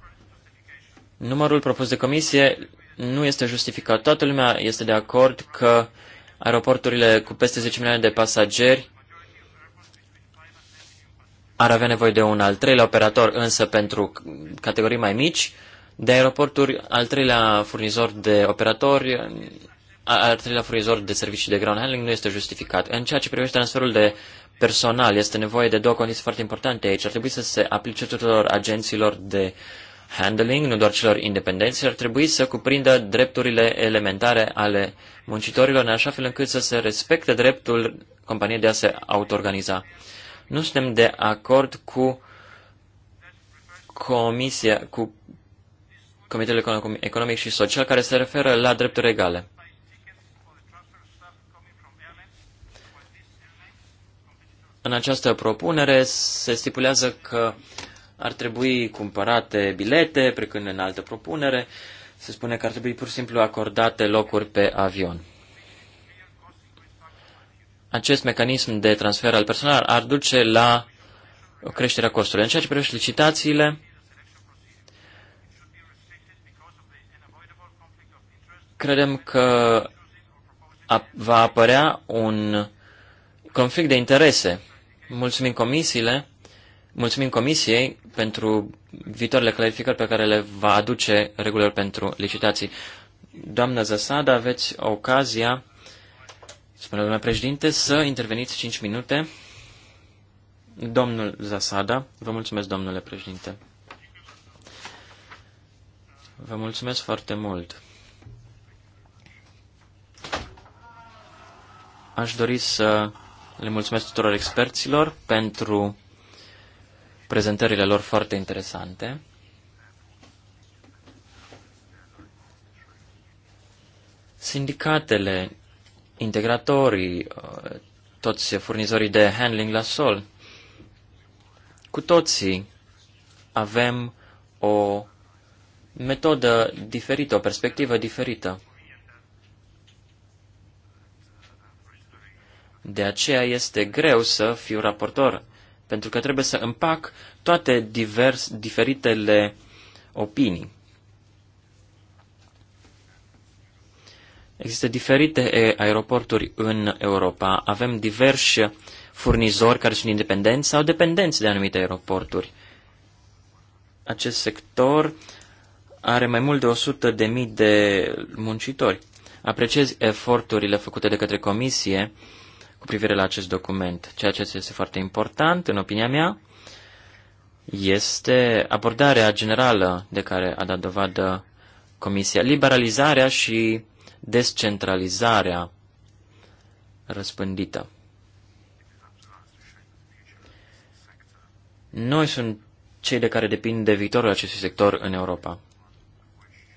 Numărul propus de comisie nu este justificat. Toată lumea este de acord că uh, aeroporturile cu peste 10 milioane de pasageri ar avea nevoie de un al treilea operator, însă pentru categorii mai mici, de aeroporturi, al treilea furnizor de operatori, al treilea furnizor de servicii de ground handling nu este justificat. În ceea ce privește transferul de personal, este nevoie de două condiții foarte importante aici. Ar trebui să se aplice tuturor agenților de handling, nu doar celor independenți, ar trebui să cuprindă drepturile elementare ale muncitorilor, în așa fel încât să se respecte dreptul companiei de a se autoorganiza. Nu suntem de acord cu comisia, cu Comitetul Economic și Social, care se referă la drepturi egale. În această propunere se stipulează că ar trebui cumpărate bilete, precând în altă propunere, se spune că ar trebui pur și simplu acordate locuri pe avion. Acest mecanism de transfer al personal ar duce la o creștere a costurilor. În ceea ce privește licitațiile, credem că va apărea un conflict de interese. Mulțumim comisiile Mulțumim Comisiei pentru viitoarele clarificări pe care le va aduce regulilor pentru licitații. Doamna Zasada, aveți ocazia, spune doamna președinte, să interveniți 5 minute. Domnul Zasada, vă mulțumesc, domnule președinte. Vă mulțumesc foarte mult. Aș dori să le mulțumesc tuturor experților pentru prezentările lor foarte interesante. Sindicatele, integratorii, uh, toți furnizorii de handling la sol, cu toții avem o metodă diferită, o perspectivă diferită. De aceea este greu să fiu raportor pentru că trebuie să împac toate divers, diferitele opinii. Există diferite aeroporturi în Europa. Avem diversi furnizori care sunt independenți sau dependenți de anumite aeroporturi. Acest sector are mai mult de 100.000 de, mii de muncitori. Apreciez eforturile făcute de către comisie cu privire la acest document. Ceea ce este foarte important, în opinia mea, este abordarea generală de care a dat dovadă Comisia, liberalizarea și descentralizarea răspândită. Noi sunt cei de care depind de viitorul acestui sector în Europa.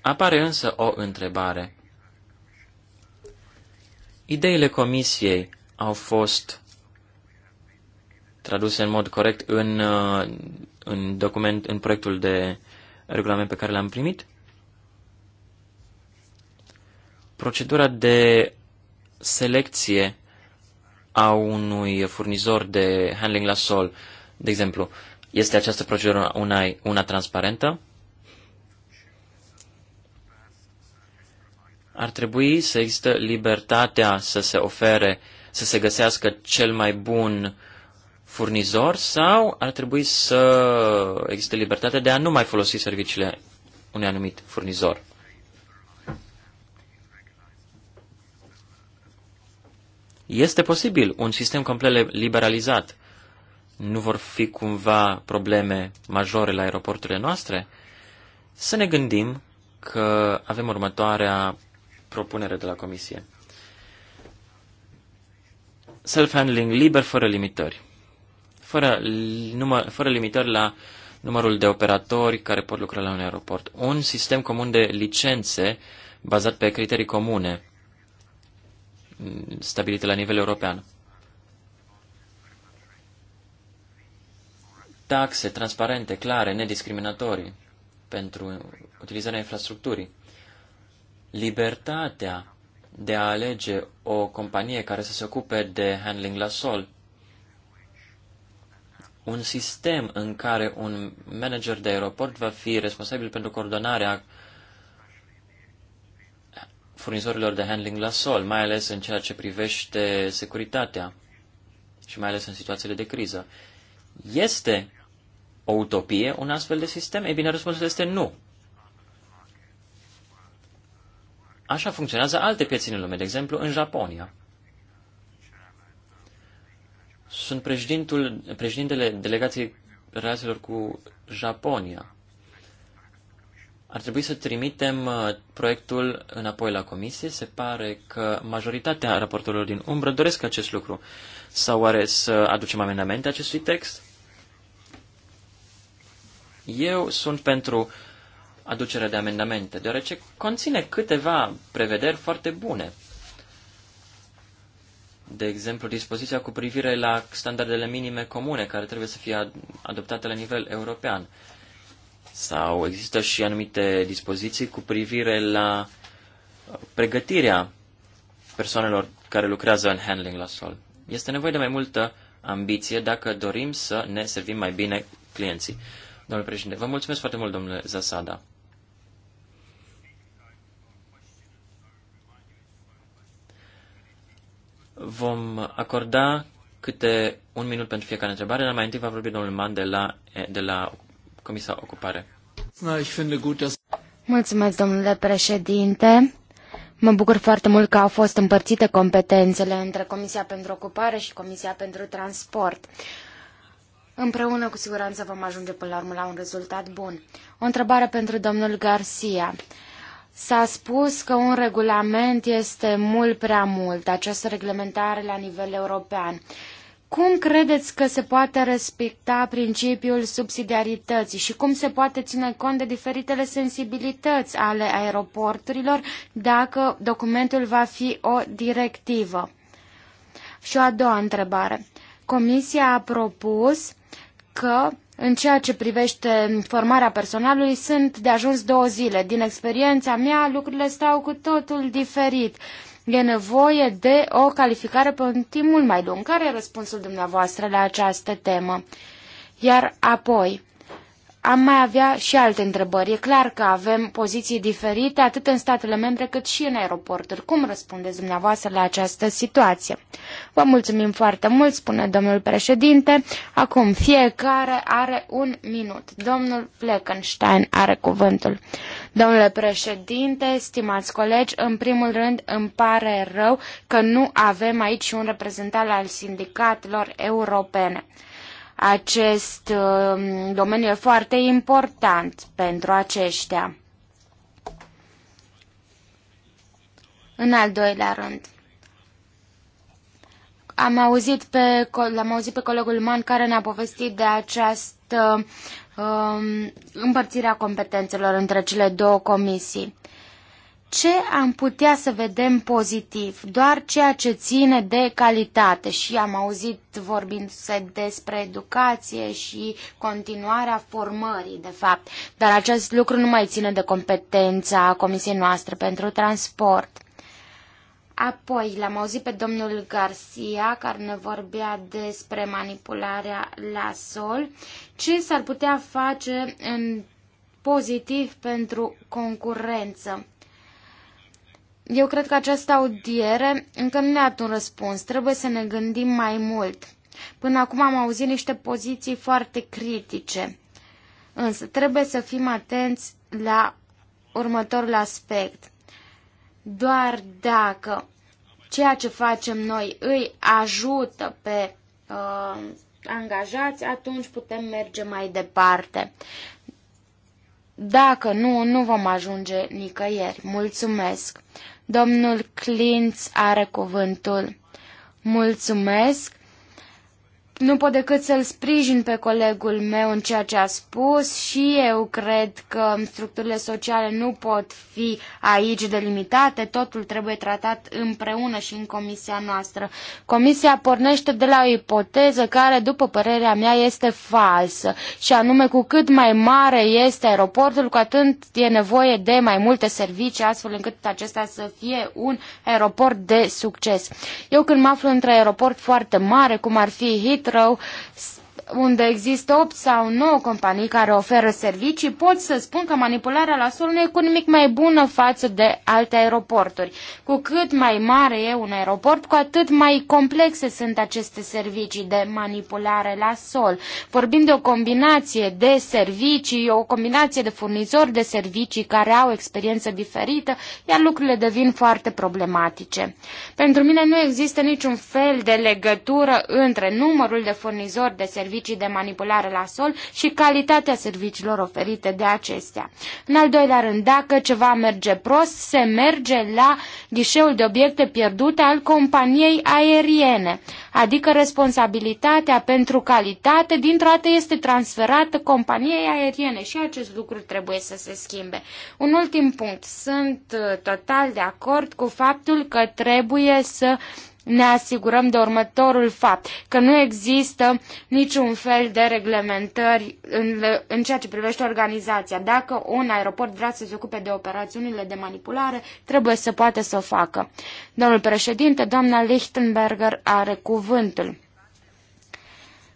Apare însă o întrebare. Ideile Comisiei au fost traduse în mod corect în, uh, în, document, în proiectul de regulament pe care l-am primit. Procedura de selecție a unui furnizor de handling la sol, de exemplu, este această procedură una, una transparentă? Ar trebui să există libertatea să se ofere uh, să se găsească cel mai bun furnizor sau ar trebui să existe libertatea de a nu mai folosi serviciile unui anumit furnizor. Este posibil un sistem complet liberalizat. Nu vor fi cumva probleme majore la aeroporturile noastre? Să ne gândim că avem următoarea propunere de la Comisie self-handling liber fără limitări. Fără, număr, fără limitări la numărul de operatori care pot lucra la un aeroport. Un sistem comun de licențe bazat pe criterii comune mm, stabilite la nivel european. Taxe transparente, clare, nediscriminatorii pentru utilizarea infrastructurii. Libertatea de a alege o companie care să se ocupe de handling la sol. Un sistem în care un manager de aeroport va fi responsabil pentru coordonarea furnizorilor de handling la sol, mai ales în ceea ce privește securitatea și mai ales în situațiile de criză. Este o utopie un astfel de sistem? Ei bine, răspunsul este nu. Așa funcționează alte piețe în lume, de exemplu în Japonia. Sunt președintul, președintele delegației relațiilor cu Japonia. Ar trebui să trimitem uh, proiectul înapoi la comisie. Se pare că majoritatea raportorilor din umbră doresc acest lucru. Sau oare să aducem amendamente acestui text? Eu sunt pentru aducerea de amendamente, deoarece conține câteva prevederi foarte bune. De exemplu, dispoziția cu privire la standardele minime comune care trebuie să fie adoptate la nivel european. Sau există și anumite dispoziții cu privire la uh, pregătirea persoanelor care lucrează în handling la sol. Este nevoie de mai multă ambiție dacă dorim să ne servim mai bine clienții. Domnule președinte, vă mulțumesc foarte mult, domnule Zasada. Vom acorda câte un minut pentru fiecare întrebare, dar mai întâi va vorbi domnul Man de la, de la Comisia Ocupare. Mulțumesc, domnule președinte. Mă bucur foarte mult că au fost împărțite competențele între Comisia pentru Ocupare și Comisia pentru Transport. Împreună, cu siguranță, vom ajunge până la urmă la un rezultat bun. O întrebare pentru domnul Garcia. S-a spus că un regulament este mult prea mult, această reglementare la nivel european. Cum credeți că se poate respecta principiul subsidiarității și cum se poate ține cont de diferitele sensibilități ale aeroporturilor dacă documentul va fi o directivă? Și o a doua întrebare. Comisia a propus că în ceea ce privește formarea personalului, sunt de ajuns două zile. Din experiența mea, lucrurile stau cu totul diferit. E nevoie de o calificare pe un timp mult mai lung. Care e răspunsul dumneavoastră la această temă? Iar apoi, am mai avea și alte întrebări. E clar că avem poziții diferite atât în statele membre cât și în aeroporturi. Cum răspundeți dumneavoastră la această situație? Vă mulțumim foarte mult, spune domnul președinte. Acum fiecare are un minut. Domnul Fleckenstein are cuvântul. Domnule președinte, stimați colegi, în primul rând îmi pare rău că nu avem aici un reprezentant al sindicatelor europene. Acest um, domeniu e foarte important pentru aceștia. În al doilea rând, am auzit pe, l-am auzit pe colegul Man care ne-a povestit de această um, împărțire a competențelor între cele două comisii ce am putea să vedem pozitiv? Doar ceea ce ține de calitate și am auzit vorbindu-se despre educație și continuarea formării, de fapt. Dar acest lucru nu mai ține de competența Comisiei noastre pentru transport. Apoi l-am auzit pe domnul Garcia, care ne vorbea despre manipularea la sol. Ce s-ar putea face în pozitiv pentru concurență? Eu cred că această audiere încă nu ne-a dat un răspuns. Trebuie să ne gândim mai mult. Până acum am auzit niște poziții foarte critice. Însă trebuie să fim atenți la următorul aspect. Doar dacă ceea ce facem noi îi ajută pe uh, angajați, atunci putem merge mai departe. Dacă nu, nu vom ajunge nicăieri. Mulțumesc. Domnul Clinț are cuvântul. Mulțumesc. Nu pot decât să-l sprijin pe colegul meu în ceea ce a spus și eu cred că structurile sociale nu pot fi aici delimitate, totul trebuie tratat împreună și în comisia noastră. Comisia pornește de la o ipoteză care, după părerea mea, este falsă și anume cu cât mai mare este aeroportul, cu atât e nevoie de mai multe servicii, astfel încât acesta să fie un aeroport de succes. Eu când mă aflu într-un aeroport foarte mare, cum ar fi Hit, rău unde există 8 sau 9 companii care oferă servicii, pot să spun că manipularea la sol nu e cu nimic mai bună față de alte aeroporturi. Cu cât mai mare e un aeroport, cu atât mai complexe sunt aceste servicii de manipulare la sol. Vorbim de o combinație de servicii, o combinație de furnizori de servicii care au experiență diferită, iar lucrurile devin foarte problematice. Pentru mine nu există niciun fel de legătură între numărul de furnizori de servicii servicii de manipulare la sol și calitatea serviciilor oferite de acestea. În al doilea rând, dacă ceva merge prost, se merge la ghișeul de obiecte pierdute al companiei aeriene, adică responsabilitatea pentru calitate dintr-o dată este transferată companiei aeriene și acest lucru trebuie să se schimbe. Un ultim punct. Sunt uh, total de acord cu faptul că trebuie să ne asigurăm de următorul fapt, că nu există niciun fel de reglementări în, în ceea ce privește organizația. Dacă un aeroport vrea să se ocupe de operațiunile de manipulare, trebuie să poată să o facă. Domnul președinte, doamna Lichtenberger are cuvântul.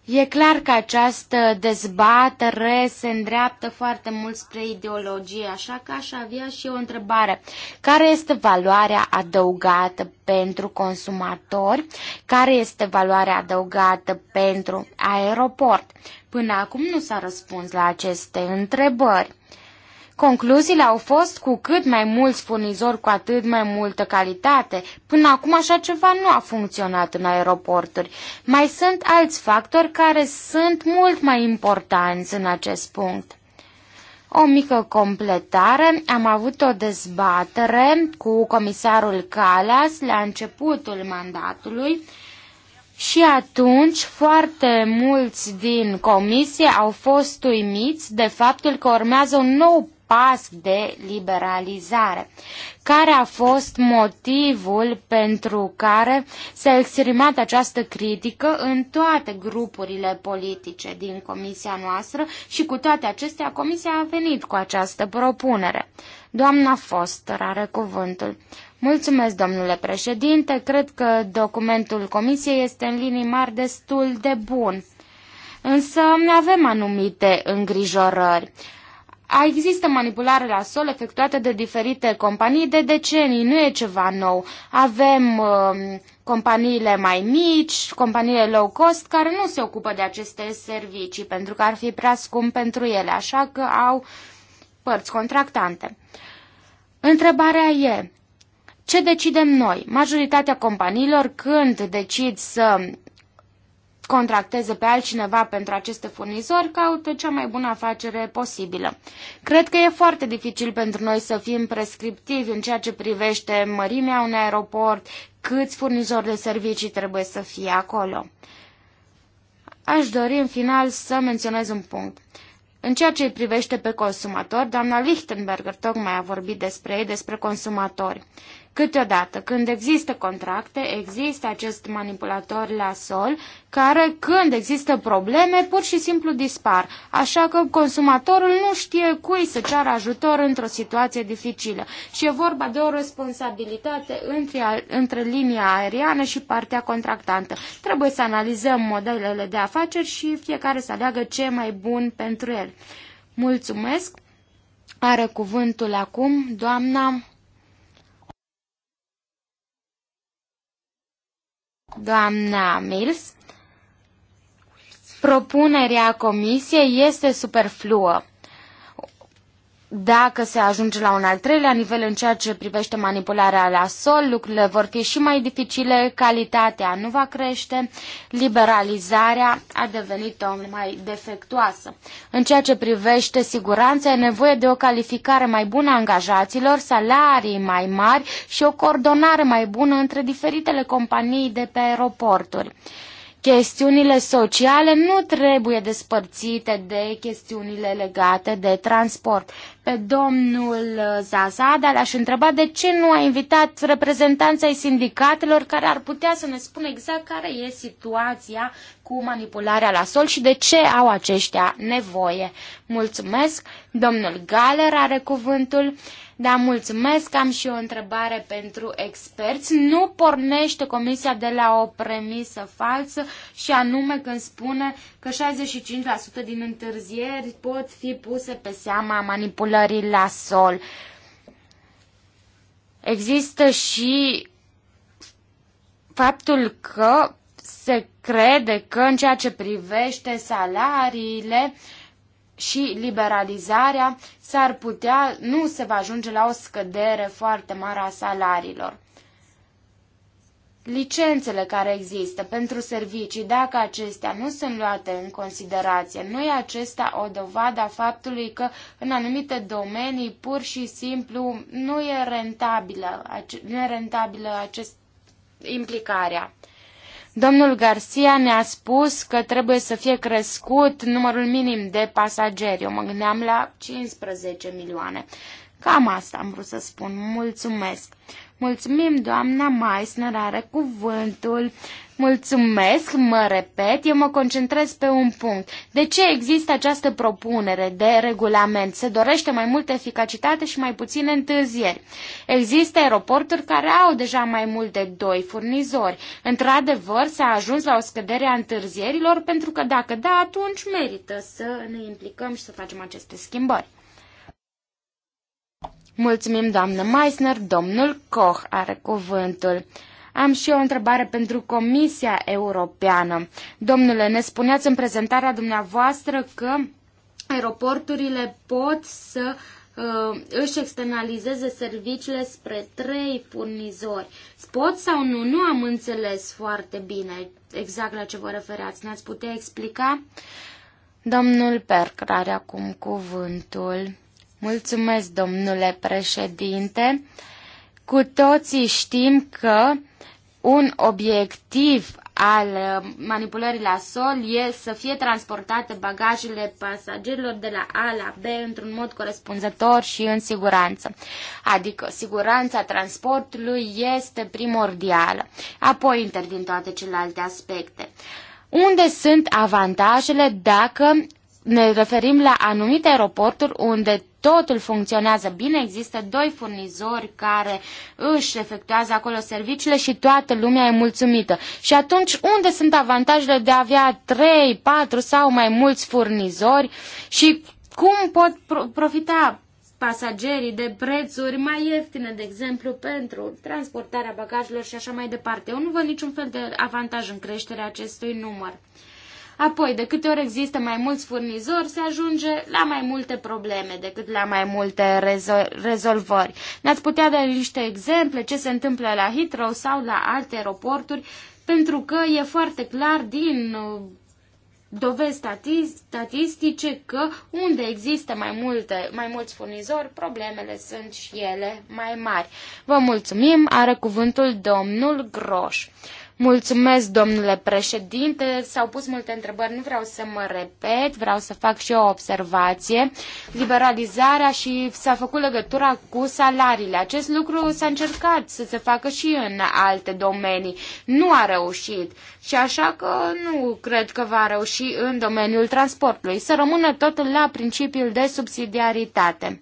E clar că această dezbatere se îndreaptă foarte mult spre ideologie, așa că aș avea și o întrebare. Care este valoarea adăugată pentru consumatori? Care este valoarea adăugată pentru aeroport? Până acum nu s-a răspuns la aceste întrebări. Concluziile au fost cu cât mai mulți furnizori, cu atât mai multă calitate. Până acum așa ceva nu a funcționat în aeroporturi. Mai sunt alți factori care sunt mult mai importanți în acest punct. O mică completare. Am avut o dezbatere cu comisarul Calas la începutul mandatului. Și atunci foarte mulți din comisie au fost uimiți de faptul că urmează un nou pas de liberalizare. Care a fost motivul pentru care s-a exprimat această critică în toate grupurile politice din comisia noastră și cu toate acestea comisia a venit cu această propunere. Doamna Foster are cuvântul. Mulțumesc, domnule președinte. Cred că documentul comisiei este în linii mari destul de bun. Însă ne avem anumite îngrijorări. Există manipulare la sol efectuată de diferite companii de decenii, nu e ceva nou. Avem uh, companiile mai mici, companiile low cost, care nu se ocupă de aceste servicii pentru că ar fi prea scump pentru ele, așa că au părți contractante. Întrebarea e, ce decidem noi? Majoritatea companiilor când decid să contracteze pe altcineva pentru aceste furnizori, caută cea mai bună afacere posibilă. Cred că e foarte dificil pentru noi să fim prescriptivi în ceea ce privește mărimea unui aeroport, câți furnizori de servicii trebuie să fie acolo. Aș dori în final să menționez un punct. În ceea ce îi privește pe consumatori, doamna Lichtenberger tocmai a vorbit despre ei, despre consumatori. Câteodată, când există contracte, există acest manipulator la sol, care, când există probleme, pur și simplu dispar, așa că consumatorul nu știe cui să ceară ajutor într-o situație dificilă. Și e vorba de o responsabilitate între, între linia aeriană și partea contractantă. Trebuie să analizăm modelele de afaceri și fiecare să aleagă ce e mai bun pentru el. Mulțumesc! Are cuvântul acum doamna doamna Mills, propunerea comisiei este superfluă dacă se ajunge la un al treilea nivel în ceea ce privește manipularea la sol, lucrurile vor fi și mai dificile, calitatea nu va crește, liberalizarea a devenit o mai defectuoasă. În ceea ce privește siguranța, e nevoie de o calificare mai bună a angajaților, salarii mai mari și o coordonare mai bună între diferitele companii de pe aeroporturi chestiunile sociale nu trebuie despărțite de chestiunile legate de transport. Pe domnul Zazada l-aș întreba de ce nu a invitat reprezentanța ai sindicatelor care ar putea să ne spună exact care e situația cu manipularea la sol și de ce au aceștia nevoie. Mulțumesc. Domnul Galer are cuvântul. Da, mulțumesc. Am și o întrebare pentru experți. Nu pornește comisia de la o premisă falsă și anume când spune că 65% din întârzieri pot fi puse pe seama manipulării la sol. Există și faptul că se crede că în ceea ce privește salariile, uh, și liberalizarea, s-ar putea, nu se va ajunge la o scădere foarte mare a salariilor. Licențele care există pentru servicii, dacă acestea nu sunt luate în considerație, nu e acesta o dovadă a faptului că în anumite domenii pur și simplu nu e rentabilă, nu e rentabilă acest, implicarea. Domnul Garcia ne-a spus că trebuie să fie crescut numărul minim de pasageri. Eu mă gândeam la 15 milioane. Cam asta am vrut să spun. Mulțumesc! Mulțumim, doamna Meissner are cuvântul. Mulțumesc, mă repet, eu mă concentrez pe un punct. De ce există această propunere de regulament? Se dorește mai multă eficacitate și mai puține întârzieri. Există aeroporturi care au deja mai mult de doi furnizori. Într-adevăr, s-a ajuns la o scădere a întârzierilor pentru că dacă da, atunci merită să ne implicăm și să facem aceste schimbări. Mulțumim, doamnă Meissner. Domnul Koch are cuvântul. Am și o întrebare pentru Comisia Europeană. Domnule, ne spuneați în prezentarea dumneavoastră că aeroporturile pot să uh, își externalizeze serviciile spre trei furnizori. Pot sau nu? Nu am înțeles foarte bine exact la ce vă referați. Ne-ați putea explica? Domnul Percr are acum cuvântul. Mulțumesc, domnule președinte. Cu toții știm că un obiectiv al uh, manipulării la sol e să fie transportate bagajele pasagerilor de la A la B într-un mod corespunzător și în siguranță. Adică siguranța transportului este primordială. Apoi intervin toate celelalte aspecte. Unde sunt avantajele dacă ne referim la anumite aeroporturi unde totul funcționează bine, există doi furnizori care își efectuează acolo serviciile și toată lumea e mulțumită. Și atunci unde sunt avantajele de a avea 3, 4 sau mai mulți furnizori și cum pot pro- profita pasagerii de prețuri mai ieftine, de exemplu, pentru transportarea bagajelor și așa mai departe. Eu nu văd niciun fel de avantaj în creșterea acestui număr. Apoi, de câte ori există mai mulți furnizori, se ajunge la mai multe probleme decât la mai multe rezol- rezolvări. Ne-ați putea da niște exemple ce se întâmplă la Heathrow sau la alte aeroporturi, pentru că e foarte clar din uh, dovezi statistice că unde există mai, multe, mai mulți furnizori, problemele sunt și ele mai mari. Vă mulțumim, are cuvântul domnul Groș. Mulțumesc, domnule președinte. S-au pus multe întrebări, nu vreau să mă repet, vreau să fac și o observație. Liberalizarea și s-a făcut legătura cu salariile. Acest lucru s-a încercat să se facă și în alte domenii. Nu a reușit și așa că nu cred că va reuși în domeniul transportului. Să rămână totul la principiul de subsidiaritate.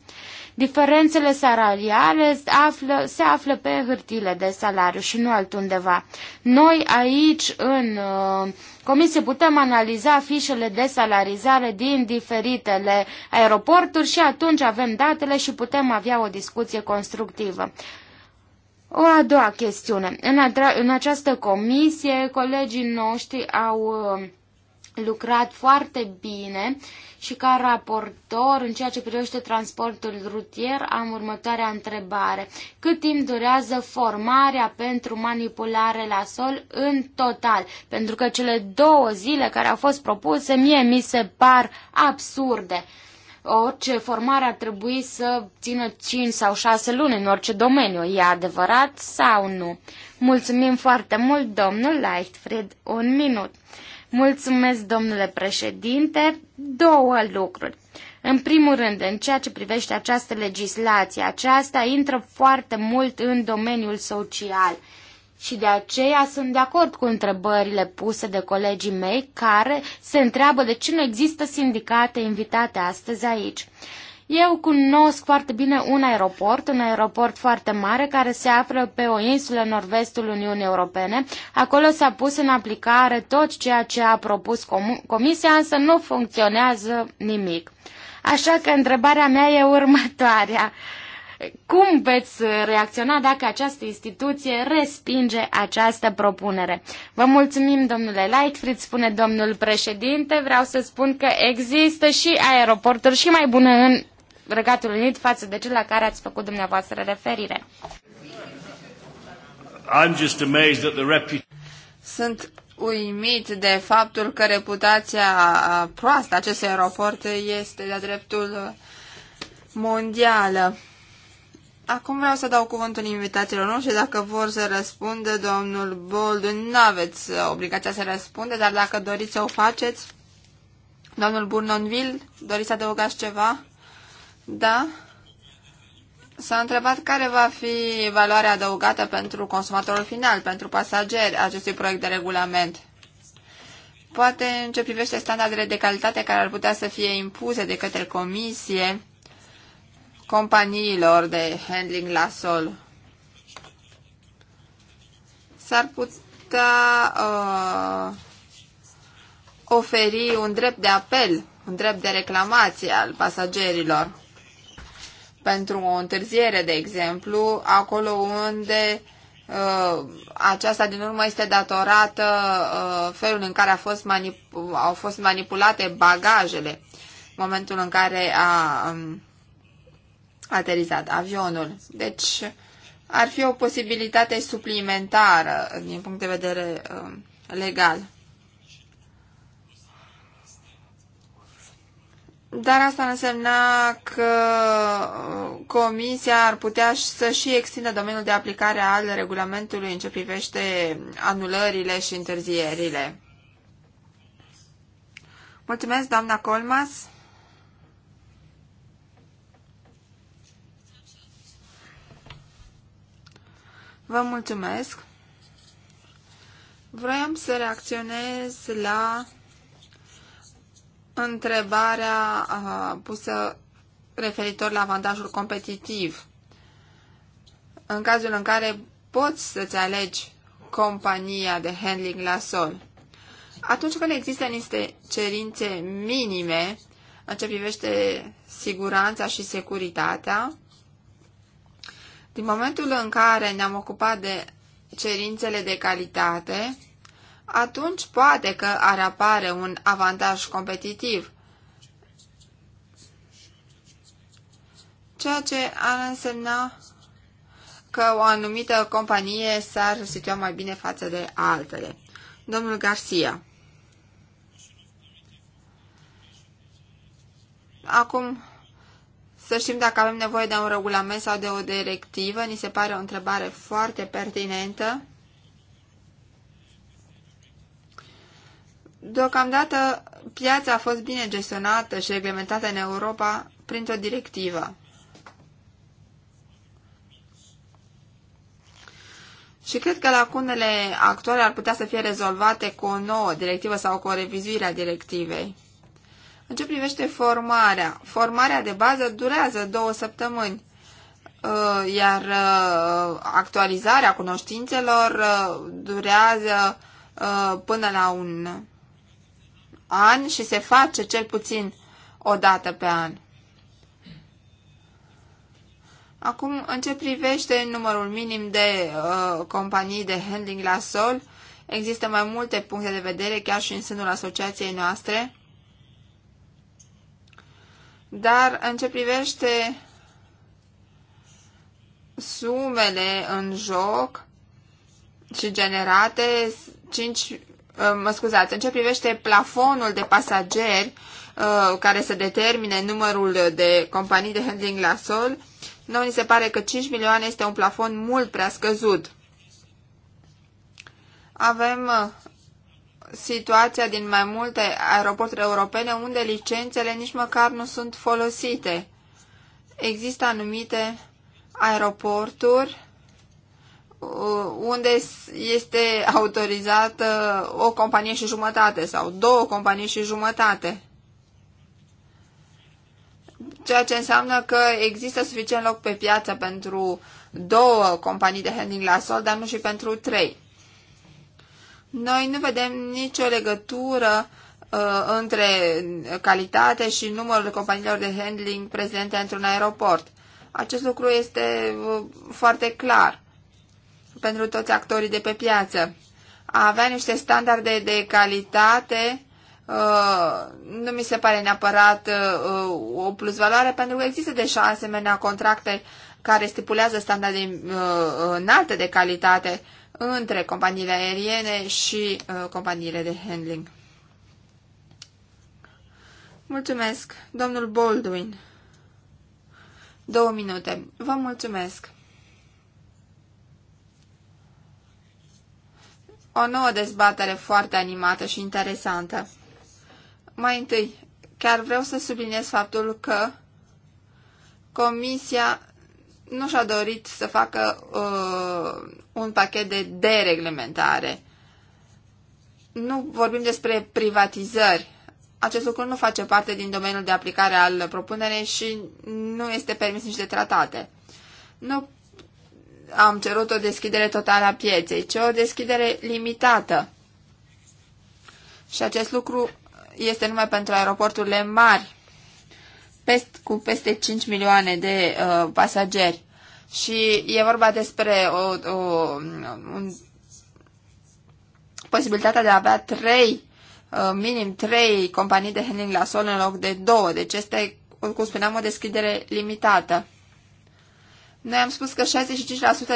Diferențele salariale află, se află pe hârtile de salariu și nu altundeva. Noi aici în uh, comisie putem analiza fișele de salarizare din diferitele aeroporturi și atunci avem datele și putem avea o discuție constructivă. O a doua chestiune. În, în această comisie, colegii noștri au uh, lucrat foarte bine și ca raportor în ceea ce privește transportul rutier am următoarea întrebare. Cât timp durează formarea pentru manipulare la sol în total? Pentru că cele două zile care au fost propuse mie mi se par absurde. Orice formare ar trebui să țină 5 sau 6 luni în orice domeniu. E adevărat sau nu? Mulțumim foarte mult, domnul Leichtfried. Un minut. Mulțumesc, domnule președinte. Două lucruri. În primul rând, în ceea ce privește această legislație, aceasta intră foarte mult în domeniul social. Și de aceea sunt de acord cu întrebările puse de colegii mei care se întreabă de ce nu există sindicate invitate astăzi aici. Eu cunosc foarte bine un aeroport, un aeroport foarte mare care se află pe o insulă nord-vestul Uniunii Europene. Acolo s-a pus în aplicare tot ceea ce a propus Comisia, însă nu funcționează nimic. Așa că întrebarea mea e următoarea. Cum veți reacționa dacă această instituție respinge această propunere? Vă mulțumim, domnule Lightfried, spune domnul președinte. Vreau să spun că există și aeroporturi și mai bune în Regatul Unit față de cel la care ați făcut dumneavoastră referire. I'm just amazed at the reputation sunt uimit de faptul că reputația proastă acestui aeroport este de-a dreptul mondială. Acum vreau să dau cuvântul invitațiilor noștri. Dacă vor să răspundă, domnul Boldun, nu aveți obligația să răspunde, dar dacă doriți să o faceți, domnul Burnonville, doriți să adăugați ceva? Da? S-a întrebat care va fi valoarea adăugată pentru consumatorul final, pentru pasageri, acestui proiect de regulament. Poate în ce privește standardele de calitate care ar putea să fie impuse de către comisie companiilor de handling la sol. S-ar putea uh, oferi un drept de apel, un drept de reclamație al pasagerilor pentru o întârziere, de exemplu, acolo unde uh, aceasta din urmă este datorată uh, felul în care a fost manip- au fost manipulate bagajele momentul în care a um, aterizat avionul. Deci ar fi o posibilitate suplimentară din punct de vedere uh, legal. Dar asta însemna că uh, Comisia ar putea să și extindă domeniul de aplicare al regulamentului în ce privește anulările și întârzierile. Mulțumesc, doamna Colmas. Vă mulțumesc. Vreau să reacționez la întrebarea pusă referitor la avantajul competitiv. În cazul în care poți să-ți alegi compania de handling la sol. Atunci când există niște cerințe minime în ce privește siguranța și securitatea, din momentul în care ne-am ocupat de cerințele de calitate, atunci poate că ar apare un avantaj competitiv. Ceea ce ar însemna că o anumită companie s-ar situa mai bine față de altele. Domnul Garcia. Acum, să știm dacă avem nevoie de un regulament sau de o directivă, ni se pare o întrebare foarte pertinentă. Deocamdată piața a fost bine gestionată și reglementată în Europa printr-o directivă. Și cred că lacunele actuale ar putea să fie rezolvate cu o nouă directivă sau cu o revizuire a directivei. În ce privește formarea, formarea de bază durează două săptămâni, uh, iar uh, actualizarea cunoștințelor uh, durează până la un an și se face cel puțin o dată pe an. Acum, în ce privește numărul minim de uh, companii de handling la sol, există mai multe puncte de vedere, chiar și în sânul asociației noastre. Dar în ce privește sumele în joc și generate, 5 mă scuzați, în ce privește plafonul de pasageri uh, care să determine numărul de companii de handling la sol, noi ni se pare că 5 milioane este un plafon mult prea scăzut. Avem uh, situația din mai multe aeroporturi europene unde licențele nici măcar nu sunt folosite. Există anumite aeroporturi Uh, unde este autorizată o companie și jumătate sau două companii și jumătate. Ceea ce înseamnă că există suficient loc pe piață pentru două companii de handling la sol, dar nu și pentru trei. Noi nu vedem nicio legătură uh, între calitate și numărul companiilor de handling prezente într-un aeroport. Acest lucru este uh, foarte clar pentru toți actorii de pe piață. A avea niște standarde de calitate uh, nu mi se pare neapărat uh, o plusvaloare, pentru că există deja asemenea contracte care stipulează standarde uh, înalte de calitate între companiile aeriene și uh, companiile de handling. Mulțumesc, domnul Baldwin. Două minute. Vă mulțumesc. o nouă dezbatere foarte animată și interesantă. Mai întâi, chiar vreau să subliniez faptul că Comisia nu și-a dorit să facă uh, un pachet de dereglementare. Nu vorbim despre privatizări. Acest lucru nu face parte din domeniul de aplicare al propunerei și nu este permis nici de tratate. Nu am cerut o deschidere totală a pieței, ci o deschidere limitată. Și acest lucru este numai pentru aeroporturile mari, pest, cu peste 5 milioane de uh, pasageri. Și e vorba despre o, o, un, posibilitatea de a avea trei, uh, minim trei companii de handling la sol în loc de două. Deci este, cum spuneam, o deschidere limitată. Noi am spus că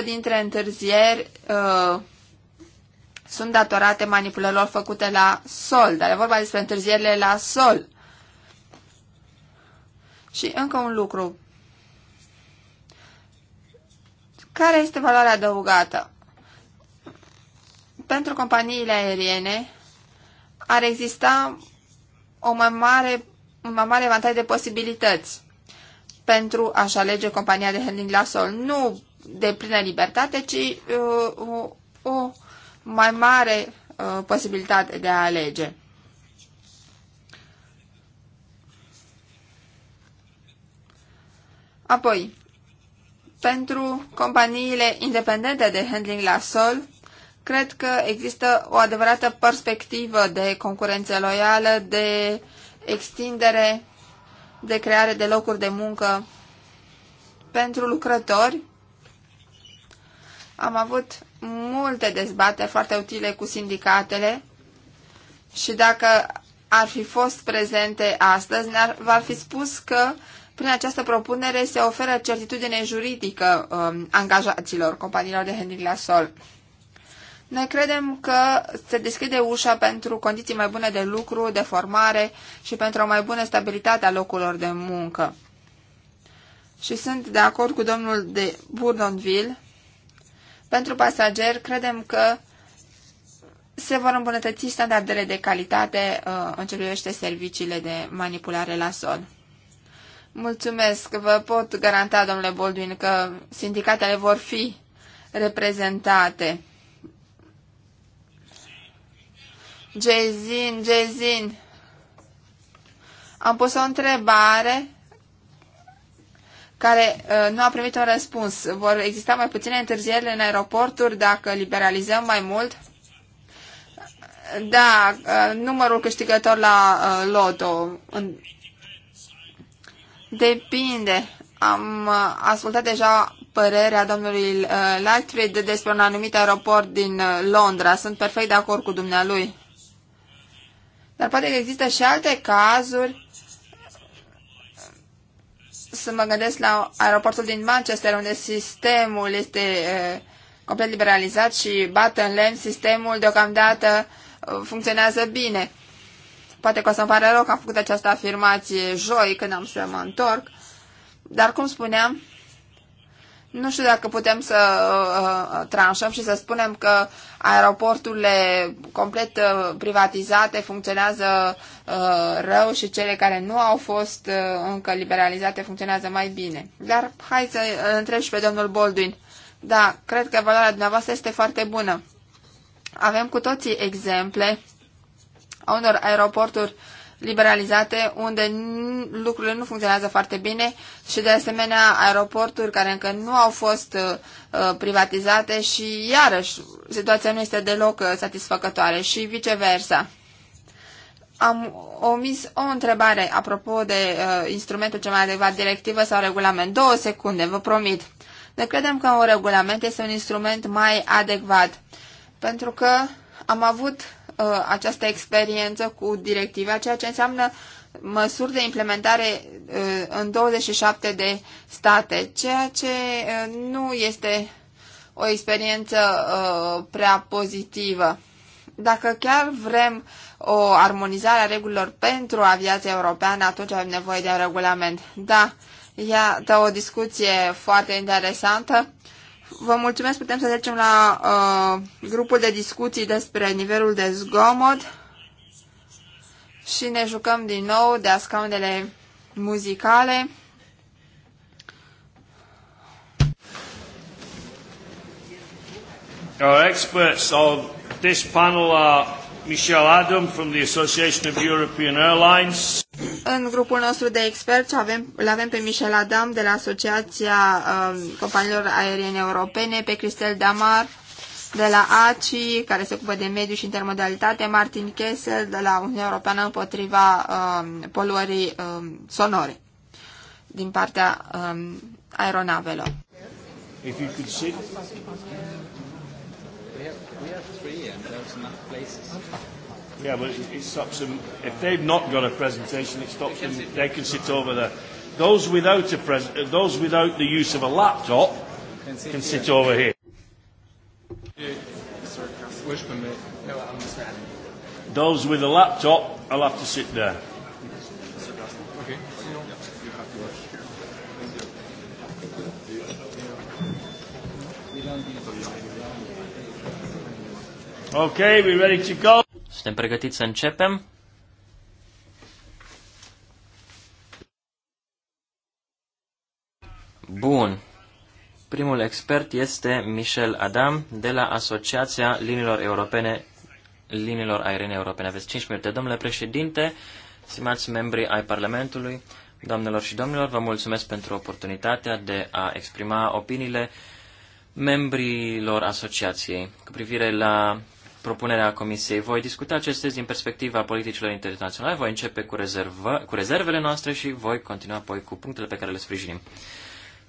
65% dintre întârzieri uh, sunt datorate manipulărilor făcute la sol, dar e vorba despre întârzierile la sol. Și încă un lucru. Care este valoarea adăugată? Pentru companiile aeriene ar exista o mai mare, un mai mare avantaj de posibilități pentru a-și alege compania de handling la sol. Nu de plină libertate, ci uh, o, o mai mare uh, posibilitate de a alege. Apoi, pentru companiile independente de handling la sol, cred că există o adevărată perspectivă de concurență loială, de extindere de creare de locuri de muncă pentru lucrători. Am avut multe dezbateri foarte utile cu sindicatele și dacă ar fi fost prezente astăzi, v-ar fi spus că prin această propunere se oferă certitudine juridică um, angajaților companiilor de handling la sol. Noi credem că se deschide ușa pentru condiții mai bune de lucru, de formare și pentru o mai bună stabilitate a locurilor de muncă. Și sunt de acord cu domnul de Bourdonville. Pentru pasageri, credem că se vor îmbunătăți standardele de calitate uh, în ce privește serviciile de manipulare la sol. Mulțumesc, vă pot garanta, domnule Baldwin, că sindicatele vor fi reprezentate. Jezin, Jezin. Am pus o întrebare care uh, nu a primit un răspuns. Vor exista mai puține întârzieri în aeroporturi dacă liberalizăm mai mult? Da, uh, numărul câștigător la uh, loto. Depinde. Am uh, ascultat deja părerea domnului uh, Lightfield despre un anumit aeroport din uh, Londra. Sunt perfect de acord cu dumnealui. Dar poate că există și alte cazuri. Să mă gândesc la aeroportul din Manchester, unde sistemul este complet liberalizat și bat în lemn, sistemul deocamdată funcționează bine. Poate că o să-mi pare rău că am făcut această afirmație joi, când am să mă întorc. Dar, cum spuneam, nu știu dacă putem să uh, uh, tranșăm și să spunem că aeroporturile complet uh, privatizate funcționează uh, rău și cele care nu au fost uh, încă liberalizate funcționează mai bine. Dar hai să uh, întreb și pe domnul Baldwin. Da, cred că valoarea dumneavoastră este foarte bună. Avem cu toții exemple a unor aeroporturi uh, liberalizate unde lucrurile nu funcționează foarte bine și de asemenea aeroporturi care încă nu au fost uh, uh, privatizate și iarăși situația nu este deloc uh, satisfăcătoare și viceversa. Am omis o întrebare apropo de uh, instrumentul cel mai adecvat, directivă sau regulament. Două secunde, vă promit. Ne credem că un regulament este un instrument mai adecvat, pentru că am avut uh, această experiență cu directiva, ceea ce înseamnă măsuri de implementare uh, în 27 de state, ceea ce uh, nu este o experiență uh, prea pozitivă. Dacă chiar vrem o armonizare a regulilor pentru aviația europeană, atunci avem nevoie de un regulament. Da, iată o discuție foarte interesantă Vă mulțumesc, putem să trecem la uh, grupul de discuții despre nivelul de zgomot și ne jucăm din nou de ascaunele muzicale. Our experts of this panel are Michel Adam from the Association of European Airlines. În grupul nostru de experți avem, îl avem pe Michel Adam de la Asociația um, Companiilor Aeriene Europene, pe Cristel Damar de la ACI, care se ocupă de mediu și intermodalitate, Martin Kessel de la Uniunea Europeană împotriva um, poluării um, sonore din partea um, aeronavelor. If you could sit. We have three, and there's enough places. Yeah, but it, it stops them. If they've not got a presentation, it stops them. they can sit over there. Those without a pres- uh, those without the use of a laptop can sit, can sit here. over here. Those with a laptop, I'll have to sit there. Ok, we ready to go. Suntem pregătiți să începem. Bun. Primul expert este Michel Adam de la Asociația Linilor Europene, Linilor Aeriene Europene. Aveți 5 minute. Domnule președinte, stimați membri ai Parlamentului, doamnelor și domnilor, vă mulțumesc pentru oportunitatea de a exprima opiniile membrilor asociației cu privire la propunerea Comisiei. Voi discuta acestea din perspectiva politicilor internaționale, voi începe cu, rezervă, cu rezervele noastre și voi continua apoi cu punctele pe care le sprijinim.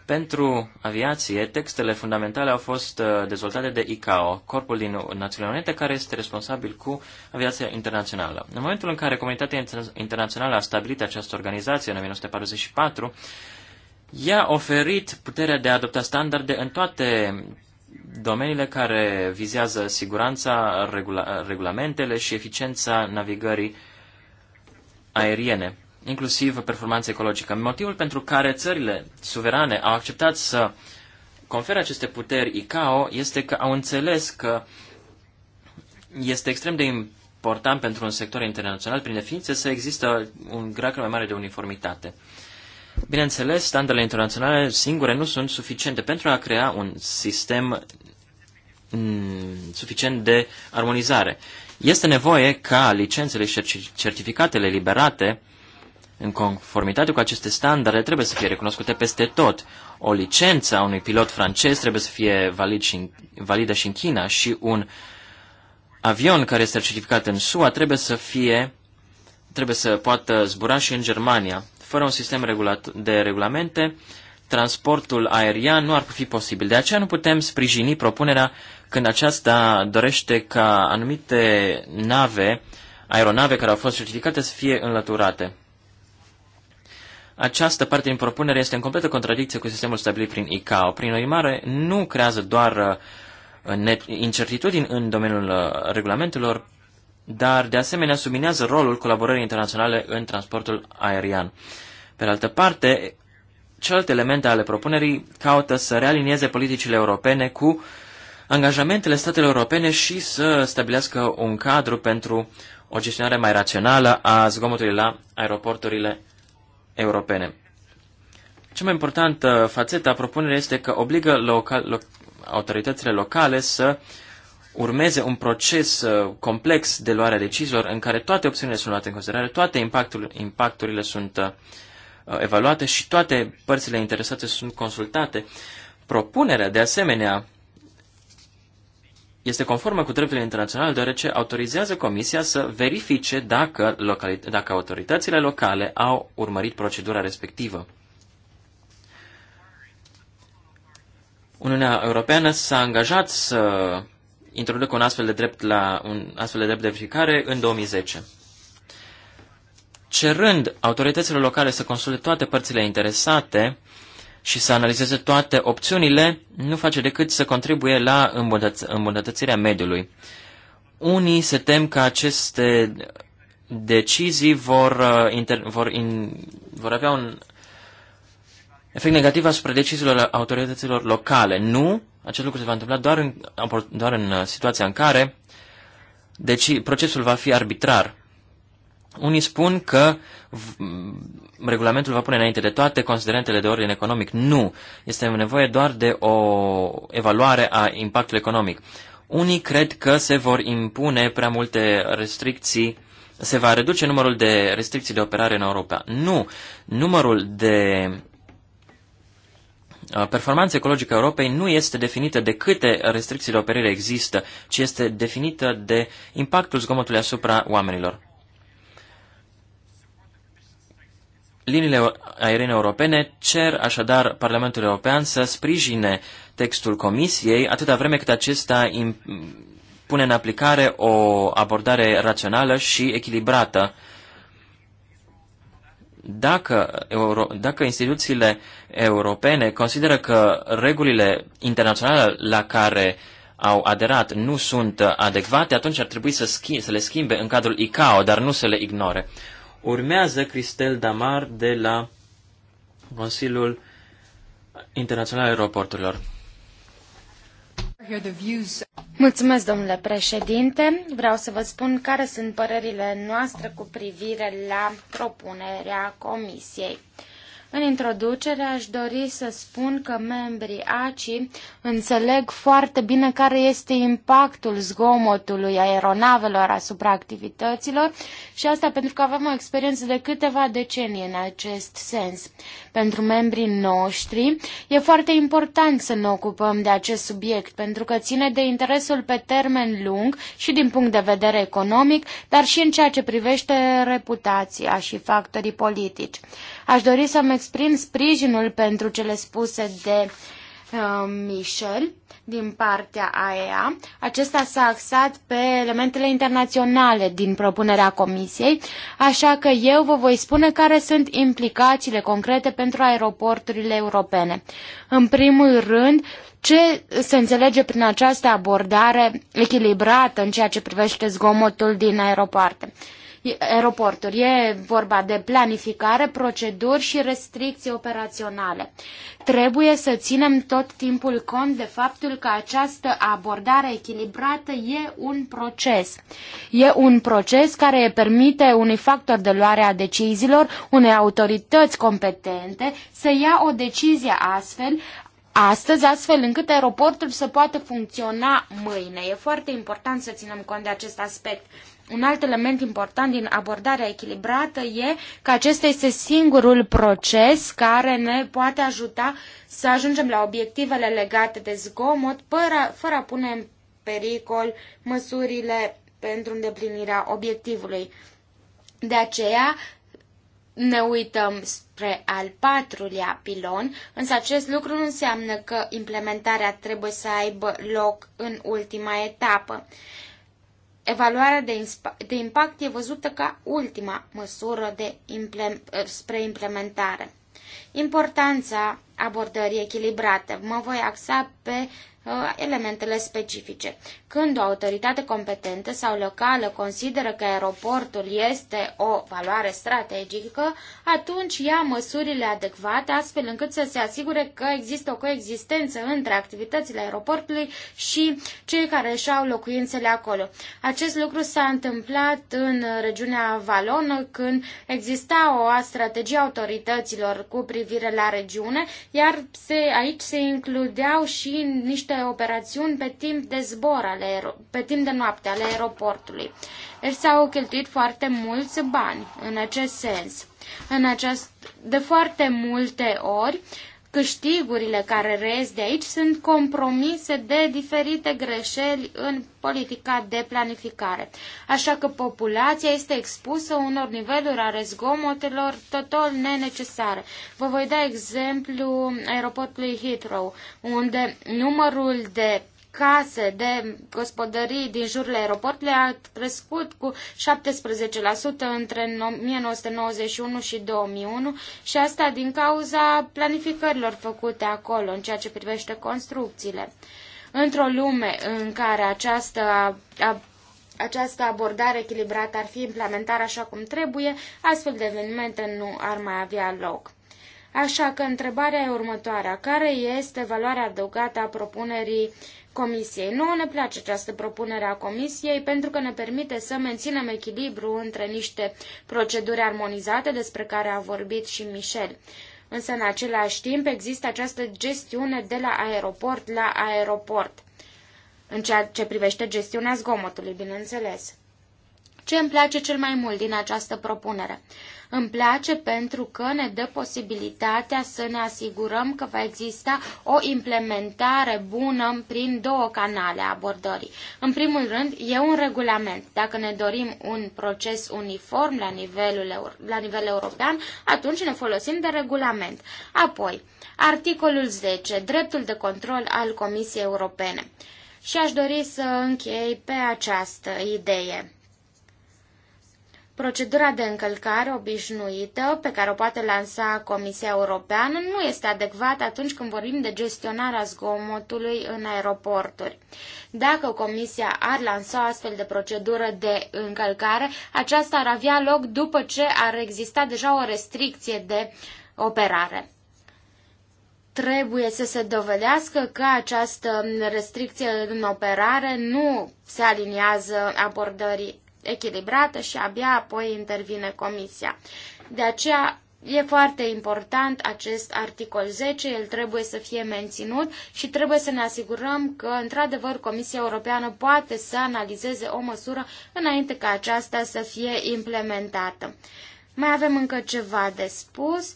Pentru aviație, textele fundamentale au fost uh, dezvoltate de ICAO, corpul din Națiunile Unite care este responsabil cu aviația internațională. În momentul în care comunitatea internațională a stabilit această organizație în 1944, ea a oferit puterea de a adopta standarde în toate domeniile care vizează siguranța, regula, regulamentele și eficiența navigării aeriene, inclusiv performanța ecologică. Motivul pentru care țările suverane au acceptat să confere aceste puteri ICAO este că au înțeles că este extrem de important pentru un sector internațional, prin definiție, să există un grad mai mare de uniformitate. Bineînțeles, standardele internaționale singure nu sunt suficiente pentru a crea un sistem mm, suficient de armonizare. Este nevoie ca licențele și certificatele liberate în conformitate cu aceste standarde trebuie să fie recunoscute peste tot. O licență a unui pilot francez trebuie să fie valid și în, validă și în China și un avion care este certificat în SUA trebuie să fie trebuie să poată zbura și în Germania. Fără un sistem regulat de regulamente, transportul aerian nu ar fi posibil. De aceea nu putem sprijini propunerea când aceasta dorește ca anumite nave, aeronave care au fost certificate să fie înlăturate. Această parte din propunere este în completă contradicție cu sistemul stabilit prin ICAO. Prin urmare, nu creează doar uh, incertitudini în domeniul uh, regulamentelor, dar de asemenea subminează rolul colaborării internaționale în transportul aerian. Pe de altă parte, celelalte elemente ale propunerii caută să realinieze politicile europene cu angajamentele statelor europene și să stabilească un cadru pentru o gestionare mai rațională a zgomotului la aeroporturile europene. Cea mai importantă fațetă a propunerii este că obligă local, lo, autoritățile locale să uh, urmeze un proces uh, complex de luare a deciziilor în care toate opțiunile sunt luate în considerare, toate impactul, impacturile sunt uh, evaluate și toate părțile interesate sunt consultate. Propunerea, de asemenea, este conformă cu dreptul internațional, deoarece autorizează Comisia să verifice dacă, dacă autoritățile locale au urmărit procedura respectivă. Uniunea Europeană s-a angajat să introduc un astfel de drept la un astfel de drept de verificare în 2010. Cerând autoritățile locale să consulte toate părțile interesate și să analizeze toate opțiunile, nu face decât să contribuie la îmbunătăț- îmbunătățirea mediului. Unii se tem că aceste decizii vor, uh, inter- vor, in, vor avea un efect negativ asupra deciziilor autorităților locale. Nu, acest lucru se va întâmpla doar în, doar în uh, situația în care deci, procesul va fi arbitrar. Unii spun că regulamentul va pune înainte de toate considerentele de ordin economic. Nu. Este nevoie doar de o evaluare a impactului economic. Unii cred că se vor impune prea multe restricții, se va reduce numărul de restricții de operare în Europa. Nu. Numărul de performanța ecologică a Europei nu este definită de câte restricții de operire există, ci este definită de impactul zgomotului asupra oamenilor. Liniile aeriene europene cer așadar Parlamentul European să sprijine textul Comisiei atâta vreme cât acesta pune în aplicare o abordare rațională și echilibrată dacă, euro, dacă instituțiile europene consideră că regulile internaționale la care au aderat nu sunt adecvate, atunci ar trebui să, schi- să le schimbe în cadrul ICAO, dar nu să le ignore. Urmează Cristel Damar de la Consiliul Internațional al Aeroporturilor. Mulțumesc, domnule președinte. Vreau să vă spun care sunt părerile noastre cu privire la propunerea Comisiei. În introducere aș dori să spun că membrii ACI înțeleg foarte bine care este impactul zgomotului aeronavelor asupra activităților și asta pentru că avem o experiență de câteva decenii în acest sens. Pentru membrii noștri e foarte important să ne ocupăm de acest subiect pentru că ține de interesul pe termen lung și din punct de vedere economic, dar și în ceea ce privește reputația și factorii politici. Aș dori să-mi exprim sprijinul pentru cele spuse de uh, Michel din partea AEA. Acesta s-a axat pe elementele internaționale din propunerea comisiei, așa că eu vă voi spune care sunt implicațiile concrete pentru aeroporturile europene. În primul rând, ce se înțelege prin această abordare echilibrată în ceea ce privește zgomotul din aeropoarte? aeroporturi. E vorba de planificare, proceduri și restricții operaționale. Trebuie să ținem tot timpul cont de faptul că această abordare echilibrată e un proces. E un proces care permite unui factor de luare a deciziilor, unei autorități competente să ia o decizie astfel, astăzi, astfel încât aeroportul să poată funcționa mâine. E foarte important să ținem cont de acest aspect. Un alt element important din abordarea echilibrată e că acesta este singurul proces care ne poate ajuta să ajungem la obiectivele legate de zgomot fără, fără a pune în pericol măsurile pentru îndeplinirea obiectivului. De aceea, ne uităm spre al patrulea pilon, însă acest lucru nu înseamnă că implementarea trebuie să aibă loc în ultima etapă. Evaluarea de, de impact e văzută ca ultima măsură de implem, spre implementare. Importanța abordării echilibrate. Mă voi axa pe Uh, elementele specifice. Când o autoritate competentă sau locală consideră că aeroportul este o valoare strategică, atunci ia măsurile adecvate astfel încât să se asigure că există o coexistență între activitățile aeroportului și cei care își au locuințele acolo. Acest lucru s-a întâmplat în regiunea Valonă când exista o strategie autorităților cu privire la regiune, iar se, aici se includeau și niște unele operațiuni pe timp de zbor, ale, pe timp de noapte ale aeroportului. Deci s-au cheltuit foarte mulți bani în acest sens. În acest, de foarte multe ori, câștigurile care reiesc de aici sunt compromise de diferite greșeli în politica de planificare. Așa că populația este expusă unor niveluri ale zgomotelor total nenecesare. Vă voi da exemplu aeroportului Heathrow, unde numărul de case de gospodării din jurul aeroportului a crescut cu 17% între 1991 și 2001 și asta din cauza planificărilor făcute acolo în ceea ce privește construcțiile. Într-o lume în care această a, această abordare echilibrată ar fi implementată așa cum trebuie, astfel de evenimente nu ar mai avea loc. Așa că întrebarea e următoarea. Care este valoarea adăugată a propunerii Comisiei. Nu ne place această propunere a Comisiei pentru că ne permite să menținem echilibru între niște proceduri armonizate despre care a vorbit și Michel. Însă, în același timp, există această gestiune de la aeroport la aeroport, în ceea ce privește gestiunea zgomotului, bineînțeles. Ce îmi place cel mai mult din această propunere? Îmi place pentru că ne dă posibilitatea să ne asigurăm că va exista o implementare bună prin două canale abordării. În primul rând, e un regulament. Dacă ne dorim un proces uniform la, nivelul, la nivel european, atunci ne folosim de regulament. Apoi, articolul 10, dreptul de control al Comisiei Europene. Și aș dori să închei pe această idee. Procedura de încălcare obișnuită pe care o poate lansa Comisia Europeană nu este adecvată atunci când vorbim de gestionarea zgomotului în aeroporturi. Dacă Comisia ar lansa o astfel de procedură de încălcare, aceasta ar avea loc după ce ar exista deja o restricție de operare trebuie să se dovedească că această restricție în operare nu se aliniază abordării echilibrată și abia apoi intervine comisia. De aceea e foarte important acest articol 10, el trebuie să fie menținut și trebuie să ne asigurăm că, într-adevăr, Comisia Europeană poate să analizeze o măsură înainte ca aceasta să fie implementată. Mai avem încă ceva de spus.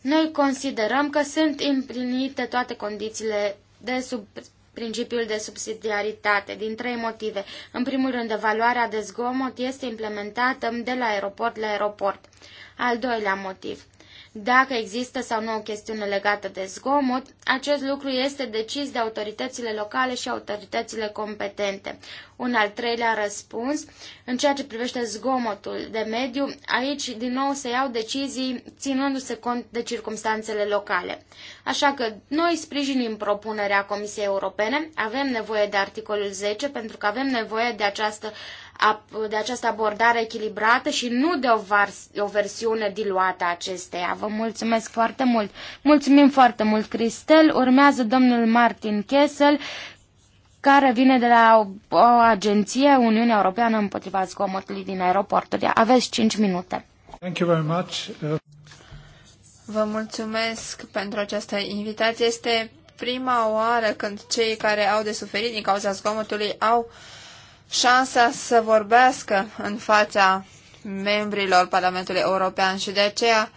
Noi considerăm că sunt împlinite toate condițiile de sub principiul de subsidiaritate, din trei motive. În primul rând, evaluarea de zgomot este implementată de la aeroport la aeroport. Al doilea motiv, dacă există sau nu o chestiune legată de zgomot, acest lucru este decis de autoritățile locale și autoritățile competente. Un al treilea răspuns, în ceea ce privește zgomotul de mediu, aici din nou se iau decizii ținându-se cont de circumstanțele locale. Așa că noi sprijinim propunerea Comisiei Europene, avem nevoie de articolul 10 pentru că avem nevoie de această de această abordare echilibrată și nu de o, o versiune diluată a acesteia. Vă mulțumesc foarte mult. Mulțumim foarte mult, Cristel. Urmează domnul Martin Kessel, care vine de la o, o agenție Uniunea Europeană împotriva zgomotului din aeroporturi. Aveți 5 minute. Thank you very much. Vă mulțumesc pentru această invitație. Este prima oară când cei care au de suferit din cauza zgomotului au uh, șansa să vorbească în fața membrilor Parlamentului European și de aceea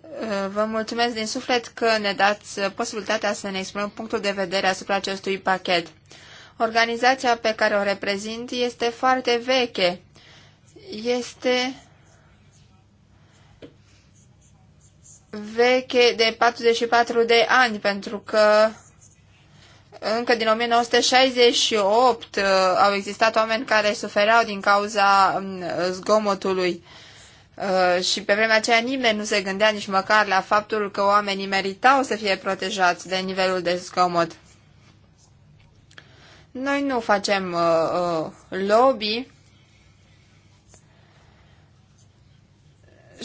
uh, vă mulțumesc din suflet că ne dați posibilitatea să ne exprimăm punctul de vedere asupra acestui pachet. Organizația pe care o reprezint este foarte veche. Este veche de 44 de ani, pentru că încă din 1968 uh, au existat oameni care sufereau din cauza um, zgomotului uh, și pe vremea aceea nimeni nu se gândea nici măcar la faptul că oamenii meritau să fie protejați de nivelul de zgomot. Noi nu facem uh, uh, lobby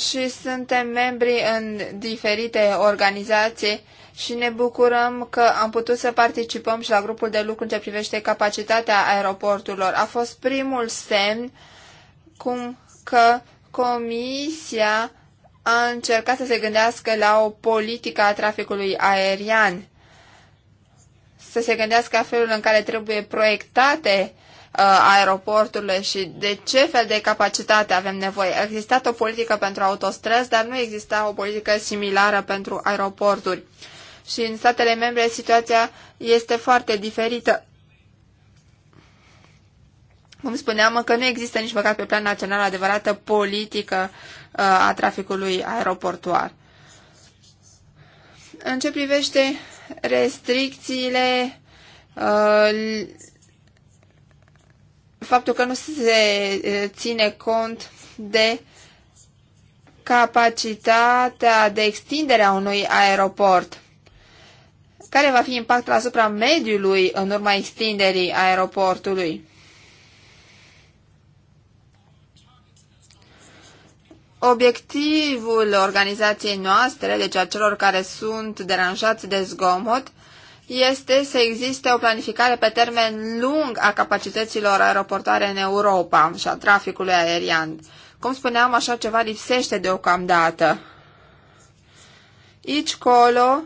și suntem membri în diferite organizații uh, și ne bucurăm că am putut să participăm și la grupul de lucru ce privește capacitatea aeroporturilor. A fost primul semn cum că Comisia a încercat să se gândească la o politică a traficului aerian, să se gândească la felul în care trebuie proiectate uh, aeroporturile și de ce fel de capacitate avem nevoie. A existat o politică pentru autostrăzi, dar nu exista o politică similară pentru aeroporturi și în statele membre situația este foarte diferită. Cum spuneam, că nu există nici măcar pe plan național adevărată politică uh, a traficului aeroportuar. În ce privește restricțiile, uh, faptul că nu se uh, ține cont de capacitatea de extindere a unui aeroport. Care va fi impactul asupra mediului în urma extinderii aeroportului? Obiectivul organizației noastre, deci a celor care sunt deranjați de zgomot, este să existe o planificare pe termen lung a capacităților aeroportoare în Europa și a traficului aerian. Cum spuneam, așa ceva lipsește deocamdată. Aici, colo,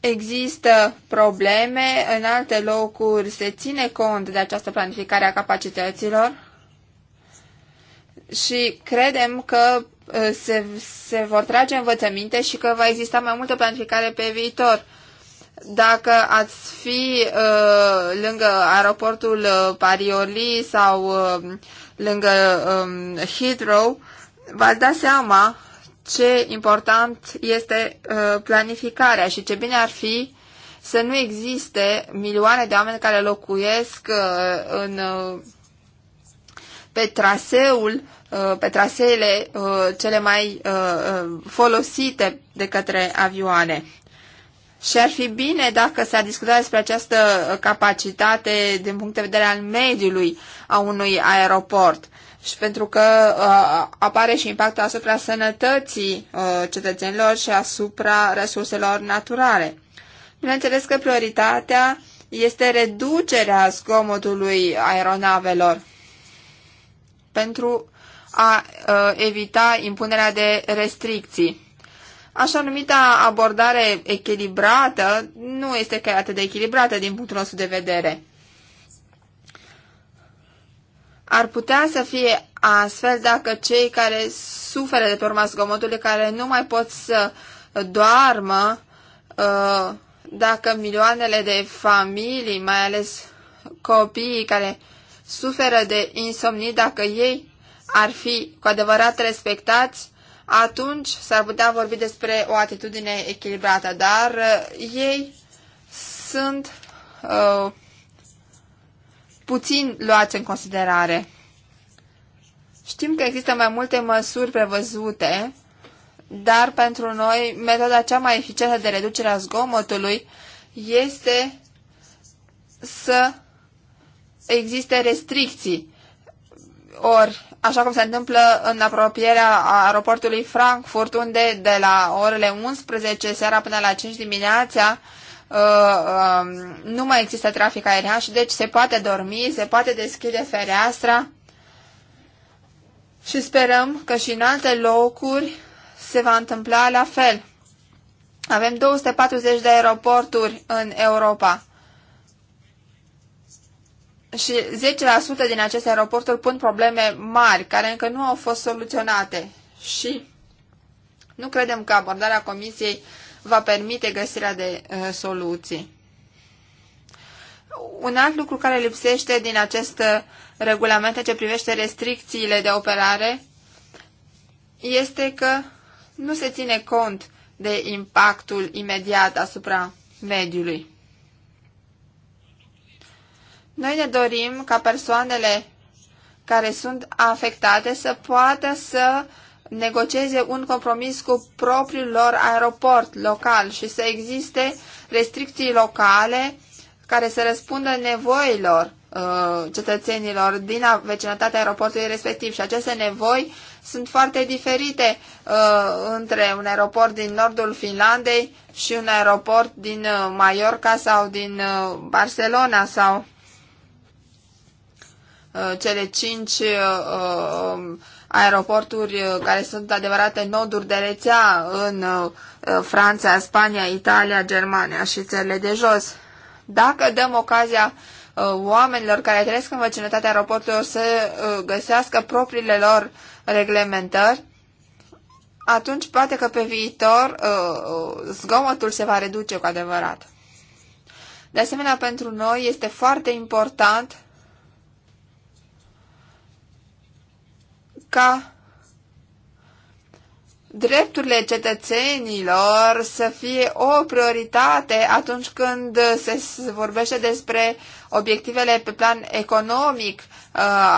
există probleme, în alte locuri se ține cont de această planificare a capacităților și credem că uh, se, se vor trage învățăminte și că va exista mai multă planificare pe viitor. Dacă ați fi uh, lângă aeroportul uh, Parioli sau uh, lângă um, Heathrow, v-ați da seama ce important este uh, planificarea și ce bine ar fi să nu existe milioane de oameni care locuiesc uh, în, uh, pe traseul pe traseele cele mai folosite de către avioane. Și ar fi bine dacă s-ar discuta despre această capacitate din punct de vedere al mediului a unui aeroport și pentru că uh, apare și impactul asupra sănătății uh, cetățenilor și asupra resurselor naturale. Bineînțeles că prioritatea este reducerea zgomotului aeronavelor pentru a uh, evita impunerea de restricții. Așa numita abordare echilibrată nu este chiar atât de echilibrată din punctul nostru de vedere ar putea să fie astfel dacă cei care suferă de pe urma zgomotului, care nu mai pot să doarmă, uh, dacă milioanele de familii, mai ales copiii care suferă de insomnii, dacă ei ar fi cu adevărat respectați, atunci s-ar putea vorbi despre o atitudine echilibrată, dar uh, ei sunt uh, puțin luați în considerare. Știm că există mai multe măsuri prevăzute, dar pentru noi metoda cea mai eficientă de reducere a zgomotului este să existe restricții. Ori, așa cum se întâmplă în apropierea aeroportului Frankfurt, unde de la orele 11 seara până la 5 dimineața Uh, um, nu mai există trafic aerian și deci se poate dormi, se poate deschide fereastra și sperăm că și în alte locuri se va întâmpla la fel. Avem 240 de aeroporturi în Europa și 10% din aceste aeroporturi pun probleme mari care încă nu au fost soluționate și nu credem că abordarea Comisiei va permite găsirea de uh, soluții. Un alt lucru care lipsește din acest uh, regulament ce privește restricțiile de operare este că nu se ține cont de impactul imediat asupra mediului. Noi ne dorim ca persoanele care sunt afectate să poată să uh, negocieze un compromis cu propriul lor aeroport local și să existe restricții locale care să răspundă nevoilor uh, cetățenilor din vecinătatea aeroportului respectiv și aceste nevoi sunt foarte diferite uh, între un aeroport din nordul Finlandei și un aeroport din uh, Mallorca sau din uh, Barcelona sau uh, cele cinci uh, uh, aeroporturi uh, care sunt adevărate noduri de rețea în uh, uh, Franța, Spania, Italia, Germania și țările de jos. Dacă dăm ocazia oamenilor care trăiesc în vecinătatea aeroporturilor să găsească propriile lor reglementări, atunci poate că pe viitor zgomotul se va reduce cu adevărat. De asemenea, pentru noi este foarte important ca drepturile cetățenilor să fie o prioritate atunci când se vorbește despre obiectivele pe plan economic uh,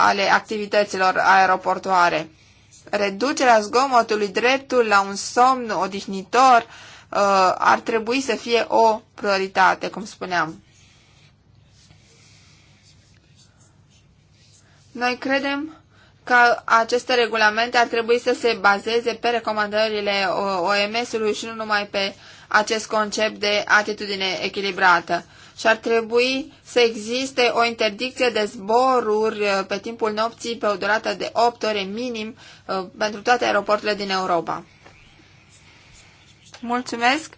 ale activităților aeroportoare. Reducerea zgomotului, dreptul la un somn odihnitor uh, ar trebui să fie o prioritate, cum spuneam. Noi credem că aceste regulamente ar trebui să se bazeze pe recomandările OMS-ului și nu numai pe acest concept de atitudine echilibrată. Și ar trebui să existe o interdicție de zboruri uh, pe timpul nopții pe o durată de 8 ore minim uh, pentru toate aeroporturile din Europa. Mulțumesc!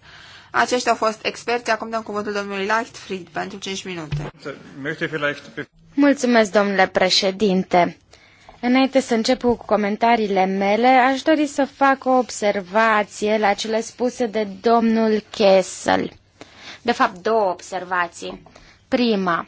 Aceștia au fost experți. Acum dăm cuvântul domnului Leichtfried pentru 5 minute. Mulțumesc, domnule președinte! Înainte să încep cu comentariile mele, aș dori să fac o observație la cele spuse de domnul Kessel. De fapt, două observații. Prima,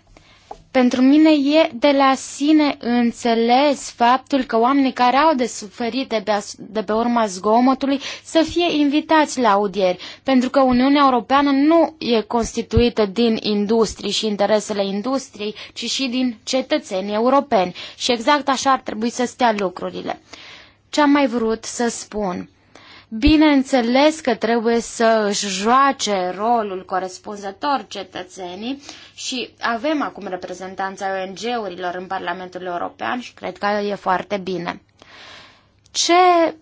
pentru mine e de la sine înțeles faptul că oamenii care au de suferit de pe, de pe urma zgomotului să fie invitați la audieri, pentru că Uniunea Europeană nu e constituită din industrii și interesele industriei, ci și din cetățenii europeni. Și exact așa ar trebui să stea lucrurile. Ce am mai vrut să spun? Bineînțeles că trebuie să își joace rolul corespunzător cetățenii și avem acum reprezentanța ONG-urilor în Parlamentul European și cred că e foarte bine. Ce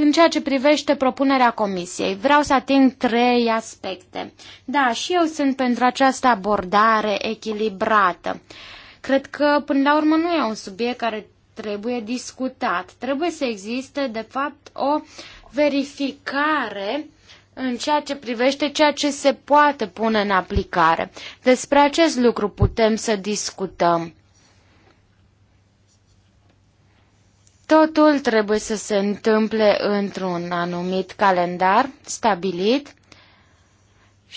în ceea ce privește propunerea comisiei, vreau să ating trei aspecte. Da, și eu sunt pentru această abordare echilibrată. Cred că, până la urmă, nu e un subiect care trebuie discutat. Trebuie să existe, de fapt, o verificare în ceea ce privește ceea ce se poate pune în aplicare. Despre acest lucru putem să discutăm. Totul trebuie să se întâmple într-un anumit calendar stabilit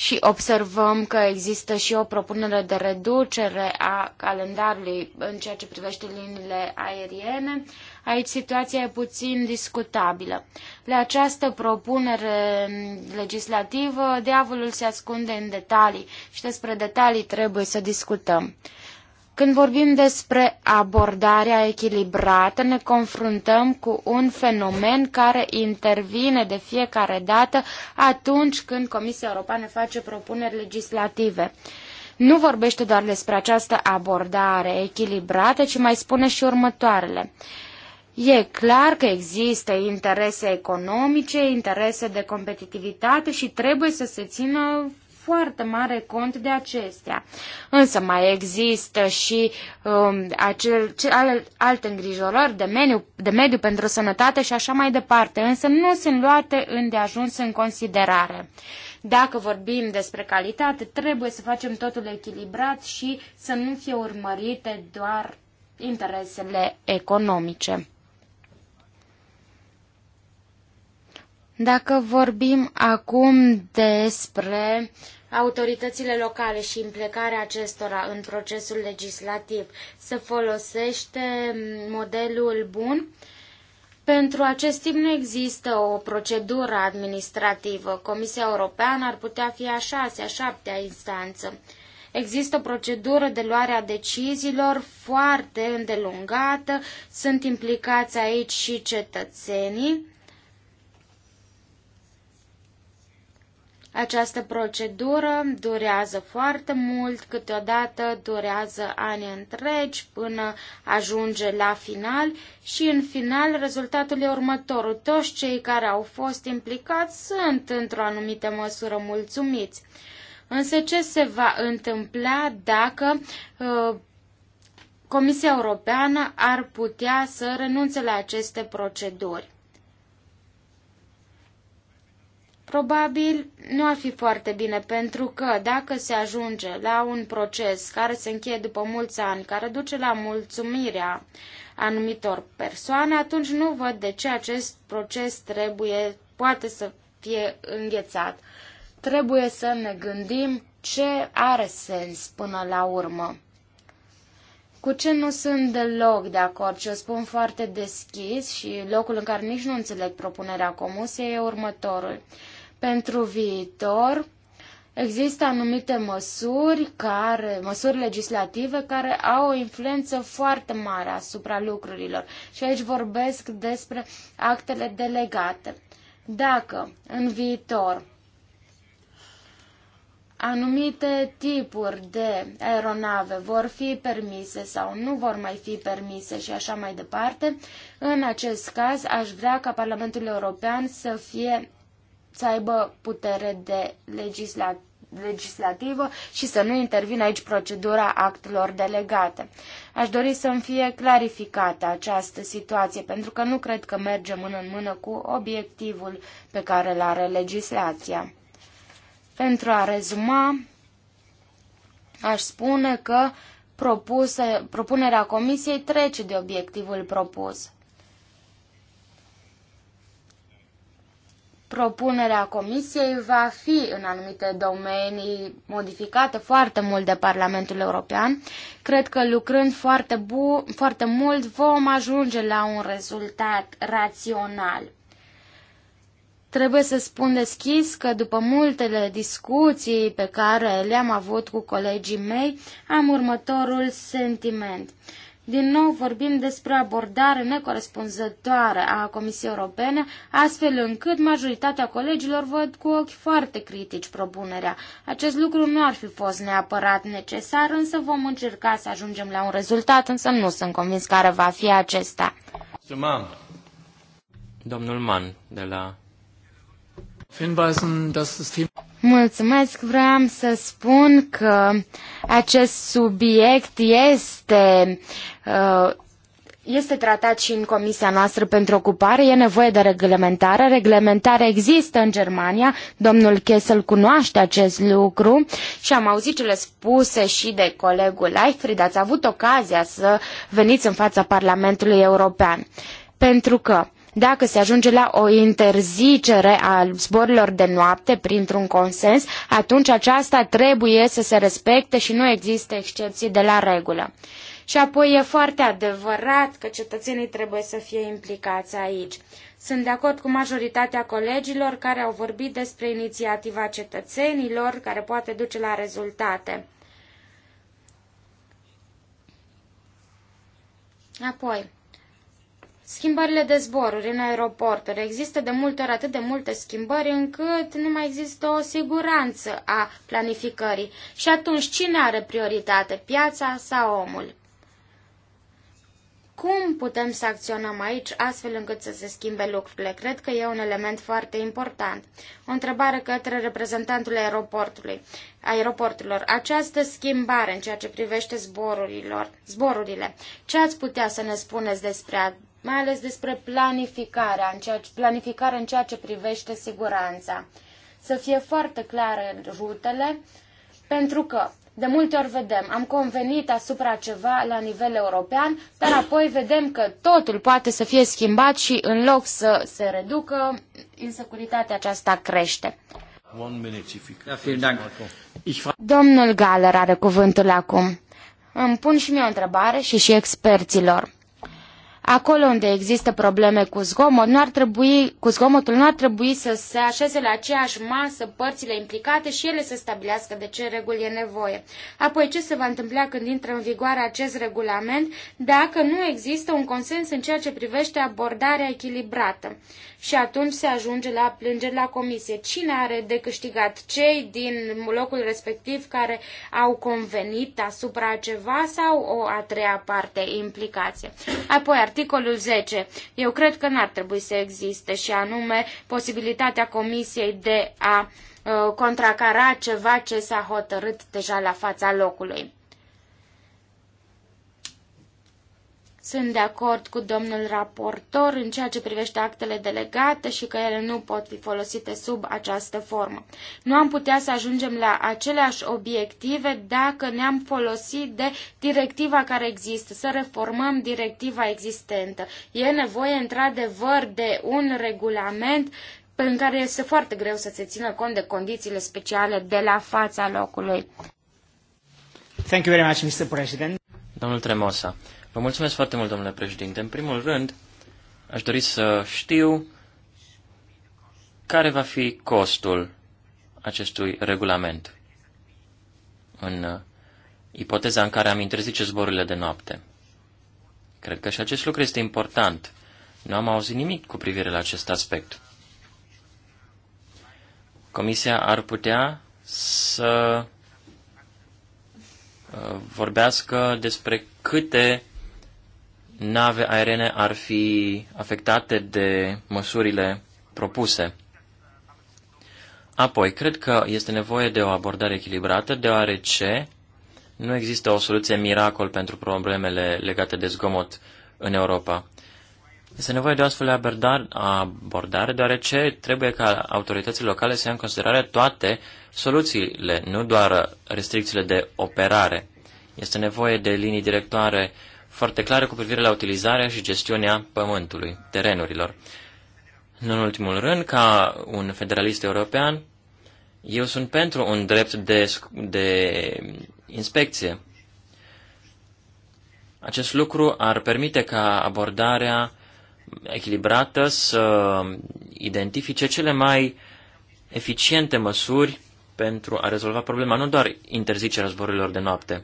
și observăm că există și o propunere de reducere a calendarului în ceea ce privește liniile aeriene, aici situația e puțin discutabilă. La această propunere legislativă, diavolul se ascunde în detalii și despre detalii trebuie să discutăm. Când vorbim despre abordarea echilibrată, ne confruntăm cu un fenomen care intervine de fiecare dată atunci când Comisia Europeană face propuneri legislative nu vorbește doar despre această abordare echilibrată, ci mai spune și următoarele. E clar că există interese economice, interese de competitivitate și trebuie să se țină foarte mare cont de acestea. Însă mai există și um, acel, ce, al, alte îngrijorări de mediu, de mediu pentru sănătate și așa mai departe, însă nu sunt luate îndeajuns în considerare. Dacă vorbim despre calitate, trebuie să facem totul echilibrat și să nu fie urmărite doar interesele economice. Dacă vorbim acum despre autoritățile locale și implicarea acestora în procesul legislativ. Se folosește modelul bun. Pentru acest timp nu există o procedură administrativă. Comisia Europeană ar putea fi a șasea, a șaptea instanță. Există o procedură de luare a deciziilor foarte îndelungată, sunt implicați aici și cetățenii Această procedură durează foarte mult, câteodată durează ani întregi până ajunge la final și în final rezultatul e următorul. Toți cei care au fost implicați sunt într-o anumită măsură mulțumiți. Însă ce se va întâmpla dacă uh, Comisia Europeană ar putea să renunțe la aceste proceduri? Probabil nu ar fi foarte bine, pentru că dacă se ajunge la un proces care se încheie după mulți ani, care duce la mulțumirea anumitor persoane, atunci nu văd de ce acest proces trebuie, poate să fie înghețat. Trebuie să ne gândim ce are sens până la urmă. Cu ce nu sunt deloc de acord și o spun foarte deschis și locul în care nici nu înțeleg propunerea comisiei e următorul. Pentru viitor, există anumite măsuri, care, măsuri legislative care au o influență foarte mare asupra lucrurilor. Și aici vorbesc despre actele delegate. Dacă în viitor anumite tipuri de aeronave vor fi permise sau nu vor mai fi permise și așa mai departe, în acest caz aș vrea ca Parlamentul European să fie să aibă putere de legislat, legislativă și să nu intervină aici procedura actelor delegate. Aș dori să-mi fie clarificată această situație, pentru că nu cred că merge mână în mână cu obiectivul pe care îl are legislația. Pentru a rezuma, aș spune că propuse, propunerea Comisiei trece de obiectivul propus. propunerea Comisiei va fi în anumite domenii modificată foarte mult de Parlamentul European. Cred că lucrând foarte, bu- foarte mult vom ajunge la un rezultat rațional. Trebuie să spun deschis că după multele discuții pe care le-am avut cu colegii mei, am următorul sentiment. Din nou vorbim despre abordare necorespunzătoare a Comisiei Europene, astfel încât majoritatea colegilor văd cu ochi foarte critici propunerea. Acest lucru nu ar fi fost neapărat necesar, însă vom încerca să ajungem la un rezultat, însă nu sunt convins care va fi acesta. Sumam. Domnul Mann, de la... Mulțumesc, vreau să spun că acest subiect este uh, este tratat și în comisia noastră pentru ocupare, e nevoie de reglementare. Reglementarea există în Germania, domnul Kessel cunoaște acest lucru și am auzit cele spuse și de colegul Leifrid, ați avut ocazia să veniți în fața Parlamentului European. Pentru că dacă se ajunge la o interzicere a zborurilor de noapte printr-un consens, atunci aceasta trebuie să se respecte și nu există excepții de la regulă. Și apoi e foarte adevărat că cetățenii trebuie să fie implicați aici. Sunt de acord cu majoritatea colegilor care au vorbit despre inițiativa cetățenilor care poate duce la rezultate. Apoi, Schimbările de zboruri în aeroporturi. Există de multe ori atât de multe schimbări încât nu mai există o siguranță a planificării. Și atunci cine are prioritate, piața sau omul? Cum putem să acționăm aici astfel încât să se schimbe lucrurile? Cred că e un element foarte important. O întrebare către reprezentantul aeroportului, aeroporturilor. Această schimbare în ceea ce privește zborurilor, zborurile, ce ați putea să ne spuneți despre mai ales despre planificarea în ceea, planificarea în ceea ce privește siguranța. Să fie foarte clare rutele, pentru că de multe ori vedem, am convenit asupra ceva la nivel european, dar apoi vedem că totul poate să fie schimbat și în loc să se reducă, insecuritatea aceasta crește. Domnul Galer are cuvântul acum. Îmi pun și mie o întrebare și și experților. Acolo unde există probleme cu zgomot, nu ar trebui, cu zgomotul nu ar trebui să se așeze la aceeași masă părțile implicate și ele să stabilească de ce reguli e nevoie. Apoi ce se va întâmpla când intră în vigoare acest regulament dacă nu există un consens în ceea ce privește abordarea echilibrată? și atunci se ajunge la plângeri la comisie. Cine are de câștigat? Cei din locul respectiv care au convenit asupra ceva sau o a treia parte implicație? Apoi, articolul 10. Eu cred că n-ar trebui să existe și anume posibilitatea comisiei de a uh, contracara ceva ce s-a hotărât deja la fața locului. Sunt de acord cu domnul raportor în ceea ce privește actele delegate și că ele nu pot fi folosite sub această formă. Nu am putea să ajungem la aceleași obiective dacă ne-am folosit de directiva care există, să reformăm directiva existentă. E nevoie într-adevăr de un regulament în care este foarte greu să se țină cont de condițiile speciale de la fața locului. Thank you very much, Mr. President. Domnul Tremosa, Vă mulțumesc foarte mult, domnule președinte. În primul rând, aș dori să știu care va fi costul acestui regulament în uh, ipoteza în care am interzice zborurile de noapte. Cred că și acest lucru este important. Nu am auzit nimic cu privire la acest aspect. Comisia ar putea să uh, vorbească despre câte nave aeriene ar fi afectate de măsurile propuse. Apoi, cred că este nevoie de o abordare echilibrată, deoarece nu există o soluție miracol pentru problemele legate de zgomot în Europa. Este nevoie de o astfel de abordare, deoarece trebuie ca autoritățile locale să ia în considerare toate soluțiile, nu doar restricțiile de operare. Este nevoie de linii directoare foarte clară cu privire la utilizarea și gestiunea pământului, terenurilor. Nu în ultimul rând, ca un federalist european, eu sunt pentru un drept de, de inspecție. Acest lucru ar permite ca abordarea echilibrată să identifice cele mai eficiente măsuri pentru a rezolva problema, nu doar interzicerea zborurilor de noapte.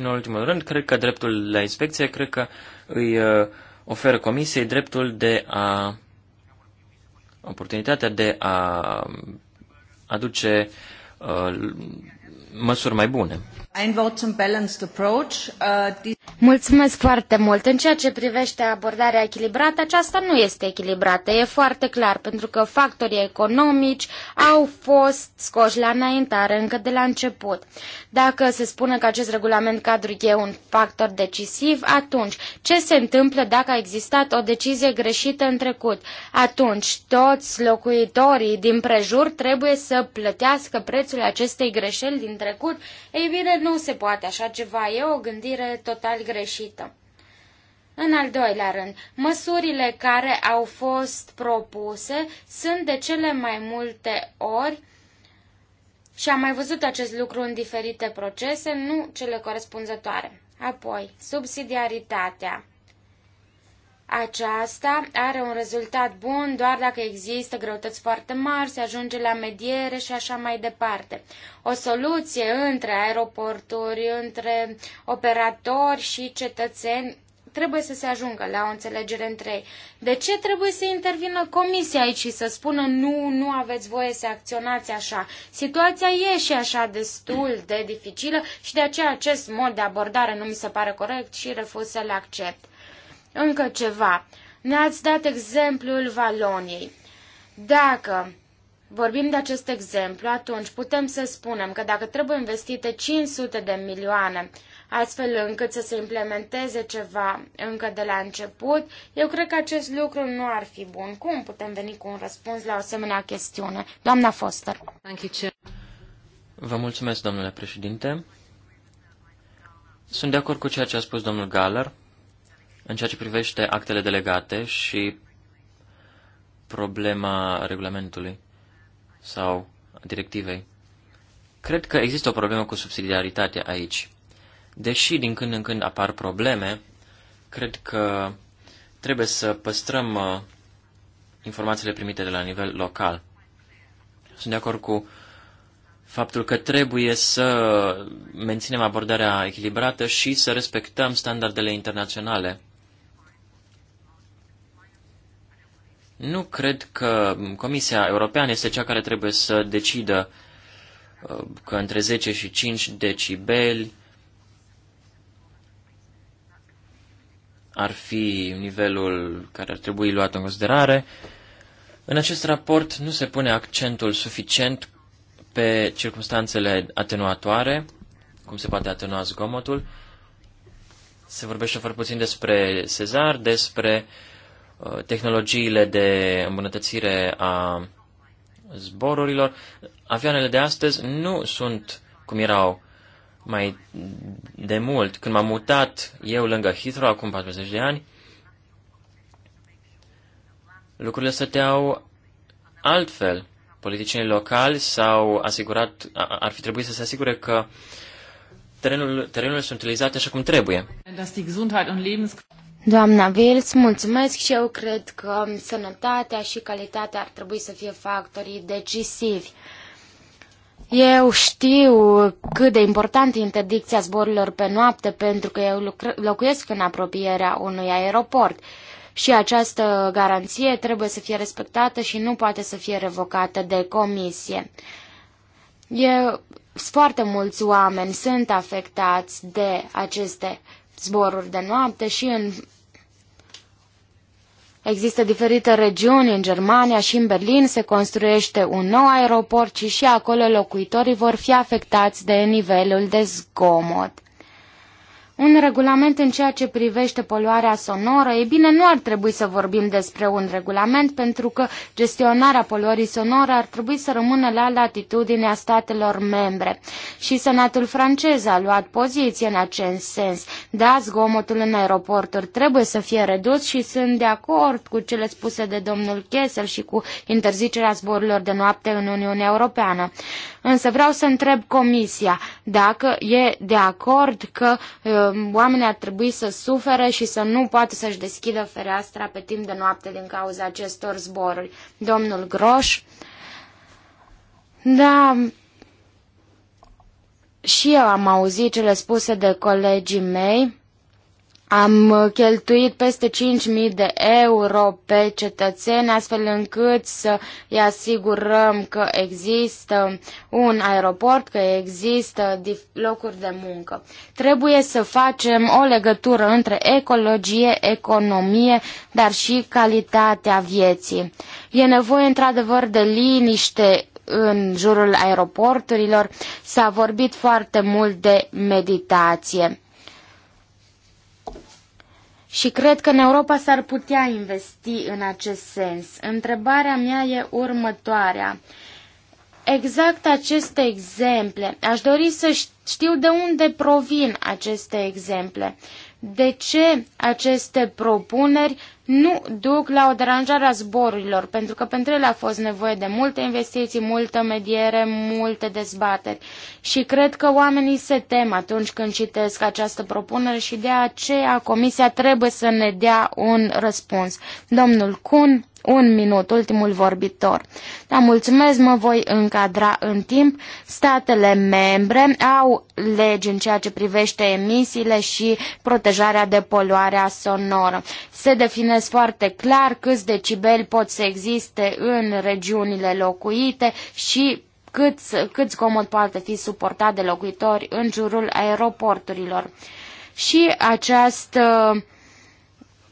și, în ultimul rând, cred că dreptul la inspecție, cred că îi uh, oferă comisiei dreptul de a oportunitatea de a aduce uh, măsuri mai bune. Äh, Mulțumesc foarte mult. În ceea ce privește abordarea echilibrată, aceasta nu este echilibrată, e foarte clar, pentru că factorii economici au fost scoși la înaintare încă de la început. Dacă se spune că acest regulament cadru e un factor decisiv, atunci ce se întâmplă dacă a existat o decizie greșită în trecut? Atunci toți locuitorii din prejur trebuie să plătească prețul acestei greșeli din trecut? Ei bine, nu se poate așa ceva, e o gândire total greșită. În al doilea rând, măsurile care au fost propuse sunt de cele mai multe ori și am mai văzut acest lucru în diferite procese, nu cele corespunzătoare. Apoi, subsidiaritatea. Aceasta are un rezultat bun doar dacă există greutăți foarte mari, se ajunge la mediere și așa mai departe. O soluție între aeroporturi, între operatori și cetățeni trebuie să se ajungă la o înțelegere între ei. De ce trebuie să intervină comisia aici și să spună nu, nu aveți voie să acționați așa? Situația e și așa destul de dificilă și de aceea acest mod de abordare nu mi se pare corect și refuz să-l accept. Încă ceva. Ne-ați dat exemplul Valoniei. Dacă vorbim de acest exemplu, atunci putem să spunem că dacă trebuie investite 500 de milioane astfel încât să se implementeze ceva încă de la început, eu cred că acest lucru nu ar fi bun. Cum putem veni cu un răspuns la o asemenea chestiune? Doamna Foster. Vă mulțumesc, domnule președinte. Sunt de acord cu ceea ce a spus domnul Galler. În ceea ce privește actele delegate și problema regulamentului sau directivei, cred că există o problemă cu subsidiaritatea aici. Deși din când în când apar probleme, cred că trebuie să păstrăm uh, informațiile primite de la nivel local. Sunt de acord cu faptul că trebuie să menținem abordarea echilibrată și să respectăm standardele internaționale. Nu cred că Comisia Europeană este cea care trebuie să decidă uh, că între 10 și 5 decibeli ar fi nivelul care ar trebui luat în considerare. În acest raport nu se pune accentul suficient pe circunstanțele atenuatoare, cum se poate atenua zgomotul. Se vorbește foarte puțin despre Cezar, despre Uh, tehnologiile de îmbunătățire a zborurilor, avioanele de astăzi nu sunt cum erau mai de mult. Când m-am mutat eu lângă Heathrow, acum 40 de ani, lucrurile stăteau altfel. Politicienii locali s-au asigurat, ar fi trebuit să se asigure că terenul, terenurile sunt utilizate așa cum trebuie. Doamna Vils, mulțumesc și eu cred că sănătatea și calitatea ar trebui să fie factorii decisivi. Eu știu cât de importantă e interdicția zborurilor pe noapte pentru că eu locuiesc în apropierea unui aeroport și această garanție trebuie să fie respectată și nu poate să fie revocată de comisie. E, foarte mulți oameni sunt afectați de aceste zboruri de noapte și în... Există diferite regiuni în Germania și în Berlin, se construiește un nou aeroport și și acolo locuitorii vor fi afectați de nivelul de zgomot. Un regulament în ceea ce privește poluarea sonoră, e bine, nu ar trebui să vorbim despre un regulament, pentru că gestionarea poluării sonore ar trebui să rămână la latitudinea statelor membre. Și Senatul francez a luat poziție în acest sens. Da, zgomotul în aeroporturi trebuie să fie redus și sunt de acord cu cele spuse de domnul Kessel și cu interzicerea zborurilor de noapte în Uniunea Europeană. Însă vreau să întreb comisia dacă e de acord că um, oamenii ar trebui să sufere și să nu poată să-și deschidă fereastra pe timp de noapte din cauza acestor zboruri. Domnul Groș. Da, și eu am auzit cele spuse de colegii mei. Am uh, cheltuit peste 5.000 de euro pe cetățeni astfel încât să îi asigurăm că există un aeroport, că există locuri de muncă. Trebuie să facem o legătură între ecologie, economie, dar și calitatea vieții. E nevoie într-adevăr de liniște în jurul aeroporturilor. S-a vorbit foarte mult de meditație și cred că în Europa s-ar putea investi în acest sens. Întrebarea mea e următoarea. Exact aceste exemple. Aș dori să știu de unde provin aceste exemple. De ce aceste propuneri nu duc la o deranjare a zborurilor, pentru că pentru ele a fost nevoie de multe investiții, multă mediere, multe dezbateri. Și cred că oamenii se tem atunci când citesc această propunere și de aceea Comisia trebuie să ne dea un răspuns. Domnul Kun, un minut, ultimul vorbitor. Da, mulțumesc, mă voi încadra în timp. Statele membre au legi în ceea ce privește emisiile și protejarea de poluarea sonoră. Se definez foarte clar câți decibeli pot să existe în regiunile locuite și câți, câți comod poate fi suportat de locuitori în jurul aeroporturilor. Și, această, uh,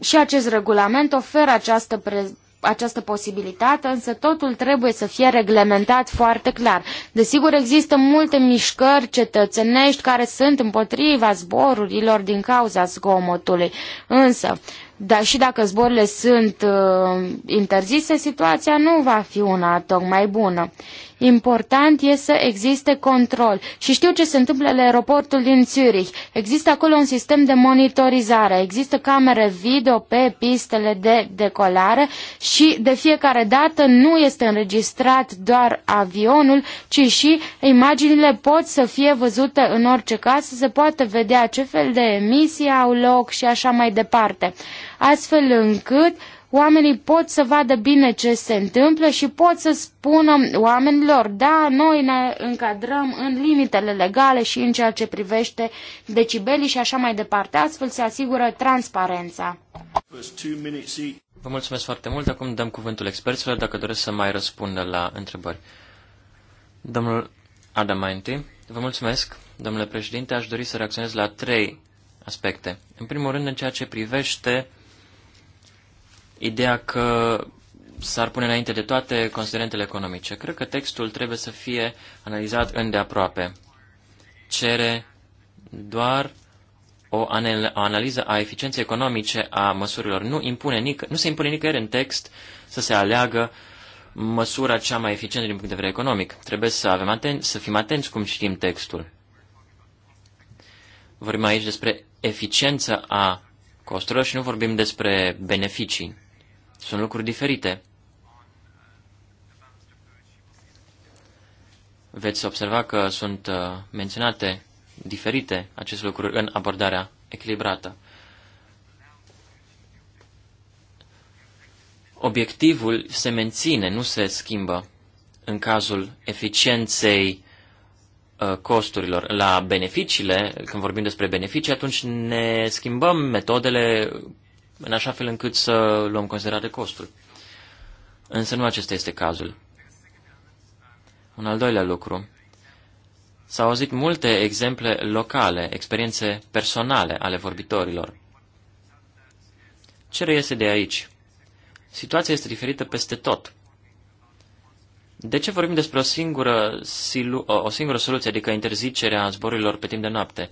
și acest regulament oferă această pre, această posibilitate, însă totul trebuie să fie reglementat foarte clar. Desigur, există multe mișcări cetățenești care sunt împotriva zborurilor din cauza zgomotului, însă dar și dacă zborurile sunt uh, interzise, situația nu va fi una tocmai bună. Important e să existe control. Și știu ce se întâmplă la aeroportul din Zurich. Există acolo un sistem de monitorizare. Există camere video pe pistele de decolare și de fiecare dată nu este înregistrat doar avionul, ci și imaginile pot să fie văzute în orice casă, se poate vedea ce fel de emisii au loc și așa mai departe astfel încât oamenii pot să vadă bine ce se întâmplă și pot să spună oamenilor, da, noi ne încadrăm în limitele legale și în ceea ce privește decibelii și așa mai departe. Astfel se asigură transparența. Vă mulțumesc foarte mult. Acum dăm cuvântul experților dacă doresc să mai răspundă la întrebări. Domnul Adamanti, vă mulțumesc. Domnule președinte, aș dori să reacționez la trei aspecte. În primul rând, în ceea ce privește ideea că s-ar pune înainte de toate considerentele economice. Cred că textul trebuie să fie analizat îndeaproape. Cere doar o analiză a eficienței economice a măsurilor. Nu, impune nic- nu se impune nicăieri în text să se aleagă măsura cea mai eficientă din punct de vedere economic. Trebuie să, avem aten- să fim atenți cum citim textul. Vorbim aici despre eficiența a costurilor și nu vorbim despre beneficii. Sunt lucruri diferite. Veți observa că sunt uh, menționate diferite aceste lucruri în abordarea echilibrată. Obiectivul se menține, nu se schimbă în cazul eficienței uh, costurilor. La beneficiile, când vorbim despre beneficii, atunci ne schimbăm metodele în așa fel încât să luăm considerare costul. Însă nu acesta este cazul. Un al doilea lucru. S-au auzit multe exemple locale, experiențe personale ale vorbitorilor. Ce reiese de aici? Situația este diferită peste tot. De ce vorbim despre o singură, silu- o singură soluție, adică interzicerea zborurilor pe timp de noapte?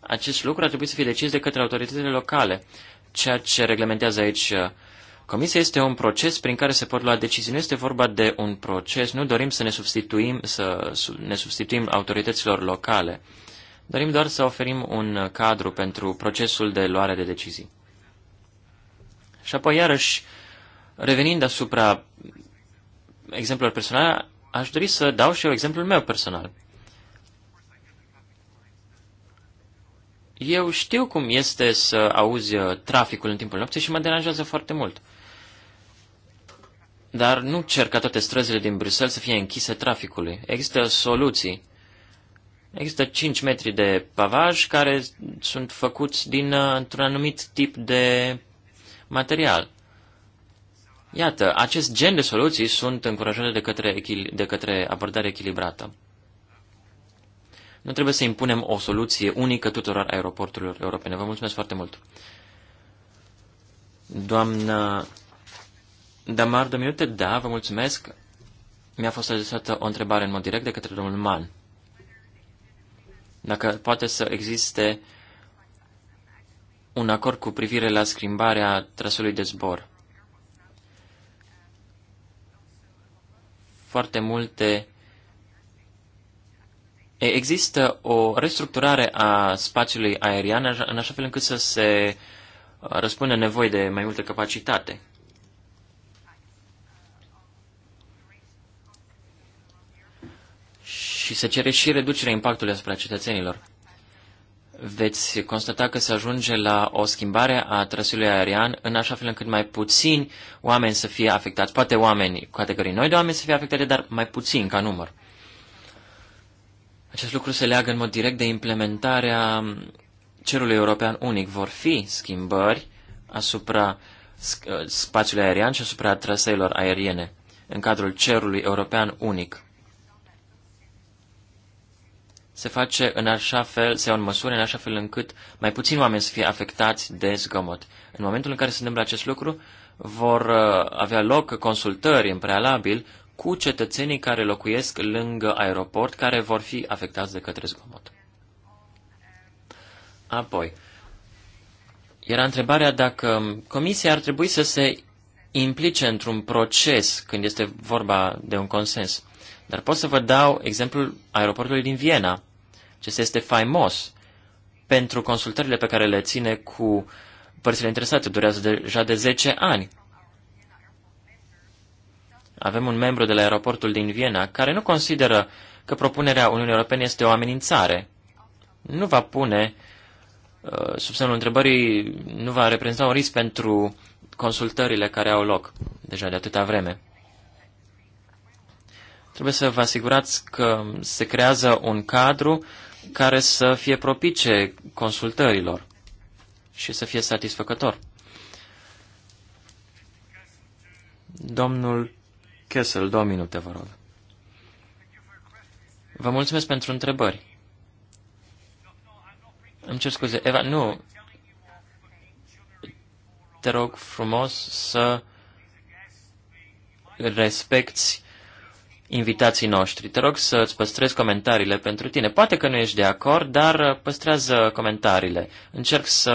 Acest lucru ar trebui să fie decis de către autoritățile locale. Ceea ce reglementează aici uh, Comisia este un proces prin care se pot lua decizii. Nu este vorba de un proces. Nu dorim să ne substituim, să ne substituim autorităților locale. Dorim doar să oferim un cadru pentru procesul de luare de decizii. Și apoi, iarăși, revenind asupra exemplelor personale, aș dori să dau și eu exemplul meu personal. Eu știu cum este să auzi uh, traficul în timpul nopții și mă deranjează foarte mult. Dar nu cer ca toate străzile din Bruxelles să fie închise traficului. Există soluții. Există 5 metri de pavaj care sunt făcuți din uh, un anumit tip de material. Iată, acest gen de soluții sunt încurajate de către, de către abordare echilibrată. Nu trebuie să impunem o soluție unică tuturor aeroporturilor europene. Vă mulțumesc foarte mult. Doamna Damar, două minute? Da, vă mulțumesc. Mi-a fost adresată o întrebare în mod direct de către domnul Man. Dacă poate să existe un acord cu privire la schimbarea trasului de zbor. Foarte multe Există o restructurare a spațiului aerian în așa fel încât să se uh, răspundă nevoi de mai multă capacitate. Și se cere și reducerea impactului asupra cetățenilor. Veți constata că se ajunge la o schimbare a trăsului aerian în așa fel încât mai puțini oameni să fie afectați. Poate oameni, categorii noi de oameni să fie afectate, dar mai puțin ca număr. Acest lucru se leagă în mod direct de implementarea cerului european unic. Vor fi schimbări asupra uh, spațiului aerian și asupra traseelor aeriene în cadrul cerului european unic. Se face în așa fel, se iau în măsuri în așa fel încât mai puțin oameni să fie afectați de zgomot. În momentul în care se întâmplă acest lucru, vor uh, avea loc consultări în prealabil cu cetățenii care locuiesc lângă aeroport, care vor fi afectați de către zgomot. Apoi, era întrebarea dacă comisia ar trebui să se implice într-un proces când este vorba de un consens. Dar pot să vă dau exemplul aeroportului din Viena, ce este faimos pentru consultările pe care le ține cu părțile interesate. Durează deja de 10 ani. Avem un membru de la aeroportul din Viena care nu consideră că propunerea Uniunii Europene este o amenințare. Nu va pune uh, sub semnul întrebării, nu va reprezenta un risc pentru consultările care au loc deja de atâta vreme. Trebuie să vă asigurați că se creează un cadru care să fie propice consultărilor și să fie satisfăcător. Domnul Kessel, două minute, vă rog. Vă mulțumesc pentru întrebări. Îmi cer scuze. Eva, nu. Te rog frumos să respecti invitații noștri. Te rog să îți păstrezi comentariile pentru tine. Poate că nu ești de acord, dar păstrează comentariile. Încerc să,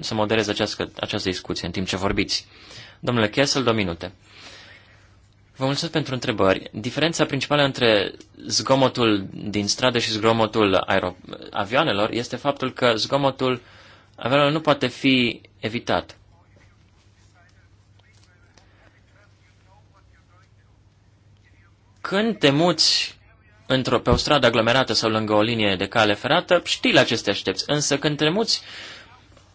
să moderez această, această discuție în timp ce vorbiți. Domnule Kessel, două minute. Vă mulțumesc pentru întrebări. Diferența principală între zgomotul din stradă și zgomotul aero- avioanelor este faptul că zgomotul avioanelor nu poate fi evitat. Când te muți într-o, pe o stradă aglomerată sau lângă o linie de cale ferată, știi la ce te aștepți. Însă când te muți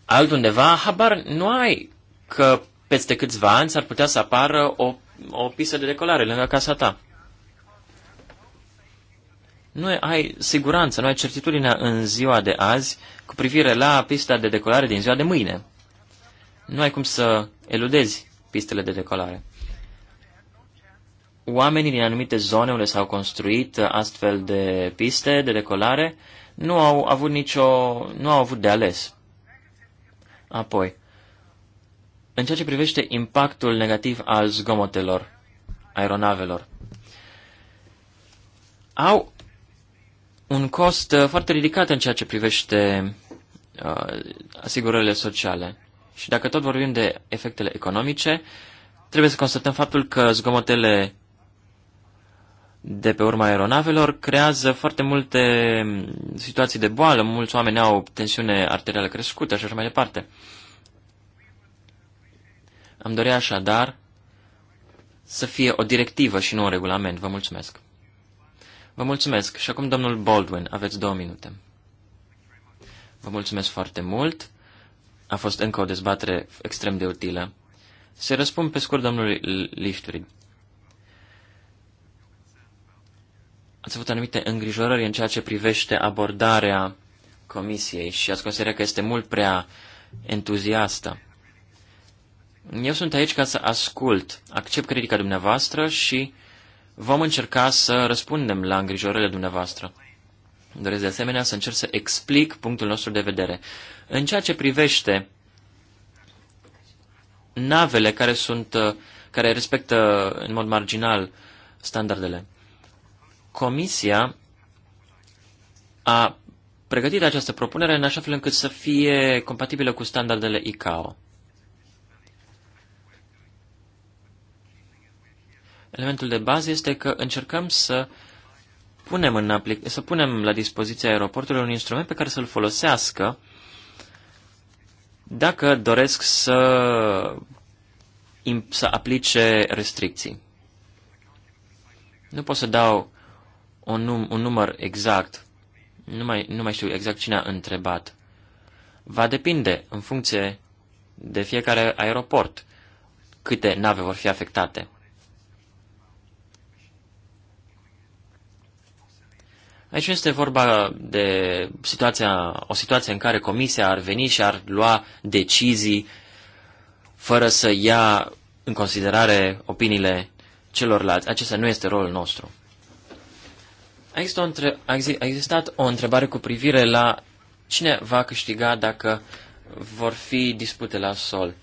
altundeva, habar nu ai că peste câțiva ani s-ar putea să apară o o pisă de decolare lângă casa ta. Nu ai siguranță, nu ai certitudinea în ziua de azi cu privire la pista de decolare din ziua de mâine. Nu ai cum să eludezi pistele de decolare. Oamenii din anumite zone unde s-au construit astfel de piste de decolare nu au avut nicio, nu au avut de ales. Apoi, în ceea ce privește impactul negativ al zgomotelor aeronavelor, au un cost uh, foarte ridicat în ceea ce privește uh, asigurările sociale. Și dacă tot vorbim de efectele economice, trebuie să constatăm faptul că zgomotele de pe urma aeronavelor creează foarte multe mm, situații de boală, mulți oameni au tensiune arterială crescută și așa mai departe. Am dorea așadar să fie o directivă și nu un regulament. Vă mulțumesc. Vă mulțumesc. Și acum, domnul Baldwin, aveți două minute. Vă mulțumesc foarte mult. A fost încă o dezbatere extrem de utilă. Se răspund pe scurt domnului Lichtrig. Ați avut anumite îngrijorări în ceea ce privește abordarea comisiei și ați considerat că este mult prea entuziastă. Eu sunt aici ca să ascult, accept critica dumneavoastră și vom încerca să răspundem la îngrijorările dumneavoastră. Doresc de asemenea să încerc să explic punctul nostru de vedere. În ceea ce privește navele care, sunt, uh, care respectă în mod marginal standardele, Comisia a pregătit această propunere în așa fel încât să fie compatibilă cu standardele ICAO. Elementul de bază este că încercăm să punem, în aplic- să punem la dispoziția aeroportului un instrument pe care să-l folosească dacă doresc să, să aplice restricții. Nu pot să dau un, num- un număr exact. Nu mai, nu mai știu exact cine a întrebat. Va depinde în funcție de fiecare aeroport câte nave vor fi afectate. Aici nu este vorba de situația, o situație în care comisia ar veni și ar lua decizii fără să ia în considerare opiniile celorlalți. Acesta nu este rolul nostru. A existat o întrebare cu privire la cine va câștiga dacă vor fi dispute la sol.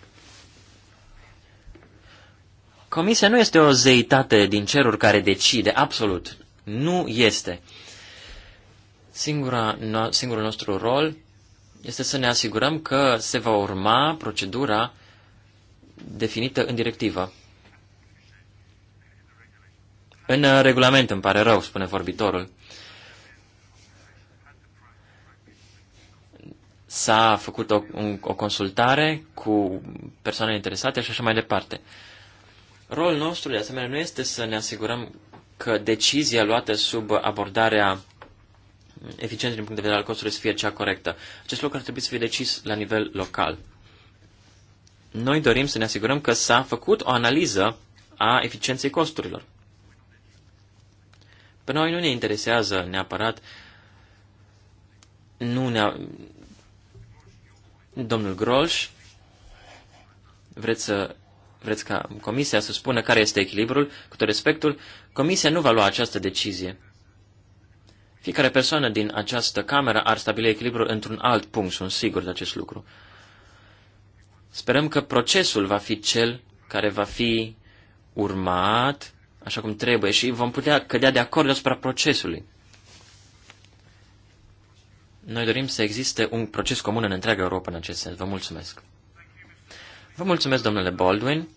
Comisia nu este o zeitate din ceruri care decide, absolut. Nu este. Singura, no, singurul nostru rol este să ne asigurăm că se va urma procedura definită în directivă. În uh, regulament, îmi pare rău, spune vorbitorul. S-a făcut o, un, o consultare cu persoane interesate și așa mai departe. Rolul nostru, de asemenea, nu este să ne asigurăm că decizia luată sub abordarea eficientă din punct de vedere al costului să fie cea corectă. Acest lucru ar trebui să fie decis la nivel local. Noi dorim să ne asigurăm că s-a făcut o analiză a eficienței costurilor. Pe noi nu ne interesează neapărat nu ne domnul Grolș vreți să vreți ca comisia să spună care este echilibrul, cu tot respectul, comisia nu va lua această decizie. Fiecare persoană din această cameră ar stabili echilibrul într-un alt punct, sunt sigur de acest lucru. Sperăm că procesul va fi cel care va fi urmat așa cum trebuie și vom putea cădea de acord asupra procesului. Noi dorim să existe un proces comun în întreaga Europa în acest sens. Vă mulțumesc. Vă mulțumesc, domnule Baldwin,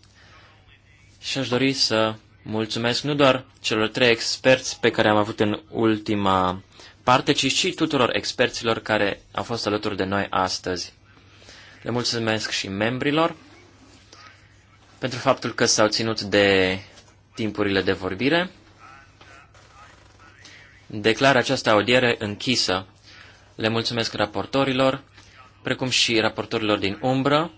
și aș dori să Mulțumesc nu doar celor trei experți pe care am avut în ultima parte, ci și tuturor experților care au fost alături de noi astăzi. Le mulțumesc și membrilor pentru faptul că s-au ținut de timpurile de vorbire. Declar această audiere închisă. Le mulțumesc raportorilor, precum și raportorilor din umbră.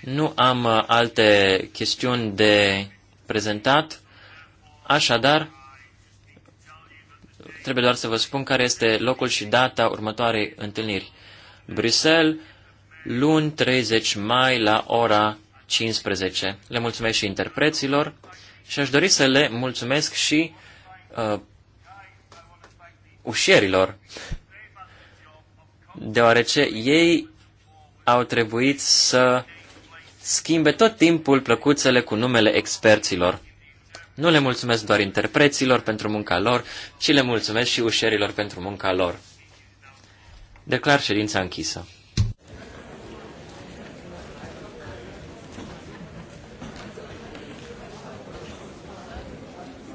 Nu am uh, alte chestiuni de prezentat. Așadar, trebuie doar să vă spun care este locul și data următoarei întâlniri. Bruxelles, luni 30 mai la ora 15. Le mulțumesc și interpreților și aș dori să le mulțumesc și uh, ușierilor, deoarece ei au trebuit să schimbe tot timpul plăcuțele cu numele experților. Nu le mulțumesc doar interpreților pentru munca lor, ci le mulțumesc și ușerilor pentru munca lor. Declar ședința închisă.